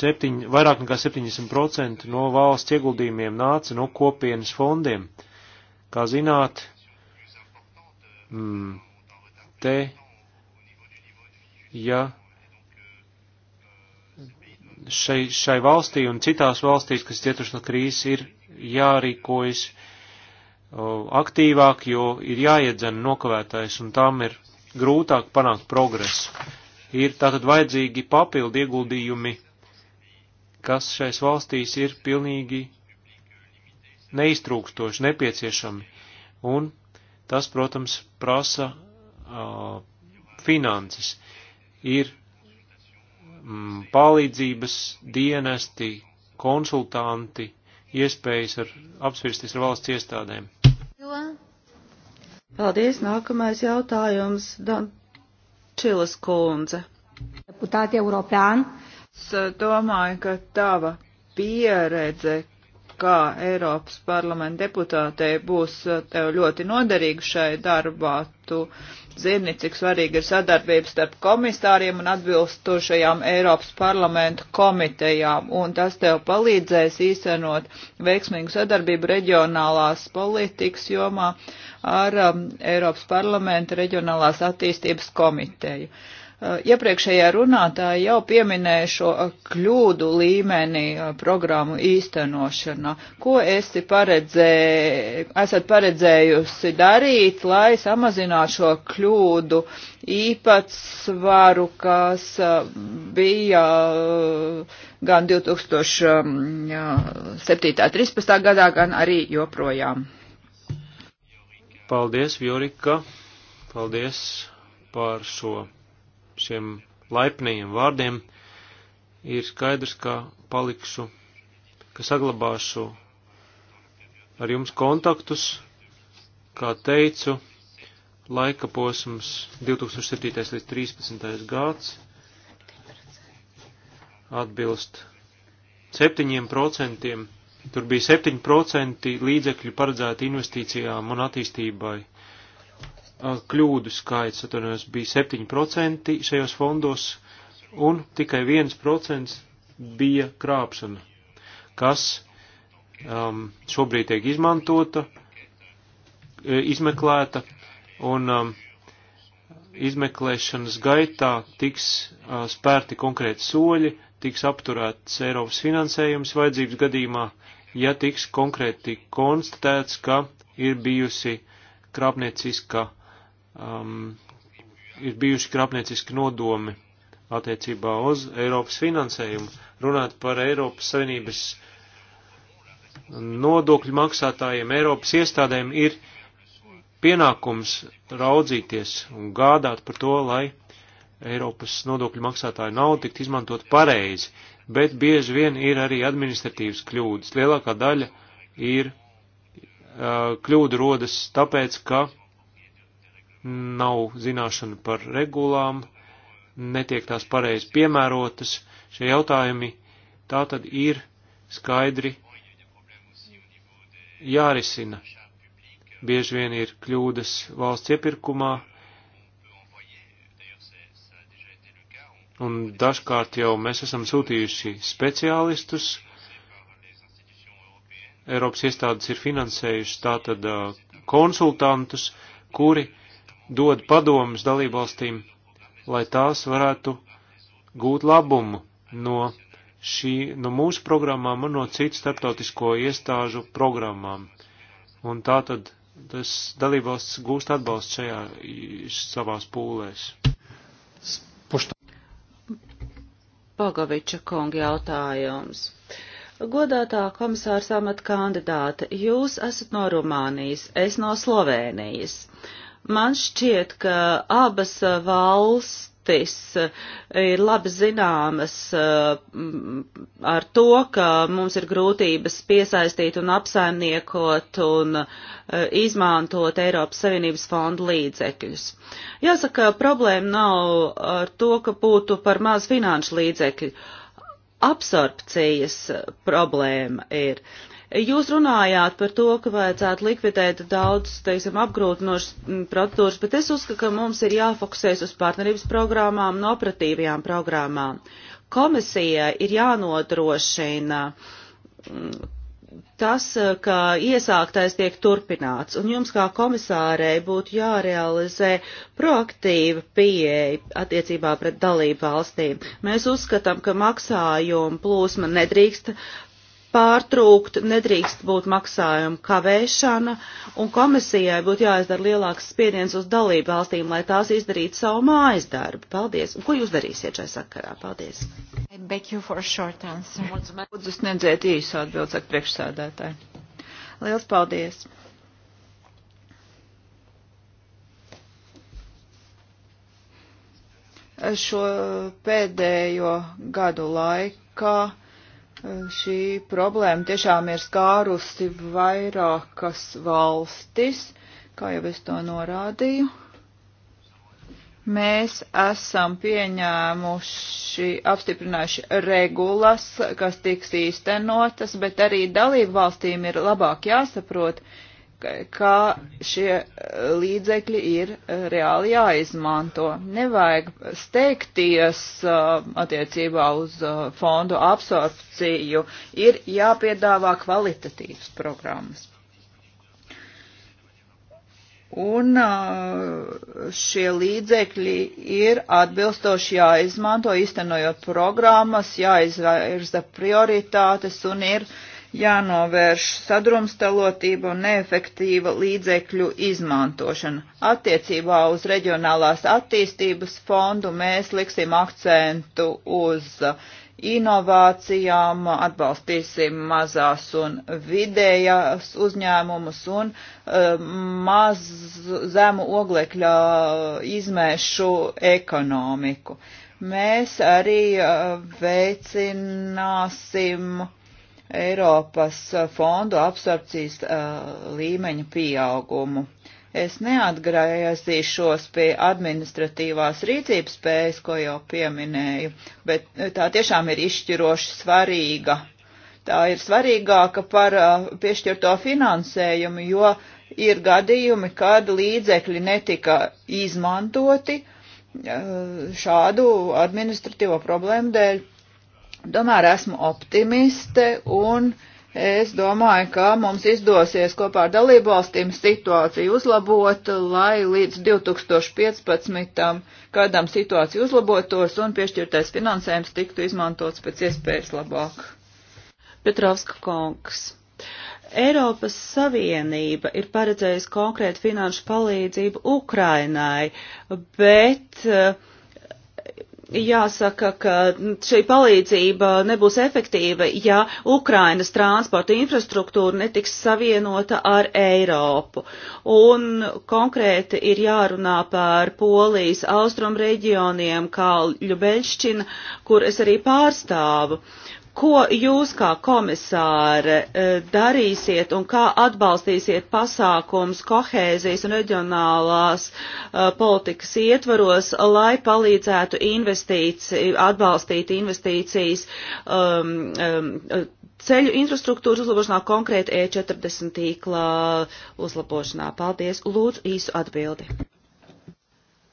Septiņ, vairāk nekā 70% no valsts ieguldījumiem nāca no kopienas fondiem. Kā zināt, mm, te, ja šai, šai valstī un citās valstīs, kas cietuši no krīzes, ir jārīkojas aktīvāk, jo ir jāiedzena nokavētājs un tām ir grūtāk panākt progresu. Ir tātad vajadzīgi papildu ieguldījumi, kas šais valstīs ir pilnīgi neiztrūkstoši nepieciešami, un tas, protams, prasa uh, finanses. Ir m, mm, palīdzības dienesti, konsultanti, iespējas ar, apsvirsties ar valsts iestādēm. Paldies, nākamais jautājums, Dan Čilas kundze. Deputāti Eiropēni. Es eh, domāju, ka tava pieredze kā Eiropas parlamenta deputātei būs uh, tev ļoti noderīga šai darbā. Tu zini, cik svarīga ir sadarbība starp komisāriem un atbilstošajām Eiropas parlamenta komitejām, un tas tev palīdzēs īstenot veiksmīgu sadarbību reģionālās politikas jomā ar um, Eiropas parlamenta reģionālās attīstības komiteju. Uh, Eh, iepriekšējā runātāja jau pieminēja šo eh, kļūdu līmeni eh, programmu īstenošanā. Ko esi paredzē, esat paredzējusi darīt, lai samazinātu šo kļūdu īpatsvaru, kas bija gan 2007.13. gadā, gan arī joprojām? Paldies, Viorika! Paldies par šo. So šiem laipnījiem vārdiem, ir skaidrs, ka palikšu, ka saglabāšu ar jums kontaktus, kā teicu, laika posms 2007. līdz 13. gads atbilst 7%, tur bija 7% līdzekļu paredzēti investīcijām un attīstībai kļūdu skaits, atvainojos, bija 7% šajos fondos, un tikai 1% bija krāpšana, kas um, šobrīd tiek izmantota, e, izmeklēta, un um, izmeklēšanas gaitā tiks uh, spērti konkrēti soļi, tiks apturēts Eiropas finansējums vajadzības gadījumā, ja tiks konkrēti konstatēts, ka ir bijusi krāpnieciska um, ir bijuši krāpnieciski nodomi attiecībā uz Eiropas finansējumu, runāt par Eiropas Savienības nodokļu maksātājiem, Eiropas iestādēm ir pienākums raudzīties un gādāt par to, lai Eiropas nodokļu maksātāju naudu tikt izmantot pareizi, bet bieži vien ir arī administratīvas kļūdas. Lielākā daļa ir uh, kļūda rodas tāpēc, ka nav zināšana par regulām, netiek tās pareizi piemērotas. Šie jautājumi tā tad ir skaidri jārisina. Bieži vien ir kļūdas valsts iepirkumā, un dažkārt jau mēs esam sūtījuši speciālistus. Eiropas iestādes ir finansējuši tātad konsultantus, kuri dod padomus dalībvalstīm, lai tās varētu gūt labumu no šī, no mūsu programmām un no citu starptautisko iestāžu programmām. Un tā tad tas dalībvalsts gūst atbalstu šajā savās pūlēs. Pogoviča kunga jautājums. Godātā komisārs amata kandidāte, jūs esat no Rumānijas, es no Slovēnijas. Uh, Man šķiet, ka abas uh, valstis uh, ir labi zināmas uh, ar to, ka mums ir grūtības piesaistīt un apsaimniekot un izmantot Eiropas Savienības fondu līdzekļus. Jāsaka, problēma nav ar to, ka būtu par maz finanšu līdzekļu. Absorpcijas problēma ir. Uh, Jūs runājāt par to, ka vajadzētu likvidēt daudz, teiksim, apgrūtinošas mm, procedūras, bet es uzskatu, ka mums ir jāfokusēs uz partnerības programmām un operatīvajām programmām. Komisija ir jānodrošina mm, tas, ka iesāktais tiek turpināts, un jums kā komisārei būtu jārealizē proaktīva pieeja attiecībā pret dalību valstīm. Mēs uzskatām, ka maksājuma plūsma nedrīkst pārtrūkt, nedrīkst būt maksājuma kavēšana, un komisijai būtu jāizdara lielāks spiediens uz dalību valstīm, lai tās izdarītu savu mājas darbu. Paldies. Un ko jūs darīsiet šai sakarā? Paldies. Lūdzu, sniedziet īsu atbildi, saka priekšsēdētāji. Liels paldies. Šo pēdējo gadu laikā Šī problēma tiešām ir skārusi vairākas valstis, kā jau es to norādīju. Mēs esam pieņēmuši, apstiprinājuši regulas, kas tiks īstenotas, bet arī dalību valstīm ir labāk jāsaprot, uh, kā šie eh, līdzekļi ir eh, reāli jāizmanto. Nevajag steigties eh, attiecībā uz fondu absorpciju, ir jāpiedāvā kvalitatīvas programmas. Un šie līdzekļi ir atbilstoši jāizmanto, iztenojot programmas, jāizvirza prioritātes un ir uh, jānovērš sadrumstalotība un neefektīva līdzekļu izmantošana. Attiecībā uz reģionālās attīstības fondu mēs liksim akcentu uz inovācijām, atbalstīsim mazās un vidējās uzņēmumus un uh, maz zemu oglekļa izmēšu ekonomiku. Mēs arī uh, veicināsim Eiropas uh, fondu absorpcijas uh, līmeņa pieaugumu. Es neatgriezīšos pie administratīvās rīcības spējas, ko jau pieminēju, bet uh, tā tiešām ir izšķiroši svarīga. Tā ir svarīgāka par piešķirto finansējumu, jo ir gadījumi, kad līdzekļi netika izmantoti šādu administratīvo problēmu dēļ. Tomēr esmu optimiste un es domāju, ka mums izdosies kopā ar dalībvalstīm situāciju uzlabot, lai līdz 2015. gadam situācija uzlabotos un piešķirtais finansējums tiktu izmantots pēc iespējas labāk. Petrovska kungs. Eiropas Savienība ir paredzējusi konkrētu finanšu palīdzību Ukrainai, bet uh, jāsaka, ka šī palīdzība nebūs efektīva, ja Ukrainas transporta infrastruktūra netiks savienota ar Eiropu. Un konkrēti ir jārunā par Polijas austrumu reģioniem, kā Ļubeļšķina, kur es arī pārstāvu. Ko jūs kā komisāre e, darīsiet un kā atbalstīsiet pasākums kohēzijas un reģionālās e, politikas ietvaros, lai palīdzētu investīciju, atbalstīt investīcijas um, um, ceļu infrastruktūras uzlabošanā, konkrēti E40 tīkla uzlabošanā? Paldies! Lūdzu īsu atbildi.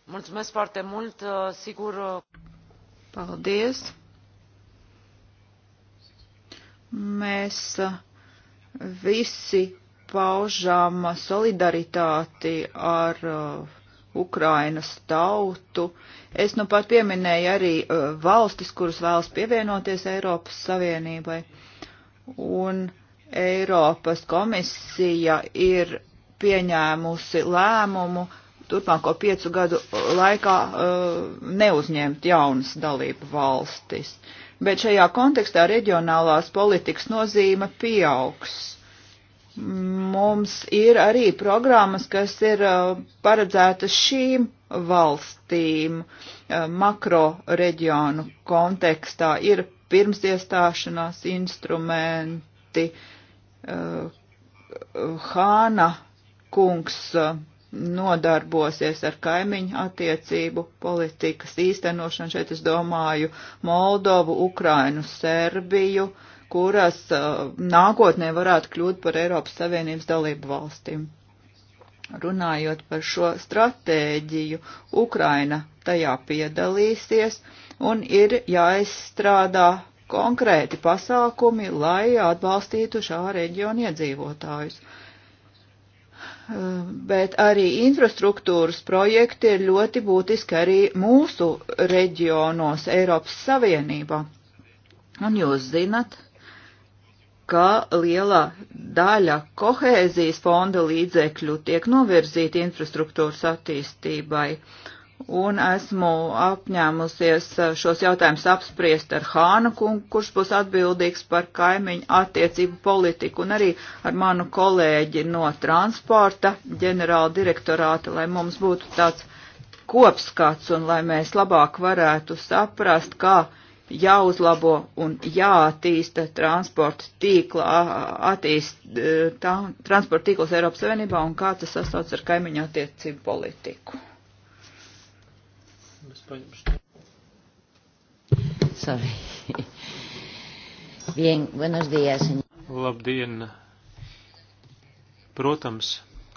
Mulțumesc foarte mult, sigur. Paldies! Mēs uh, visi paužām solidaritāti ar uh, Ukrainas tautu. Es nu pat pieminēju arī uh, valstis, kuras vēlas pievienoties Eiropas Savienībai. Un Eiropas komisija ir pieņēmusi lēmumu turpmāko piecu gadu laikā uh, neuzņemt jaunas dalību valstis. Uh, bet šajā kontekstā reģionālās politikas nozīme pieaugs. Mums ir arī programmas, kas ir uh, paredzētas šīm valstīm uh, makro reģionu kontekstā. Ir pirmsiestāšanās instrumenti. Uh, Hāna kungs nodarbosies ar kaimiņu attiecību politikas īstenošanu. Šeit es domāju Moldovu, Ukrainu, Serbiju, kuras uh, nākotnē varētu kļūt par Eiropas Savienības dalību valstīm. Runājot par šo stratēģiju, Ukraina tajā piedalīsies un ir jāizstrādā konkrēti pasākumi, lai atbalstītu šā reģiona iedzīvotājus. Uh, bet arī infrastruktūras projekti ir ļoti būtiski arī mūsu reģionos Eiropas Savienībā. Un jūs zinat, ka liela daļa kohēzijas fonda līdzekļu tiek novirzīta infrastruktūras attīstībai. Uh, un esmu apņēmusies šos jautājumus apspriest ar Hāna kungu, kurš būs atbildīgs par kaimiņu attiecību politiku un arī ar manu kolēģi no transporta ģenerāla direktorāta, lai mums būtu tāds kopskats un lai mēs labāk varētu saprast, kā jāuzlabo un jāattīsta transporta tīkla, attīst, eh, tā, transporta tīkls Eiropas Savienībā un kā tas sasauc ar kaimiņu attiecību politiku paņemšu. Sorry. Bien, buenos días, señor. Labdien! Protams,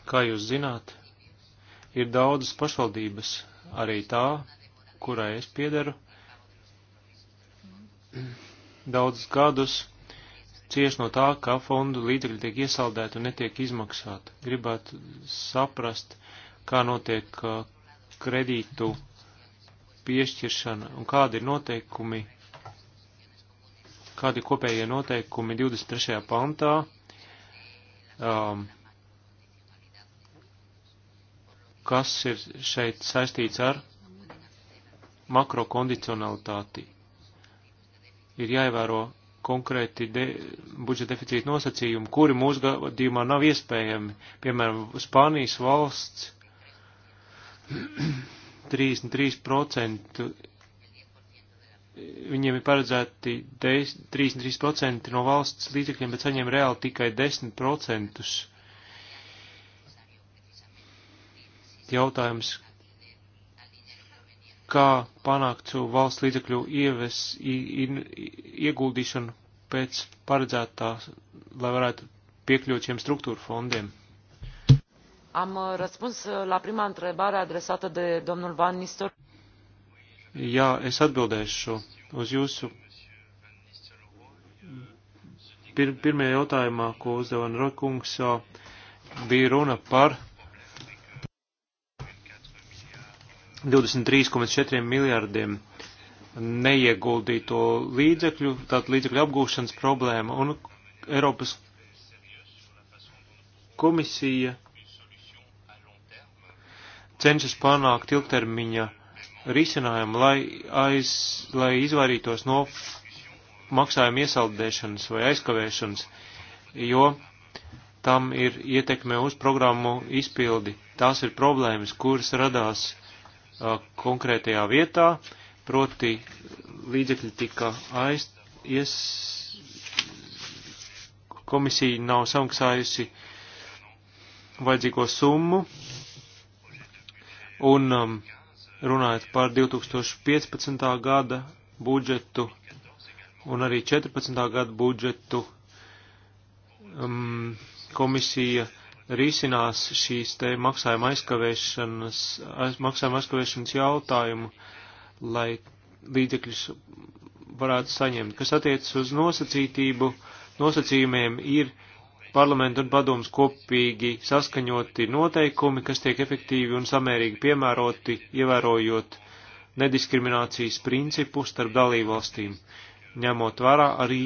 kā jūs zināt, ir daudzas pašvaldības, arī tā, kurai es piedaru, daudzus gadus cieši no tā, kā fondu līdzekļi tiek iesaldēti un netiek izmaksāti. Gribētu saprast, kā notiek uh, kredītu piešķiršana un kādi ir noteikumi, kādi kopējie noteikumi 23. pantā. Um, kas ir šeit saistīts ar makrokondicionalitāti. Ir jāievēro konkrēti de, budžeta deficīta nosacījumi, kuri mūsu gadījumā nav iespējami. Piemēram, Spānijas valsts 33% viņiem ir paredzēti 10, 33% no valsts līdzekļiem, bet saņem reāli tikai 10%. Jautājums, kā panākt savu valsts līdzekļu ieves, ieguldīšanu pēc paredzētā, lai varētu piekļūt šiem struktūru fondiem am uh, răspuns uh, la prima întrebare adresată de domnul Van Nistelrooy. Jā, es atbildēšu uz jūsu pir pirmajā jautājumā, ko uzdeva Rokungs, bija runa par 23,4 miljārdiem neieguldīto līdzekļu, tātad līdzekļu apgūšanas problēma, un Eiropas komisija cenšas panākt ilgtermiņa risinājumu, lai, aiz, lai izvairītos no maksājuma iesaldēšanas vai aizkavēšanas, jo tam ir ietekme uz programmu izpildi. Tās ir problēmas, kuras radās a, konkrētajā vietā, proti līdzekļi tika aiz, ies, komisija nav samaksājusi vajadzīgo summu, Un um, runājot par 2015. gada budžetu un arī 14. gada budžetu, um, komisija risinās šīs te maksājuma aizkavēšanas, aiz, maksājuma aizkavēšanas jautājumu, lai līdzekļus varētu saņemt. Kas attiecas uz nosacītību, nosacījumiem ir parlamentu un padomus kopīgi saskaņoti noteikumi, kas tiek efektīvi un samērīgi piemēroti, ievērojot nediskriminācijas principu starp dalībvalstīm, ņemot vērā arī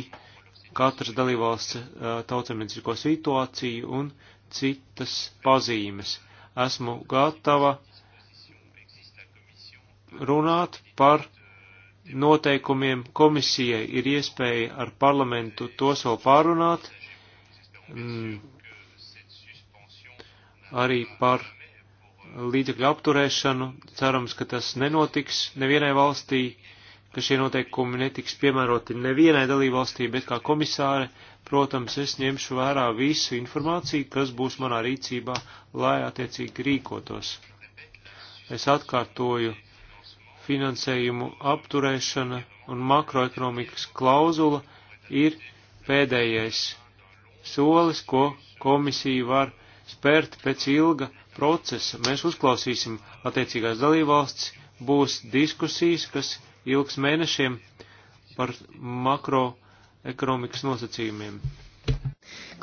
katras dalībvalsts tautsemniecisko situāciju un citas pazīmes. Esmu gatava runāt par noteikumiem. Komisijai ir iespēja ar parlamentu tos vēl pārunāt mm, arī par līdzekļu apturēšanu. Cerams, ka tas nenotiks nevienai valstī, ka šie noteikumi netiks piemēroti nevienai dalībvalstī, bet kā komisāre, protams, es ņemšu vērā visu informāciju, kas būs manā rīcībā, lai attiecīgi rīkotos. Es atkārtoju finansējumu apturēšana un makroekonomikas klauzula ir pēdējais solis, ko komisija var spērt pēc ilga procesa. Mēs uzklausīsim attiecīgās dalībvalsts, būs diskusijas, kas ilgs mēnešiem par makroekonomikas nosacījumiem.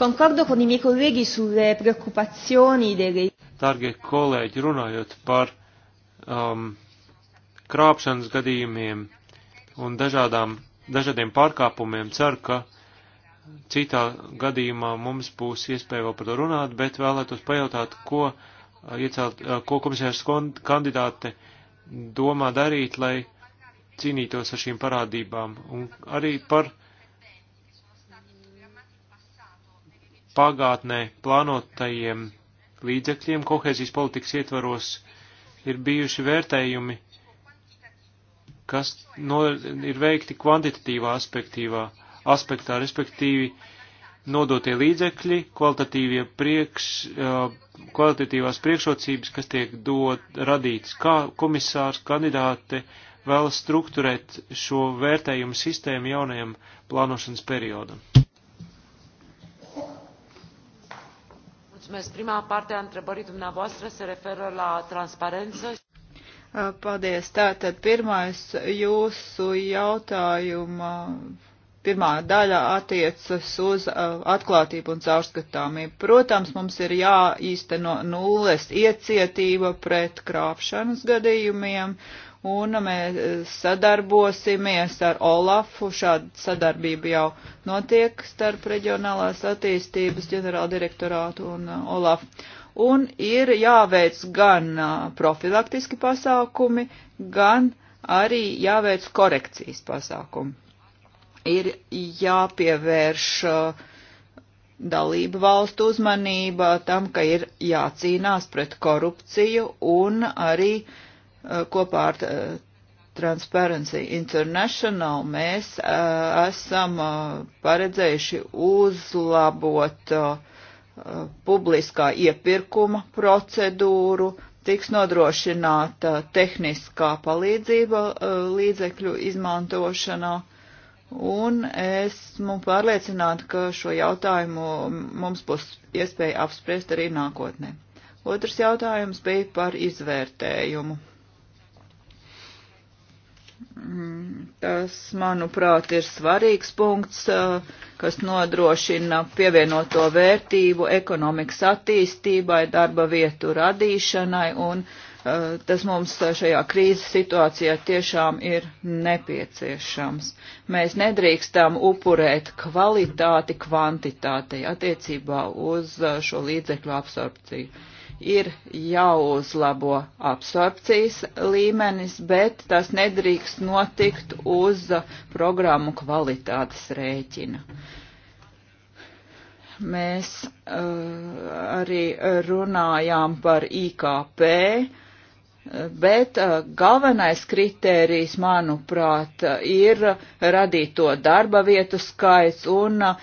Concordo con i miei colleghi sulle preoccupazioni delle... Dargie kolēģi, runājot par um, krāpšanas gadījumiem un dažādām, dažādiem pārkāpumiem, ceru, ka Citā gadījumā mums būs iespēja vēl par to runāt, bet vēlētos pajautāt, ko, uh, iecelt, uh, ko komisārs kandidāte domā darīt, lai cīnītos ar šīm parādībām un arī par pagātnē plānotajiem līdzekļiem kohēzijas politikas ietvaros ir bijuši vērtējumi, kas no, ir veikti kvantitatīvā aspektīvā aspektā, respektīvi nodotie līdzekļi, priekš, uh, kvalitatīvās priekšrocības, kas tiek dot, radītas, kā komisārs, kandidāte vēlas strukturēt šo vērtējumu sistēmu jaunajam plānošanas periodam. Mulțumesc. Prima parte a întrebării dumneavoastră se referă la transparență. Paldies. Tātad pirmais jūsu jautājuma Pirmā daļa attiecas uz uh, atklātību un caurskatāmību. Protams, mums ir jāīsteno nulles iecietība pret krāpšanas gadījumiem, un mēs uh, sadarbosimies ar Olafu. Šāda sadarbība jau notiek starp reģionālās attīstības ģenerāldirektorātu un uh, Olafu. Un ir jāveic gan profilaktiski pasākumi, gan arī jāveic korekcijas pasākumi ir jāpievērš uh, dalību valstu uzmanība tam, ka ir jācīnās pret korupciju un arī uh, kopā ar uh, Transparency International mēs esam paredzējuši uzlabot publiskā iepirkuma procedūru, tiks nodrošināta tehniskā palīdzība līdzekļu izmantošanā Un esmu pārliecināta, ka šo jautājumu mums būs iespēja apspriest arī nākotnē. Otrs jautājums bija par izvērtējumu. Tas, manuprāt, ir svarīgs punkts, kas nodrošina pievienoto vērtību ekonomikas attīstībai, darba vietu radīšanai un uh, Eh, tas mums šajā krīzes situācijā tiešām ir nepieciešams. Mēs nedrīkstam upurēt kvalitāti kvantitātei attiecībā uz eh, šo līdzekļu absorpciju. Ir jāuzlabo absorpcijas līmenis, bet tas nedrīkst notikt uz programmu kvalitātes rēķina mēs uh, arī runājām par IKP Bet uh, galvenais kritērijs, manuprāt, ir radīto darba vietu skaits un uh,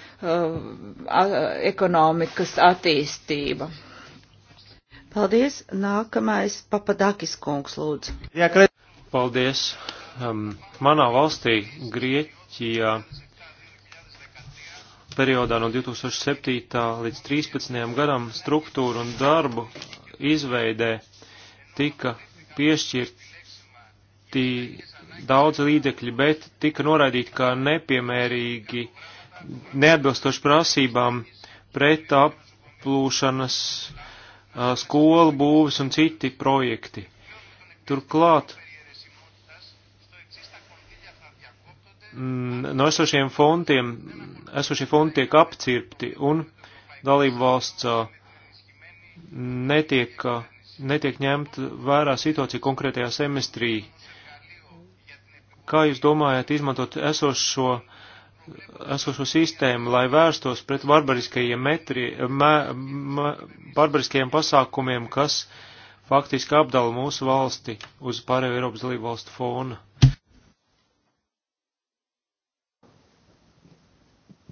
ekonomikas attīstība. Paldies. Nākamais papadakis kungs lūdzu. Jā, kred... Paldies. Um, manā valstī Grieķijā periodā no 2007. līdz 2013. gadam struktūru un darbu izveidē tika piešķirti daudz līdzekļi, bet tika noraidīti kā nepiemērīgi, neatbilstoši prasībām pret aplūšanas skolu būvis un citi projekti. Turklāt mm, no esošiem fondiem, esošie fondi tiek apcirpti un dalību valsts netiek uh, netiek ņemt vērā situācija konkrētajā semestrī. Kā jūs domājat izmantot esošo, esošo sistēmu, lai vērstos pret barbariskajiem, metri, mē, mē, barbariskajiem pasākumiem, kas faktiski apdala mūsu valsti uz pārējo Eiropas dalību valstu fona?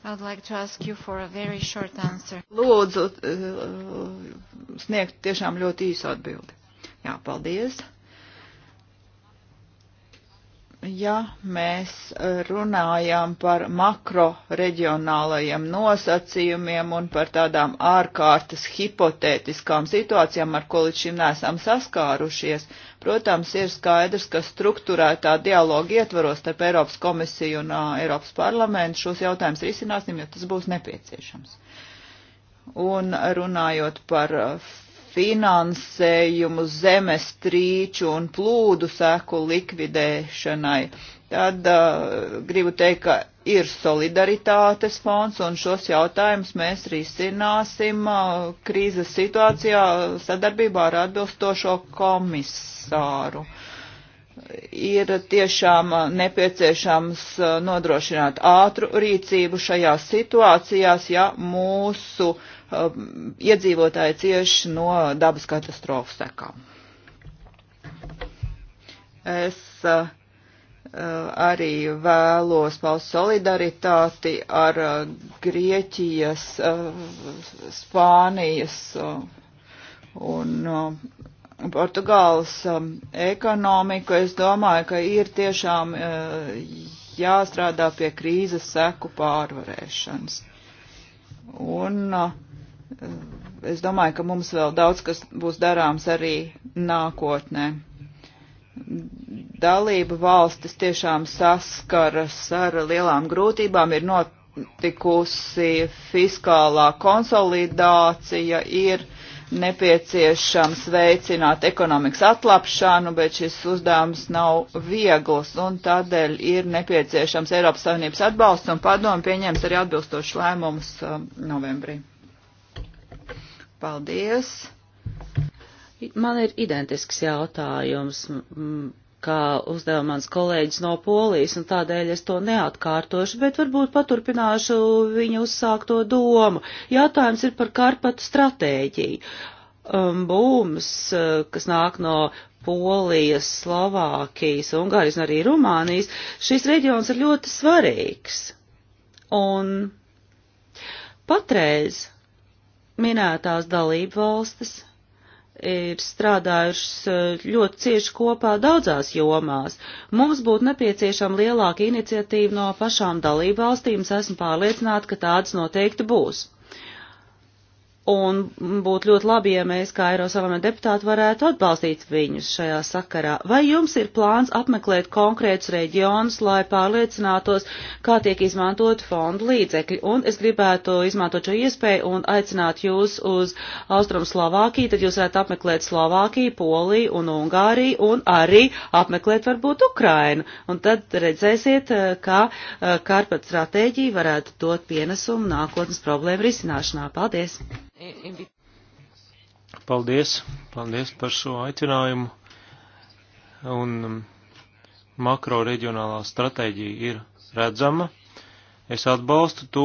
I'd like to ask you for a very short answer. Lūdzu, eh, sniegt tiešām ļoti īsu atbildi. Jā, paldies. Ja mēs runājam par makroreģionālajiem nosacījumiem un par tādām ārkārtas hipotētiskām situācijām, ar ko līdz šim neesam saskārušies, protams, ir skaidrs, ka struktūrētā dialoga ietvaros starp Eiropas komisiju un uh, Eiropas parlamentu šos jautājumus risināsim, jo tas būs nepieciešams. Un runājot par uh, finansējumu zemestrīču un plūdu seku likvidēšanai, tad uh, gribu teikt, ka ir solidaritātes fonds un šos jautājumus mēs risināsim uh, krīzes situācijā sadarbībā ar atbilstošo komisāru. Ir tiešām nepieciešams nodrošināt ātru rīcību šajās situācijās, ja mūsu uh, Um, iedzīvotāji cieši no dabas katastrofu sekām. Es uh, uh arī vēlos paust solidaritāti ar uh, Grieķijas, uh, Spānijas un Portugāles um, ekonomiku. Es domāju, ka ir tiešām jāstrādā pie krīzes seku pārvarēšanas. Un uh, es domāju, ka mums vēl daudz kas būs darāms arī nākotnē. Dalība valstis tiešām saskaras ar lielām grūtībām, ir notikusi fiskālā konsolidācija, ir nepieciešams veicināt ekonomikas atlapšanu, bet šis uzdevums nav viegls un tādēļ ir nepieciešams Eiropas Savienības atbalsts un padomu pieņems arī atbilstošu lēmumus um, novembrī. Paldies! Man ir identisks jautājums, kā uzdeva mans kolēģis no Polijas, un tādēļ es to neatkārtošu, bet varbūt paturpināšu viņu uzsākto domu. Jautājums ir par Karpatu stratēģiju. Um, Būms, uh, kas nāk no Polijas, Slovākijas, Ungārijas un arī Rumānijas, šis reģions ir ļoti svarīgs. Un patreiz minētās dalību valstis ir strādājušas eh, ļoti cieši kopā daudzās jomās. Mums būtu nepieciešama lielāka iniciatīva no pašām dalību valstīm, es esmu pārliecināta, ka tādas noteikti būs. Un būtu ļoti labi, ja mēs, kā Eirosavienības deputāti, varētu atbalstīt viņus šajā sakarā. Vai jums ir plāns apmeklēt konkrētus reģionus, lai pārliecinātos, kā tiek izmantot fondu līdzekļi? Un es gribētu izmantot šo iespēju un aicināt jūs uz Austrum Slovākiju, tad jūs varētu apmeklēt Slovākiju, Poliju un Ungāriju un arī apmeklēt varbūt Ukrainu. Un tad redzēsiet, eh, kā eh, Karpat stratēģija varētu dot pienesumu nākotnes problēmu risināšanā. Paldies! invitāciju. Paldies, paldies par šo aicinājumu. Un um, makro reģionālā stratēģija ir redzama. Es atbalstu to,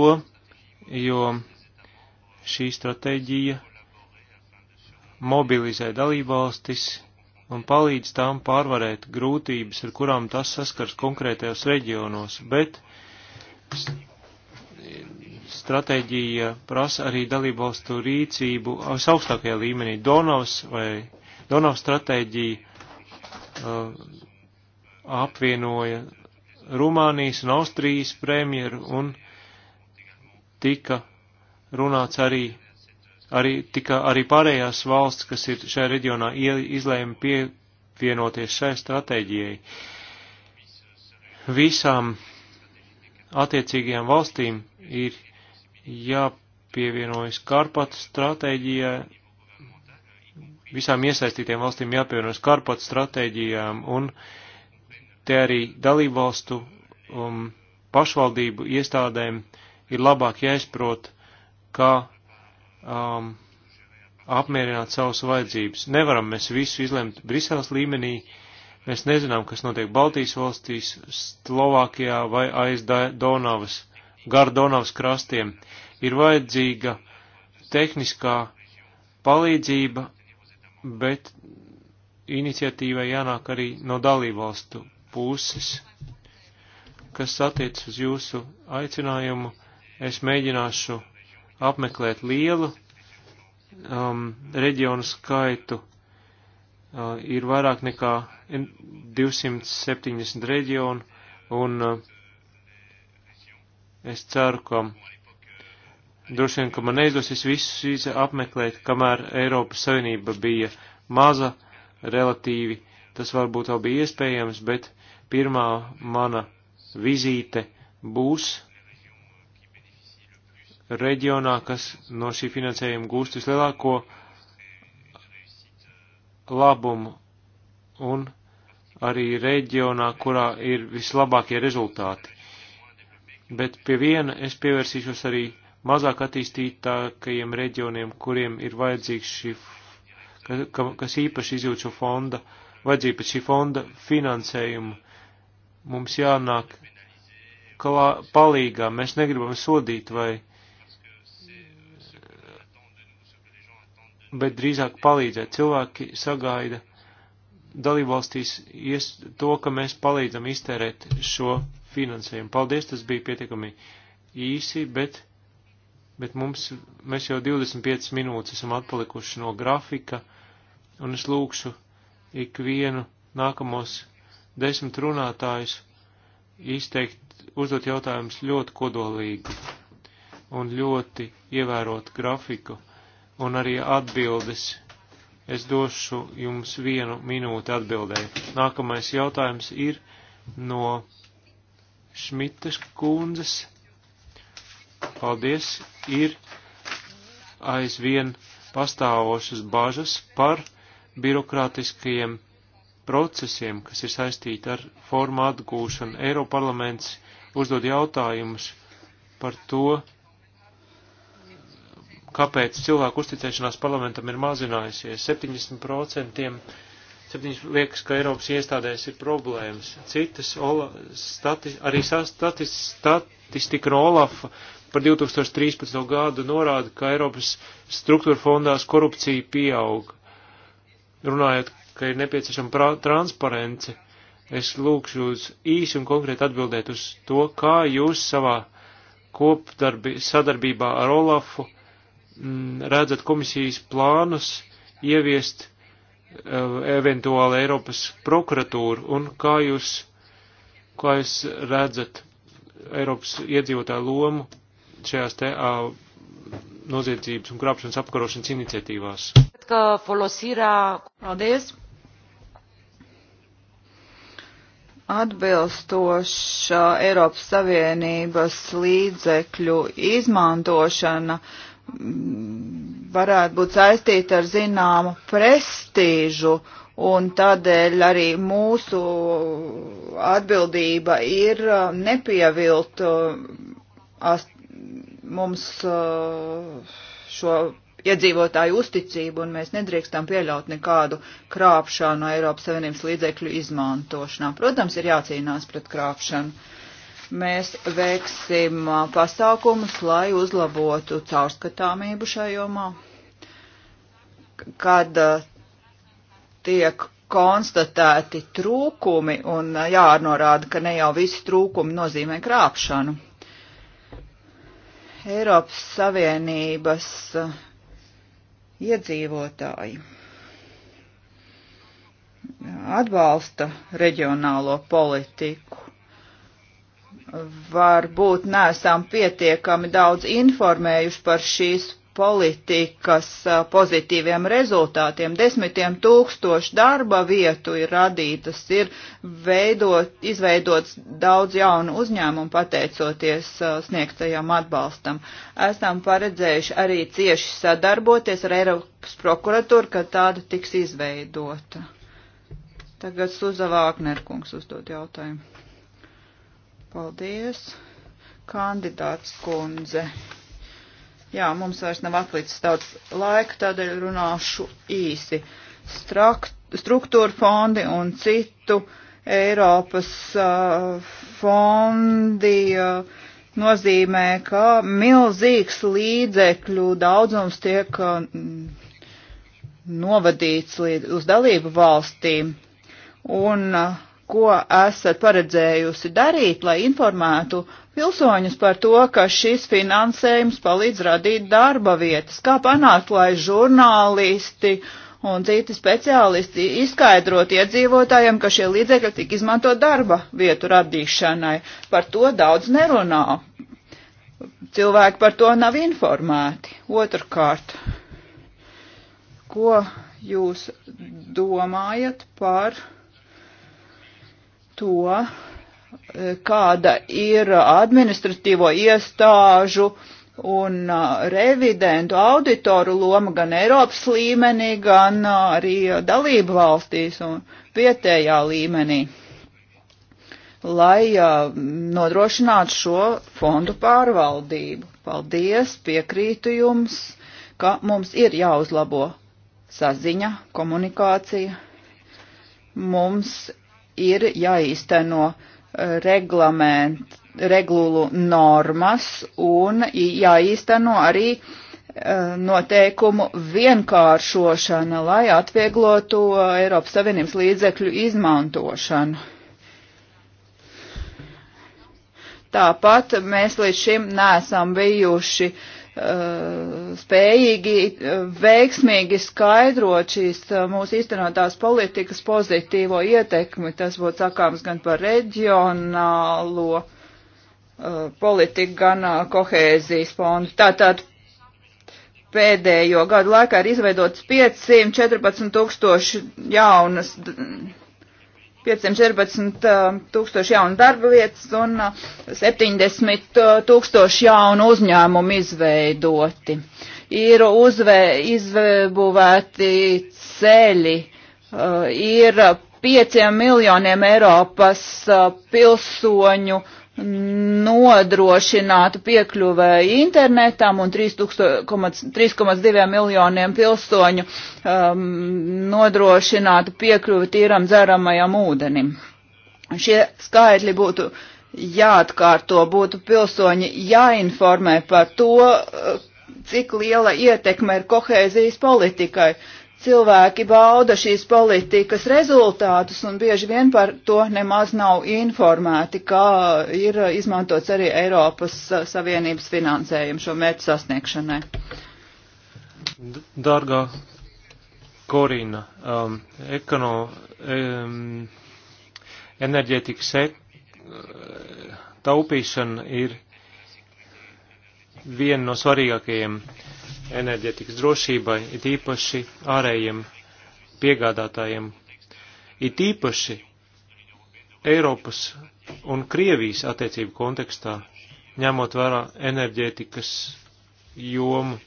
jo šī stratēģija mobilizē dalībvalstis un palīdz tām pārvarēt grūtības, ar kurām tas saskars konkrētajos reģionos, bet stratēģija prasa arī dalībvalstu rīcību augstākajā līmenī. Donovs vai Donovs stratēģija uh, apvienoja Rumānijas un Austrijas premjeru un tika runāts arī, arī, tika arī pārējās valsts, kas ir šajā reģionā izlēma pievienoties šai stratēģijai. Visām attiecīgajām valstīm ir jāpievienojas Karpatu stratēģijai, visām iesaistītiem valstīm jāpievienojas Karpatu stratēģijām un te arī dalībvalstu um, pašvaldību iestādēm ir labāk jāizprot, kā um, apmierināt savas vajadzības. Nevaram mēs visu izlemt Briseles līmenī, mēs nezinām, kas notiek Baltijas valstīs, Slovākijā vai aiz Donavas. Gardonavas krastiem, ir vajadzīga tehniskā palīdzība, bet iniciatīvai jānāk arī no dalībvalstu puses. Kas attiec uz jūsu aicinājumu, es mēģināšu apmeklēt lielu um, reģionu skaitu. Uh, ir vairāk nekā 270 reģionu, un uh, Es ceru, ka droši vien, ka man neizdosies visus apmeklēt, kamēr Eiropas Savienība bija maza, relatīvi, tas varbūt vēl bija iespējams, bet pirmā mana vizīte būs reģionā, kas no šī finansējuma gūst vislielāko labumu un arī reģionā, kurā ir vislabākie rezultāti bet pie viena es pievērsīšos arī mazāk attīstītākajiem reģioniem, kuriem ir vajadzīgs šī, kas īpaši izjūt šo fonda, vajadzība pēc šī fonda finansējumu. Mums jānāk klā, palīgā, mēs negribam sodīt vai, bet drīzāk palīdzēt. Cilvēki sagaida dalībvalstīs to, ka mēs palīdzam iztērēt šo finansējumu. Paldies, tas bija pietiekami īsi, bet, bet mums, mēs jau 25 minūtes esam atpalikuši no grafika, un es lūkšu ikvienu nākamos desmit runātājus izteikt, uzdot jautājumus ļoti kodolīgi un ļoti ievērot grafiku un arī atbildes. Es došu jums vienu minūti atbildēju. Nākamais jautājums ir no Šmitas kundzes, paldies, ir aizvien pastāvošas bažas par birokrātiskajiem procesiem, kas ir saistīti ar formu atgūšanu. Eiroparlaments uzdod jautājumus par to, kāpēc cilvēku uzticēšanās parlamentam ir mazinājusies 70% Septiņš liekas, ka Eiropas iestādēs ir problēmas. Citas, Ola, stati, arī statis, statistika no Olafa par 2013. gadu norāda, ka Eiropas struktūra fondās korupcija pieaug. Runājot, ka ir nepieciešama transparence, es lūkšu jūs īsi un konkrēti atbildēt uz to, kā jūs savā kopdarbi, sadarbībā ar Olafu m, mm, redzat komisijas plānus ieviest Eh, eventuāli Eiropas prokuratūru un kā jūs, kā jūs redzat Eiropas iedzīvotāju lomu šajās te uh, noziedzības un krāpšanas apkarošanas iniciatīvās? Paldies! Atbilstoša Eiropas Savienības līdzekļu izmantošana m, varētu būt saistīta ar zināmu prestīžu, un tādēļ arī mūsu atbildība ir uh, nepievilt uh, mums uh, šo iedzīvotāju uzticību, un mēs nedrīkstam pieļaut nekādu krāpšanu Eiropas Savienības līdzekļu izmantošanā. Protams, ir jācīnās pret krāpšanu mēs veiksim pasākumus, lai uzlabotu caurskatāmību šajomā, kad tiek konstatēti trūkumi, un jānorāda, ka ne jau visi trūkumi nozīmē krāpšanu. Eiropas Savienības iedzīvotāji atbalsta reģionālo politiku varbūt neesam pietiekami daudz informējuši par šīs politikas pozitīviem rezultātiem. Desmitiem tūkstoši darba vietu ir radītas, ir veidot, izveidots daudz jaunu uzņēmumu pateicoties sniegtajam atbalstam. Esam paredzējuši arī cieši sadarboties ar Eiropas prokuratūru, ka tāda tiks izveidota. Tagad Suza Vāknerkungs uzdod jautājumu. Paldies. Kandidāts kundze. Jā, mums vairs nav atlicis daudz laika, tādēļ runāšu īsi. Strakt, struktūra fondi un citu Eiropas uh, fondi uh, nozīmē, ka milzīgs līdzekļu daudzums tiek uh, novadīts līdz, uz dalību valstīm. Un uh, ko esat paredzējusi darīt, lai informētu pilsoņus par to, ka šis finansējums palīdz radīt darba vietas? Kā panākt, lai žurnālisti un citi speciālisti izskaidrot iedzīvotājiem, ka šie līdzekļi tik izmanto darba vietu radīšanai? Par to daudz nerunā. Cilvēki par to nav informēti. Otrkārt, ko jūs domājat par to, eh, kāda ir administratīvo iestāžu un eh, revidentu auditoru loma gan Eiropas līmenī, gan eh, arī dalību valstīs un vietējā līmenī, lai nodrošinātu šo fondu pārvaldību. Paldies, piekrītu jums, ka mums ir jāuzlabo saziņa, komunikācija. Mums ir jāīsteno eh, reglament, regulu normas un jāīsteno arī eh, noteikumu vienkāršošana, lai atvieglotu Eiropas Savienības līdzekļu izmantošanu. Tāpat mēs līdz šim nesam bijuši uh, Uh, spējīgi uh, veiksmīgi skaidrot šīs uh, mūsu īstenotās politikas pozitīvo ietekmi. Tas būtu sakāms gan par reģionālo uh, politiku, gan uh, kohēzijas fondu. Tātad pēdējo gadu laikā ir izveidotas 514 tūkstoši jaunas 514 eh, tūkstoši jaunu darba vietas un 70 eh, eh, tūkstoši jaunu uzņēmumu izveidoti. Ir uzvē, izbūvēti ceļi, ir pieciem miljoniem Eiropas pilsoņu uh, nodrošinātu piekļuvēju internetam un 3,2 miljoniem pilsoņu um, nodrošinātu piekļuvi tīram dzeramajam ūdenim. Šie skaitļi būtu jāatkārto, būtu pilsoņi jāinformē par to, cik liela ietekme ir kohēzijas politikai. Uh, cilvēki bauda šīs politikas rezultātus un bieži vien par to nemaz nav informēti, kā ir izmantots arī Eiropas Savienības finansējums šo mērķu sasniegšanai. Dārgā Korina, um, ekono, um, enerģētikas e taupīšana ir viena no svarīgākajiem enerģetikas drošībai, it īpaši ārējiem piegādātājiem, it īpaši Eiropas un Krievijas attiecību kontekstā, ņemot vērā enerģētikas jomu,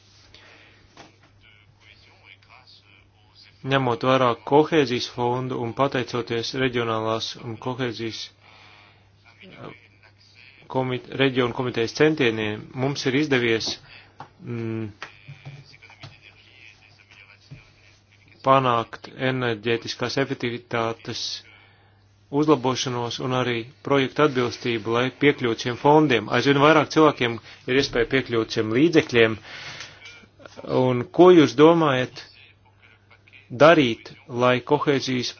ņemot vērā kohēzijas fondu un pateicoties reģionālās un kohēzijas eh, komite, reģionu komitejas centieniem, mums ir izdevies mm, panākt enerģētiskās efektivitātes uzlabošanos un arī projektu atbilstību, lai piekļūtu šiem fondiem. Aizvien vairāk cilvēkiem ir iespēja piekļūt šiem līdzekļiem. Un ko jūs domājat darīt, lai kohēzijas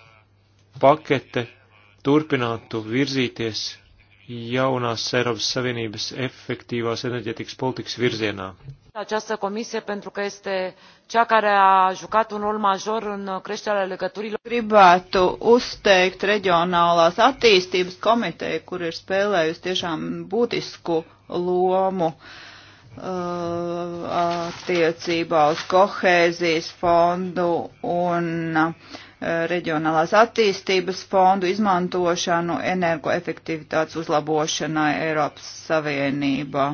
pakete turpinātu virzīties jaunās Eiropas Savienības efektīvās enerģetikas politikas virzienā? această comisie pentru că este cea care a jucat un rol major în creșterea legăturilor. Gribētu uzteikt reģionālās attīstības komiteju, kur ir spēlējusi tiešām būtisku lomu uh, attiecībā uz kohēzijas fondu un uh, reģionālās attīstības fondu izmantošanu energoefektivitātes uzlabošanai Eiropas Savienībā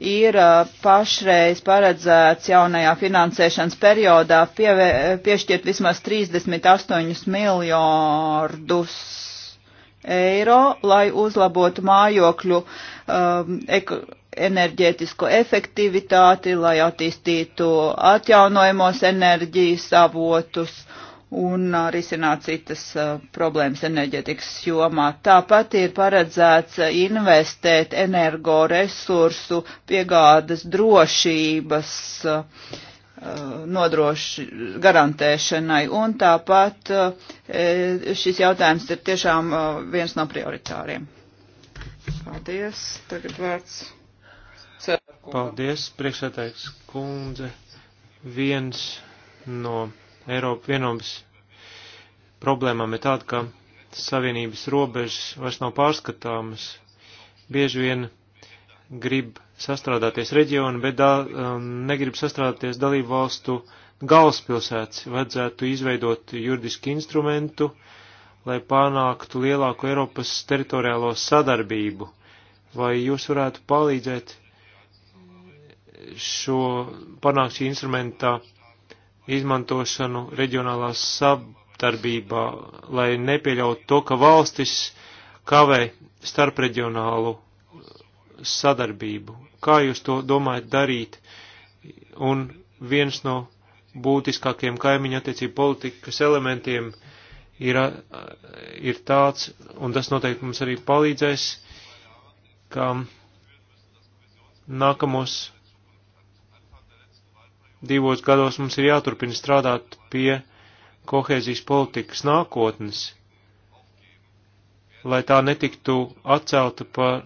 ir uh, pašreiz paredzēts jaunajā finansēšanas periodā pievē, piešķirt vismaz 38 miljārdus eiro, lai uzlabotu mājokļu um, eko, enerģētisko efektivitāti, lai attīstītu atjaunojamos enerģijas avotus un risināt citas problēmas enerģetikas jomā. Tāpat ir paredzēts investēt energoresursu piegādes drošības nodroši garantēšanai, un tāpat šis jautājums ir tiešām viens no prioritāriem. Paldies, tagad vārds. Paldies, priekšsētājs kundze. Viens no Eiropa vienības problēmām ir tāda, ka savienības robežas vairs nav pārskatāmas. Bieži vien grib sastrādāties reģioni, bet da, um, negrib sastrādāties dalību valstu galvaspilsētas. Vajadzētu izveidot juridisku instrumentu, lai panāktu lielāku Eiropas teritoriālo sadarbību. Vai jūs varētu palīdzēt šo panākt šī instrumenta uh, izmantošanu reģionālā sadarbībā, lai nepieļautu to, ka valstis kavē starpreģionālu sadarbību. Kā jūs to domājat darīt? Un viens no būtiskākiem kaimiņa attiecību politikas elementiem ir, ir tāds, un tas noteikti mums arī palīdzēs, ka nākamos divos gados mums ir jāturpina strādāt pie kohēzijas politikas nākotnes, lai tā netiktu atcelta par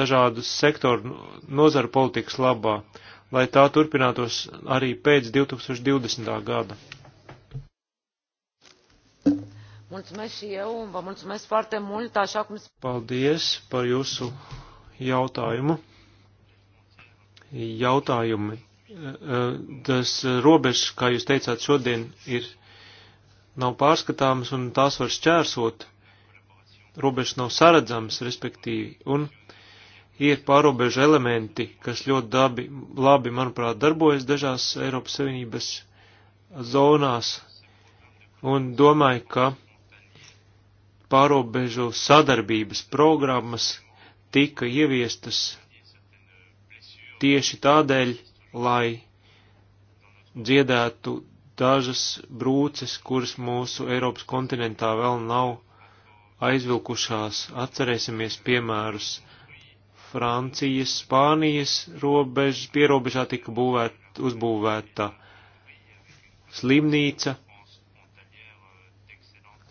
dažādu sektoru nozaru politikas labā, lai tā turpinātos arī pēc 2020. gada. Mulțumesc și eu, vă mulțumesc foarte mult, așa cum... Paldies par jūsu jautājumu. Jautājumi tas robežs, kā jūs teicāt, šodien ir nav pārskatāmas un tās var šķērsot. Robežs nav saredzamas, respektīvi, un ir pārobežu elementi, kas ļoti dabi, labi, manuprāt, darbojas dažās Eiropas Savienības zonās, un domāju, ka pārobežu sadarbības programmas tika ieviestas tieši tādēļ, lai dziedētu dažas brūces, kuras mūsu Eiropas kontinentā vēl nav aizvilkušās. Atcerēsimies piemērus Francijas, Spānijas robežas, pierobežā tika būvēt, uzbūvēta slimnīca.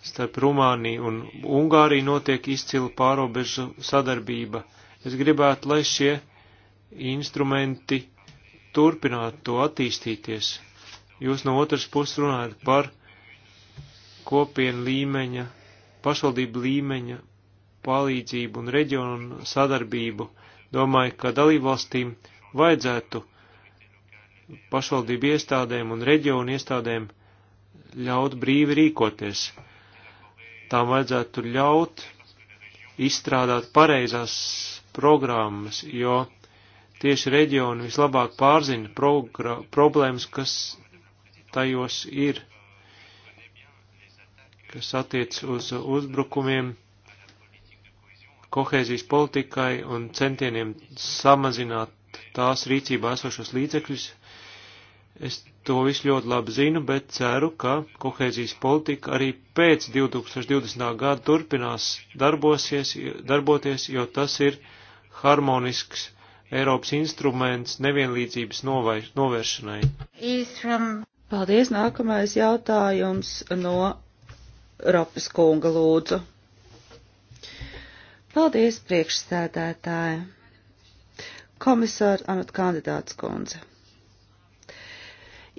Starp Rumāniju un Ungāriju notiek izcila pārobežu sadarbība. Es gribētu, lai šie instrumenti turpināt to attīstīties. Jūs no otras puses runājat par kopienu līmeņa, pašvaldību līmeņa palīdzību un reģionu sadarbību. Domāju, ka dalībvalstīm vajadzētu pašvaldību iestādēm un reģionu iestādēm ļaut brīvi rīkoties. Tām vajadzētu ļaut izstrādāt pareizās programmas, jo tieši reģioni vislabāk pārzina problēmas, kas tajos ir, kas attiec uz uzbrukumiem kohēzijas politikai un centieniem samazināt tās rīcībā esošos līdzekļus. Es to visu ļoti labi zinu, bet ceru, ka kohēzijas politika arī pēc 2020. gada turpinās darbosies, darboties, jo tas ir harmonisks Eiropas instruments nevienlīdzības novēršanai. Paldies, nākamais jautājums no Ropas kunga lūdzu. Paldies, priekšsēdētāji. Komisāra amat kandidāts kundze.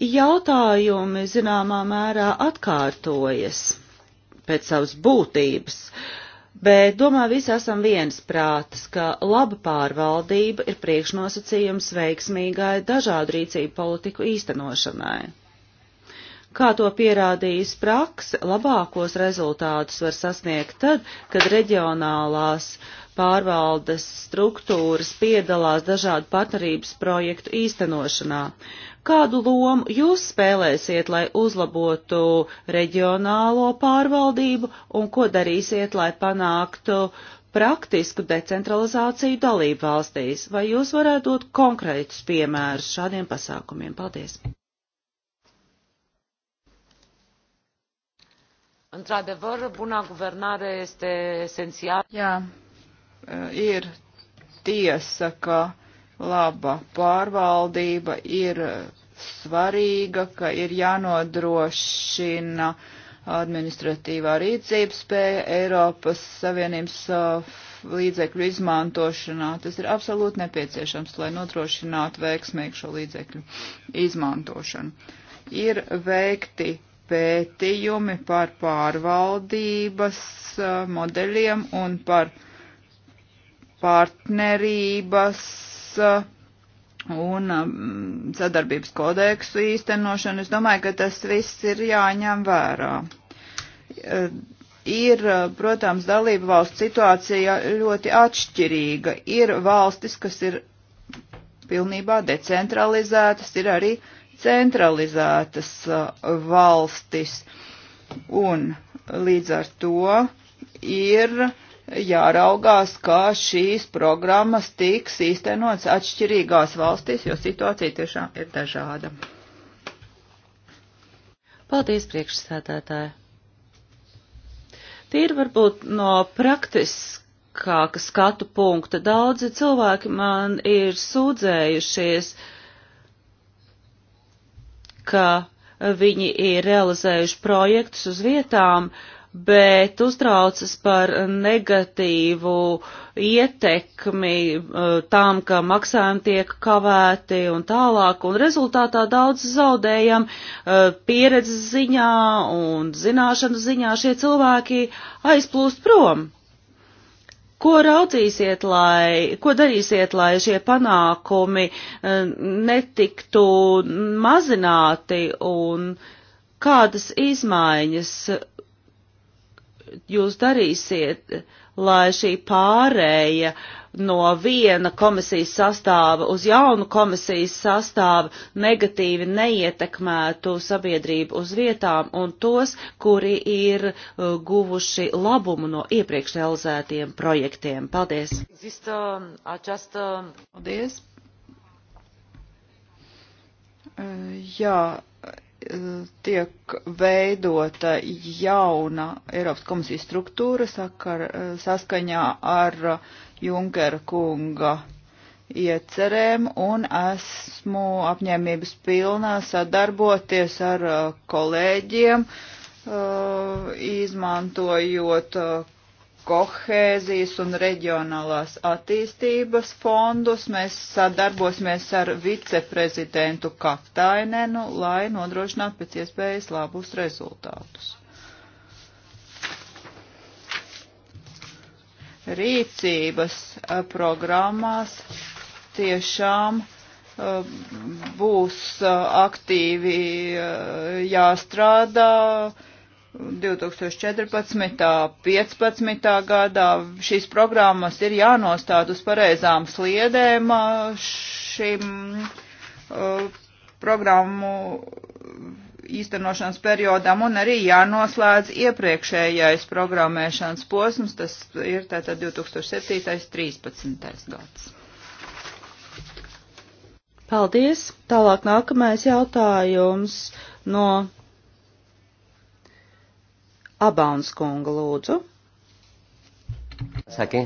Jautājumi zināmā mērā atkārtojas pēc savas būtības. Uh, Bet, domāju, visi esam viensprātis, ka laba pārvaldība ir priekšnosacījums veiksmīgai dažādu rīcību politiku īstenošanai. Kā to pierādījis prakse, labākos rezultātus var sasniegt tad, kad reģionālās pārvaldes struktūras piedalās dažādu partnerības projektu īstenošanā, Kādu lomu jūs spēlēsiet, lai uzlabotu reģionālo pārvaldību un ko darīsiet, lai panāktu praktisku decentralizāciju dalību valstīs? Vai jūs varētu dot konkrētus piemērus šādiem pasākumiem? Paldies! într adevăr buna guvernare este esențială. Jā, ir tiesa, ka laba pārvaldība ir svarīga, ka ir jānodrošina administratīvā rīcība spēja Eiropas Savienības uh, līdzekļu izmantošanā. Tas ir absolūti nepieciešams, lai nodrošinātu veiksmīgu šo līdzekļu izmantošanu. Ir veikti pētījumi par pārvaldības uh, modeļiem un par partnerības uh, un um, sadarbības kodeksu īstenošanu. Es domāju, ka tas viss ir jāņem vērā. Uh, ir, uh, protams, dalība valsts situācija ļoti atšķirīga. Ir valstis, kas ir pilnībā decentralizētas, ir arī centralizētas uh, valstis. Un līdz ar to ir uh, jāraugās, kā šīs programmas tiks īstenots atšķirīgās valstīs, jo situācija tiešām ir dažāda. Paldies, priekšsēdētāji. Tīri varbūt no praktiskāka skatu punkta daudzi cilvēki man ir sūdzējušies, ka viņi ir realizējuši projektus uz vietām, uh, bet uztraucas par negatīvu ietekmi eh, tām, ka maksājumi tiek kavēti un tālāk, un rezultātā daudz zaudējam eh, pieredzes ziņā un zināšanu ziņā šie cilvēki aizplūst prom. Ko raucīsiet, lai, ko darīsiet, lai šie panākumi eh, netiktu mazināti un kādas izmaiņas jūs darīsiet, lai šī pārēja no viena komisijas sastāva uz jaunu komisijas sastāvu negatīvi neietekmētu sabiedrību uz vietām un tos, kuri ir uh, guvuši labumu no iepriekš realizētiem projektiem. Paldies! Paldies! Uh, jā, tiek veidota jauna Eiropas komisijas struktūra sakar, saskaņā ar Junkera kunga iecerēm un esmu apņēmības pilnā sadarboties ar kolēģiem, uh, izmantojot uh, kohēzijas un reģionālās attīstības fondus. Mēs sadarbosimies ar viceprezidentu Katainenu, lai nodrošinātu pēc iespējas labus rezultātus. Rīcības programmās tiešām būs aktīvi jāstrādā 2014. 15. gadā šīs programmas ir jānostāda uz pareizām sliedēm šim uh, programmu īstenošanas periodam un arī jānoslēdz iepriekšējais programmēšanas posms, tas ir tātad 2007.13. gads. Paldies! Tālāk nākamais jautājums no Abauns kunga lūdzu. Saki.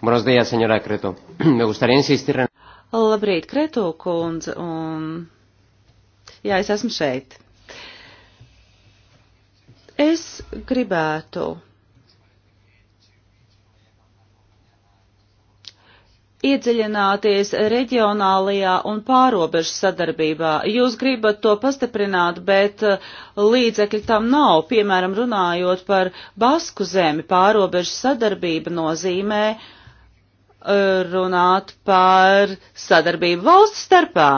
Buenos días, señora Kreto. Me gustaría insistir en. Labrīt, Kreto kundze, un. Jā, es esmu šeit. Es gribētu iedziļināties reģionālajā un pārobežu sadarbībā. Jūs gribat to pastiprināt, bet uh, līdzekļi tam nav. Piemēram, runājot par Basku zemi, pārobežu sadarbība nozīmē uh, runāt par sadarbību valsts starpā.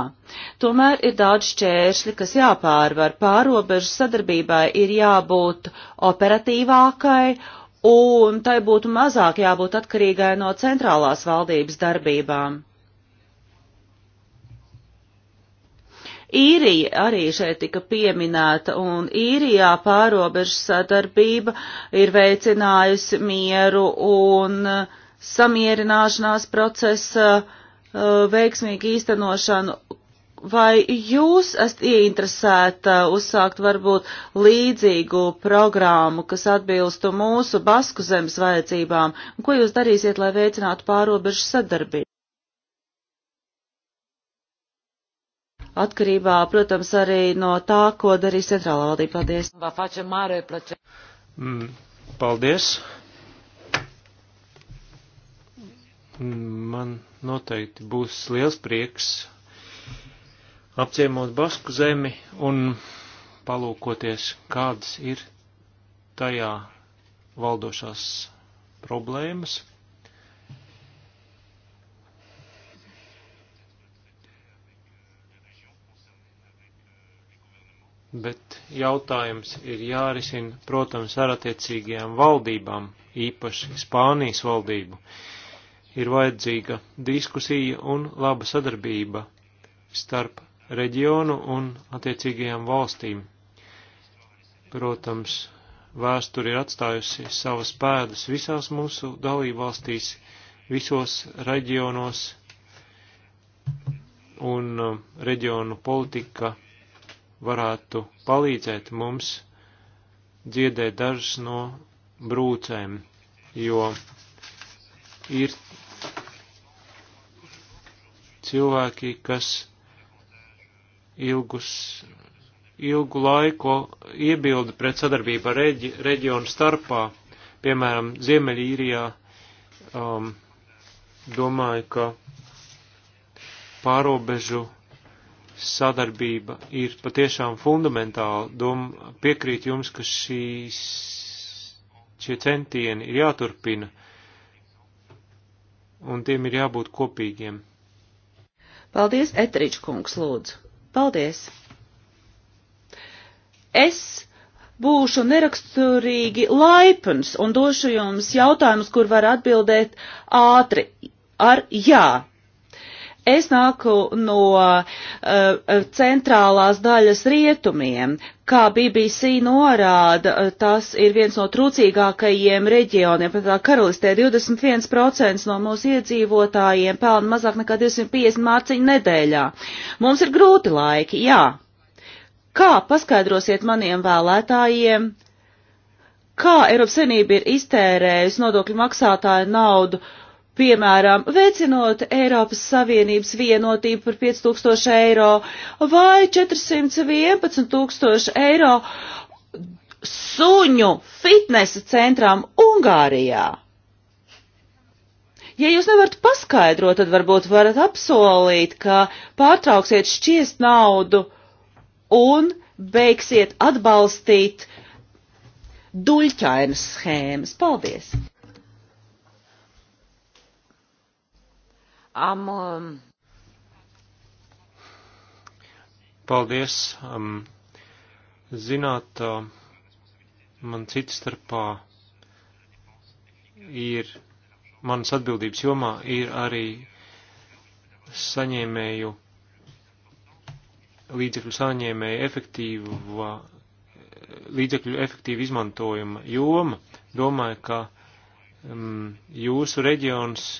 Tomēr ir daudz šķēršļi, kas jāpārvar. Pārobežu sadarbībai ir jābūt operatīvākai un tai būtu mazāk jābūt atkarīgai no centrālās valdības darbībām. Īrija arī šeit tika pieminēta, un Īrijā pārobežu sadarbība ir veicinājusi mieru un samierināšanās procesa uh, veiksmīgu īstenošanu, Vai jūs esat ieinteresēta uzsākt varbūt līdzīgu programmu, kas atbilstu mūsu Basku zemes vajadzībām? Un ko jūs darīsiet, lai veicinātu pārobežu sadarbību? Atkarībā, protams, arī no tā, ko darīs centrālā valdība. Paldies! Mm, paldies! Man noteikti būs liels prieks apciemot Basku zemi un palūkoties, kādas ir tajā valdošās problēmas. Bet jautājums ir jārisina, protams, ar attiecīgajām valdībām, īpaši Spānijas valdību. Ir vajadzīga diskusija un laba sadarbība starp reģionu un attiecīgajām valstīm. Protams, vēsture ir atstājusi savas pēdas visās mūsu dalībvalstīs, visos reģionos, un um, reģionu politika varētu palīdzēt mums dziedēt dažas no brūcēm, jo ir cilvēki, kas ilgus, ilgu laiku iebildi pret sadarbību reģi, reģionu starpā, piemēram, Ziemeļīrijā, um, domāju, ka pārobežu sadarbība ir patiešām fundamentāla. Dom, piekrīt jums, ka šīs, šie centieni ir jāturpina un tiem ir jābūt kopīgiem. Paldies, Etriča kungs, lūdzu. Paldies! Es būšu neraksturīgi laipns un došu jums jautājumus, kur var atbildēt ātri ar jā. Es nāku no uh, centrālās daļas rietumiem. Kā BBC norāda, eh, tas ir viens no trūcīgākajiem reģioniem. Pat tā karalistē 21% no mūsu iedzīvotājiem pelna mazāk nekā 250 mārciņu nedēļā. Mums ir grūti laiki, jā. Kā paskaidrosiet maniem vēlētājiem, kā Eiropas Savienība ir iztērējusi nodokļu maksātāju naudu? Uh, Piemēram, veicinot Eiropas Savienības vienotību par 5000 eiro vai 411 tūkstoši eiro suņu fitnesa centram Ungārijā. Ja jūs nevarat paskaidrot, tad varbūt varat apsolīt, ka pārtrauksiet šķiest naudu un beigsiet atbalstīt duļķainas schēmas. Paldies! Am, um... Paldies. Um, zināt, uh, man cits starpā ir, manas atbildības jomā ir arī saņēmēju, līdzekļu saņēmēju efektīva, līdzekļu efektīva izmantojuma joma. Domāju, ka um, jūsu reģions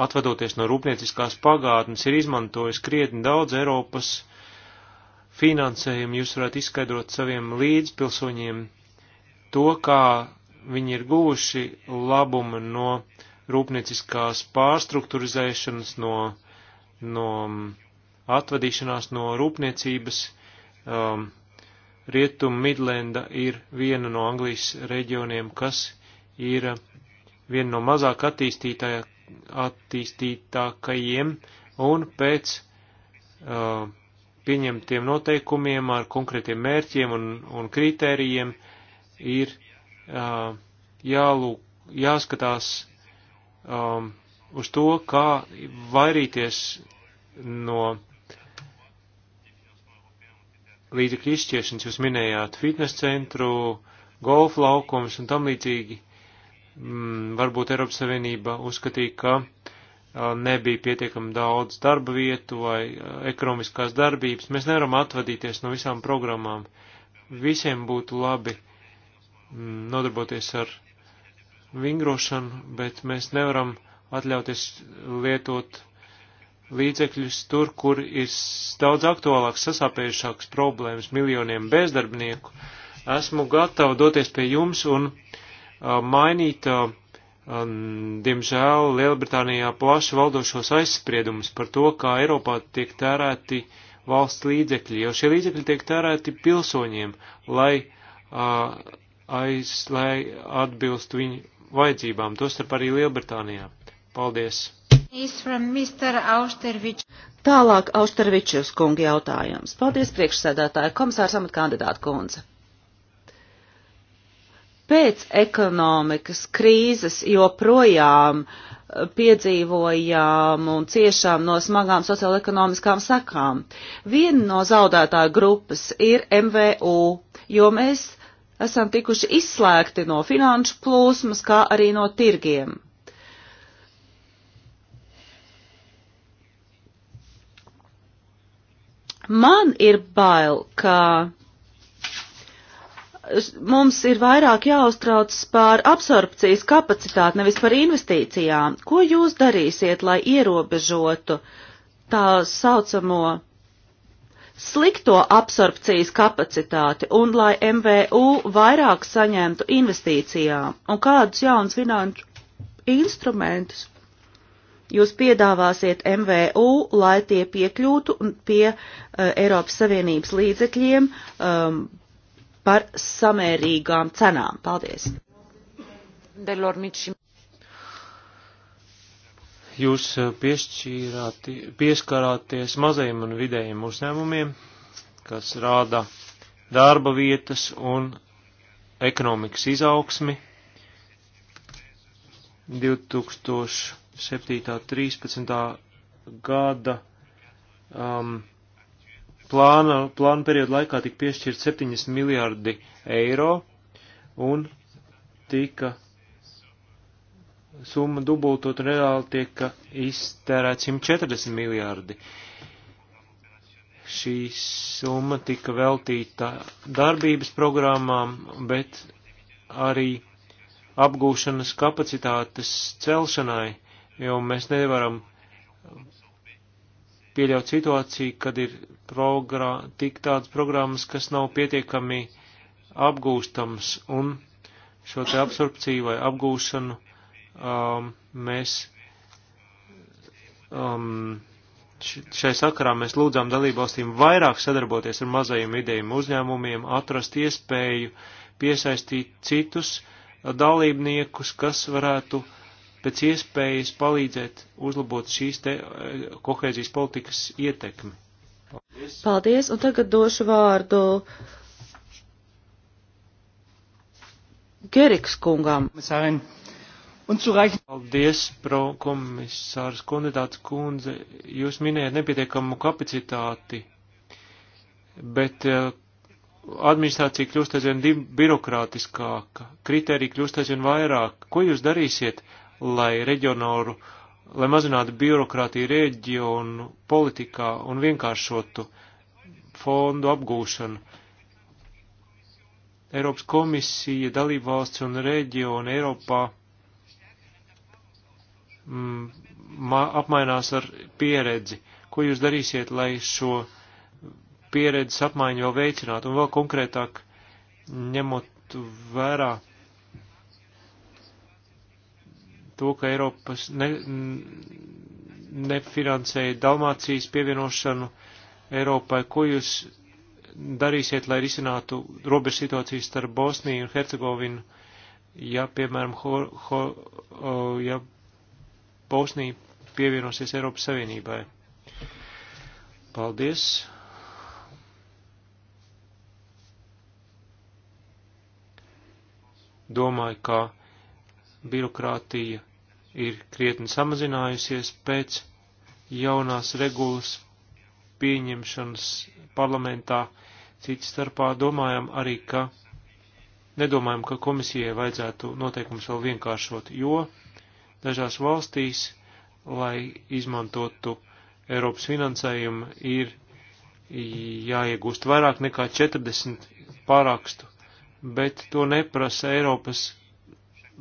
atvadoties no rūpnieciskās pagātnes, ir izmantojis krietni daudz Eiropas finansējumu. Jūs varētu izskaidrot saviem līdzpilsoņiem to, kā viņi ir guvuši labumu no rūpnieciskās pārstruktūrizēšanas, no, no atvadīšanās no rūpniecības. Um, Rietum Midlenda ir viena no Anglijas reģioniem, kas ir viena no mazāk attīstītāja, attīstītākajiem un pēc uh, pieņemtiem noteikumiem ar konkrētiem mērķiem un, un kritērijiem ir uh, jālūk, jāskatās um, uz to, kā vairīties no līdzekļu izšķiešanas. Jūs minējāt fitnes centru, golf laukums un tam līdzīgi. Mm, varbūt Eiropas Savienība uzskatīja, ka nebija pietiekami daudz darba vietu vai ekonomiskās darbības. Mēs nevaram atvadīties no visām programmām. Visiem būtu labi mm, nodarboties ar vingrošanu, bet mēs nevaram atļauties lietot līdzekļus tur, kur ir daudz aktuālāks, sasāpējušāks problēmas miljoniem bezdarbnieku. Esmu gatava doties pie jums un Uh, mainīt, uh, diemžēl, Lielbritānijā plaši valdošos aizspriedumus par to, kā Eiropā tiek tērēti valsts līdzekļi, jo šie līdzekļi tiek tērēti pilsoņiem, lai, uh, aiz, lai atbilstu viņu vajadzībām, tostarp arī Lielbritānijā. Paldies! Tālāk Austervičus kungi jautājums. Paldies priekšsēdētāju komisārs amatkandidātu kundze pēc ekonomikas krīzes joprojām eh, piedzīvojām un ciešām no smagām sociāloekonomiskām sakām. Viena no zaudētāju grupas ir MVU, jo mēs esam tikuši izslēgti no finanšu plūsmas, kā arī no tirgiem. Man ir bail, ka mums ir vairāk jāuztrauc par absorpcijas kapacitāti, nevis par investīcijām. Ko jūs darīsiet, lai ierobežotu tā saucamo slikto absorpcijas kapacitāti un lai MVU vairāk saņemtu investīcijām un kādus jaunus finanšu instrumentus jūs piedāvāsiet MVU, lai tie piekļūtu pie uh, Eiropas Savienības līdzekļiem um, par samērīgām cenām. Paldies! Jūs eh, pieskarāties mazajiem un vidējiem uzņēmumiem, kas rāda darba vietas un ekonomikas izaugsmi 2007. 13. gada um, plāna, plāna perioda laikā tika piešķirt 7 miljārdi eiro un tika summa dubultot un reāli tiek iztērēt 140 miljārdi. Šī summa tika veltīta darbības programmām, bet arī apgūšanas kapacitātes celšanai, jo mēs nevaram pieļaut situāciju, kad ir progrā, tik tādas programmas, kas nav pietiekami apgūstams, un šo te absorpciju vai apgūšanu um, mēs um, šai sakarā mēs lūdzām dalībvalstīm vairāk sadarboties ar mazajiem idejiem uzņēmumiem, atrast iespēju piesaistīt citus dalībniekus, kas varētu uh, pēc iespējas palīdzēt uzlabot šīs te eh, kohēzijas politikas ietekmi. Paldies. Paldies, un tagad došu vārdu Geriks kungam. Komisārin. Un zureichen. Paldies, pro komisārs kandidāts kundze. Jūs minējat nepietiekamu kapacitāti, bet eh, administrācija kļūst aizvien birokrātiskāka, kriteriji kļūst aizvien vairāk. Ko jūs darīsiet, lai reģionoru, lai mazinātu birokrātiju reģionu politikā un vienkāršotu fondu apgūšanu. Eiropas komisija, dalībvalsts un reģioni Eiropā mm, apmainās ar pieredzi. Ko jūs darīsiet, lai šo pieredzes apmaiņu vēl veicinātu un vēl konkrētāk ņemot vērā to, ka Eiropas ne, nefinansēja Dalmācijas pievienošanu Eiropai. Ko jūs darīsiet, lai risinātu robežu situācijas starp Bosniju un Hercegovinu, ja, piemēram, ho, ho, o, ja Bosnija pievienosies Eiropas Savienībai? Paldies! Domāju, ka birokrātija ir krietni samazinājusies pēc jaunās regulas pieņemšanas parlamentā. Cits starpā domājam arī, ka nedomājam, ka komisijai vajadzētu noteikums vēl vienkāršot, jo dažās valstīs, lai izmantotu Eiropas finansējumu, ir jāiegūst vairāk nekā 40 pārakstu, bet to neprasa Eiropas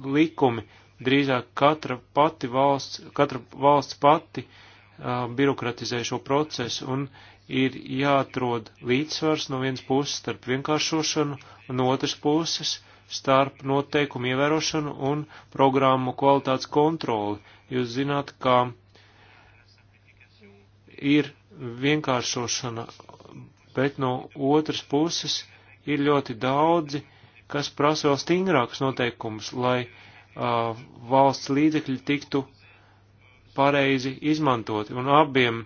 likumi, drīzāk katra pati valsts, katra valsts pati uh, birokratizē šo procesu un ir jāatrod līdzsvars no vienas puses starp vienkāršošanu un no otras puses starp noteikumu ievērošanu un programmu kvalitātes kontroli. Jūs zināt, ka ir vienkāršošana, bet no otras puses ir ļoti daudzi, kas prasa vēl stingrākus noteikumus, lai uh, Uh, valsts līdzekļi tiktu pareizi izmantoti. Un abiem,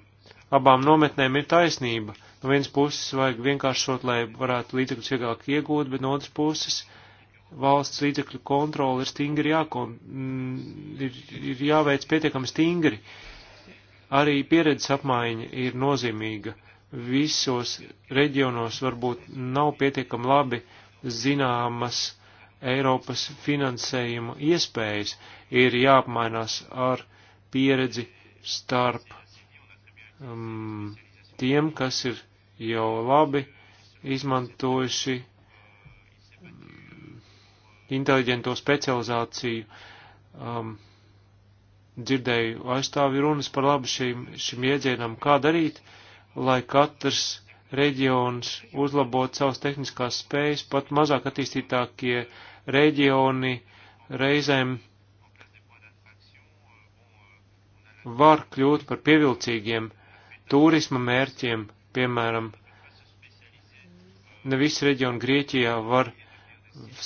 abām nometnēm ir taisnība. No vienas puses vajag vienkāršot, lai varētu līdzekļus vieglāk iegūt, bet no otras puses valsts līdzekļu kontroli ir stingri jākon, mm, ir, ir jāveic pietiekami stingri. Arī pieredzes apmaiņa ir nozīmīga. Visos reģionos varbūt nav pietiekami labi zināmas uh, Eiropas finansējumu iespējas, ir jāapmainās ar pieredzi starp um, tiem, kas ir jau labi izmantojuši um, inteliģento specializāciju. Um, dzirdēju aizstāvi runas par labu šim, šim iedzienam, kā darīt, lai katrs reģions uzlabot savas tehniskās spējas, pat mazāk attīstītākie reģioni reizēm var kļūt par pievilcīgiem turisma mērķiem, piemēram, ne visi reģioni Grieķijā var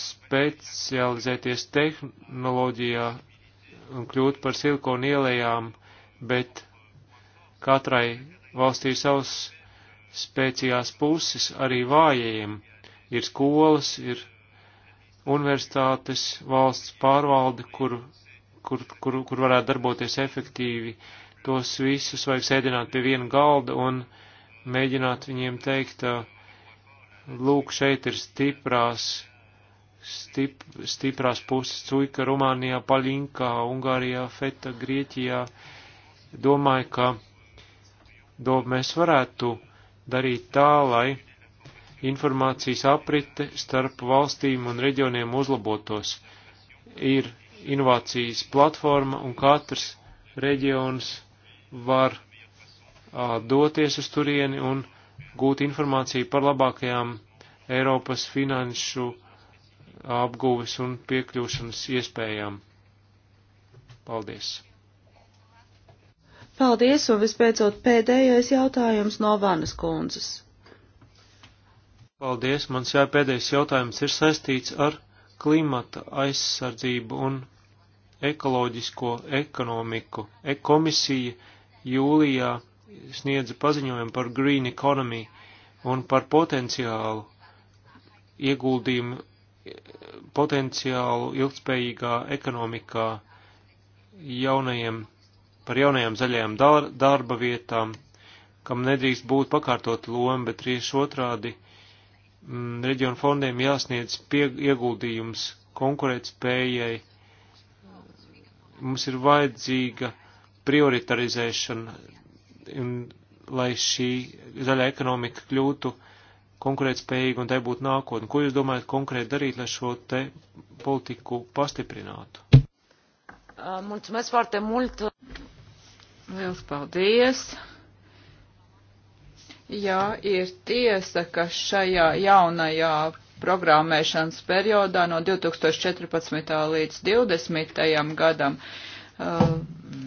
specializēties tehnoloģijā un kļūt par silikonu ielējām, bet katrai valstī ir savs spēcīgās puses arī vājajiem. Ir skolas, ir universitātes, valsts pārvalde, kur, kur, kur, kur varētu darboties efektīvi. Tos visus vajag sēdināt pie viena galda un mēģināt viņiem teikt, lūk, šeit ir stiprās, stip, stiprās puses cuika Rumānijā, Paļinkā, Ungārijā, Feta, Grieķijā. Domāju, ka do, mēs varētu darīt tā, lai informācijas aprite starp valstīm un reģioniem uzlabotos. Ir inovācijas platforma un katrs reģions var a, doties uz turieni un gūt informāciju par labākajām Eiropas finanšu apguves un piekļūšanas iespējām. Paldies! Paldies, un vispēcot pēdējais jautājums no Vanas kundzes. Paldies, mans jāpēdējais jautājums ir saistīts ar klimata aizsardzību un ekoloģisko ekonomiku. E-komisija jūlijā sniedza paziņojumu par green economy un par potenciālu ieguldījumu, potenciālu ilgspējīgā ekonomikā jaunajiem, par jaunajām zaļajām darba vietām, kam nedrīkst būt pakārtot loma, bet tieši otrādi Mm, reģionu fondiem jāsniedz pie, ieguldījums konkurētspējai. Mums ir vajadzīga prioritarizēšana, un, lai šī zaļā ekonomika kļūtu konkurētspējīga un tai būtu nākotne. Ko jūs domājat konkrēti darīt, lai šo te politiku pastiprinātu? Mulțumesc foarte mult! Liels paldies! Jā, ir tiesa, ka šajā jaunajā programmēšanas periodā no 2014. līdz 2020. gadam uh,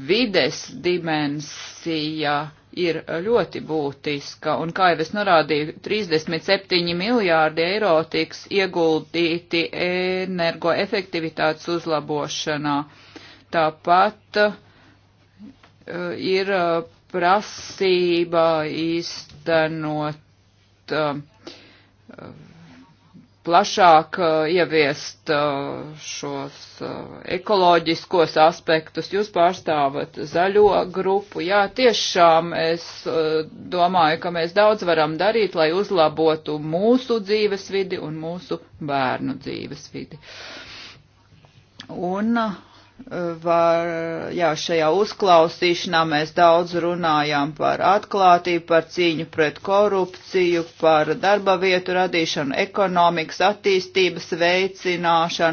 vides dimensija ir ļoti būtiska, un kā jau es norādīju, 37 miljārdi eiro tiks ieguldīti energoefektivitātes uzlabošanā. Tāpat uh, ir uh, prasība īstenot um, plašāk uh, ieviest uh, šos uh, ekoloģiskos aspektus. Jūs pārstāvat zaļo grupu. Jā, tiešām es domāju, ka mēs daudz varam darīt, lai uzlabotu mūsu dzīves vidi un mūsu bērnu dzīves vidi. Un uh, var, jā, šajā uzklausīšanā mēs daudz runājām par atklātību, par cīņu pret korupciju, par darba vietu radīšanu, ekonomikas attīstības veicināšanu,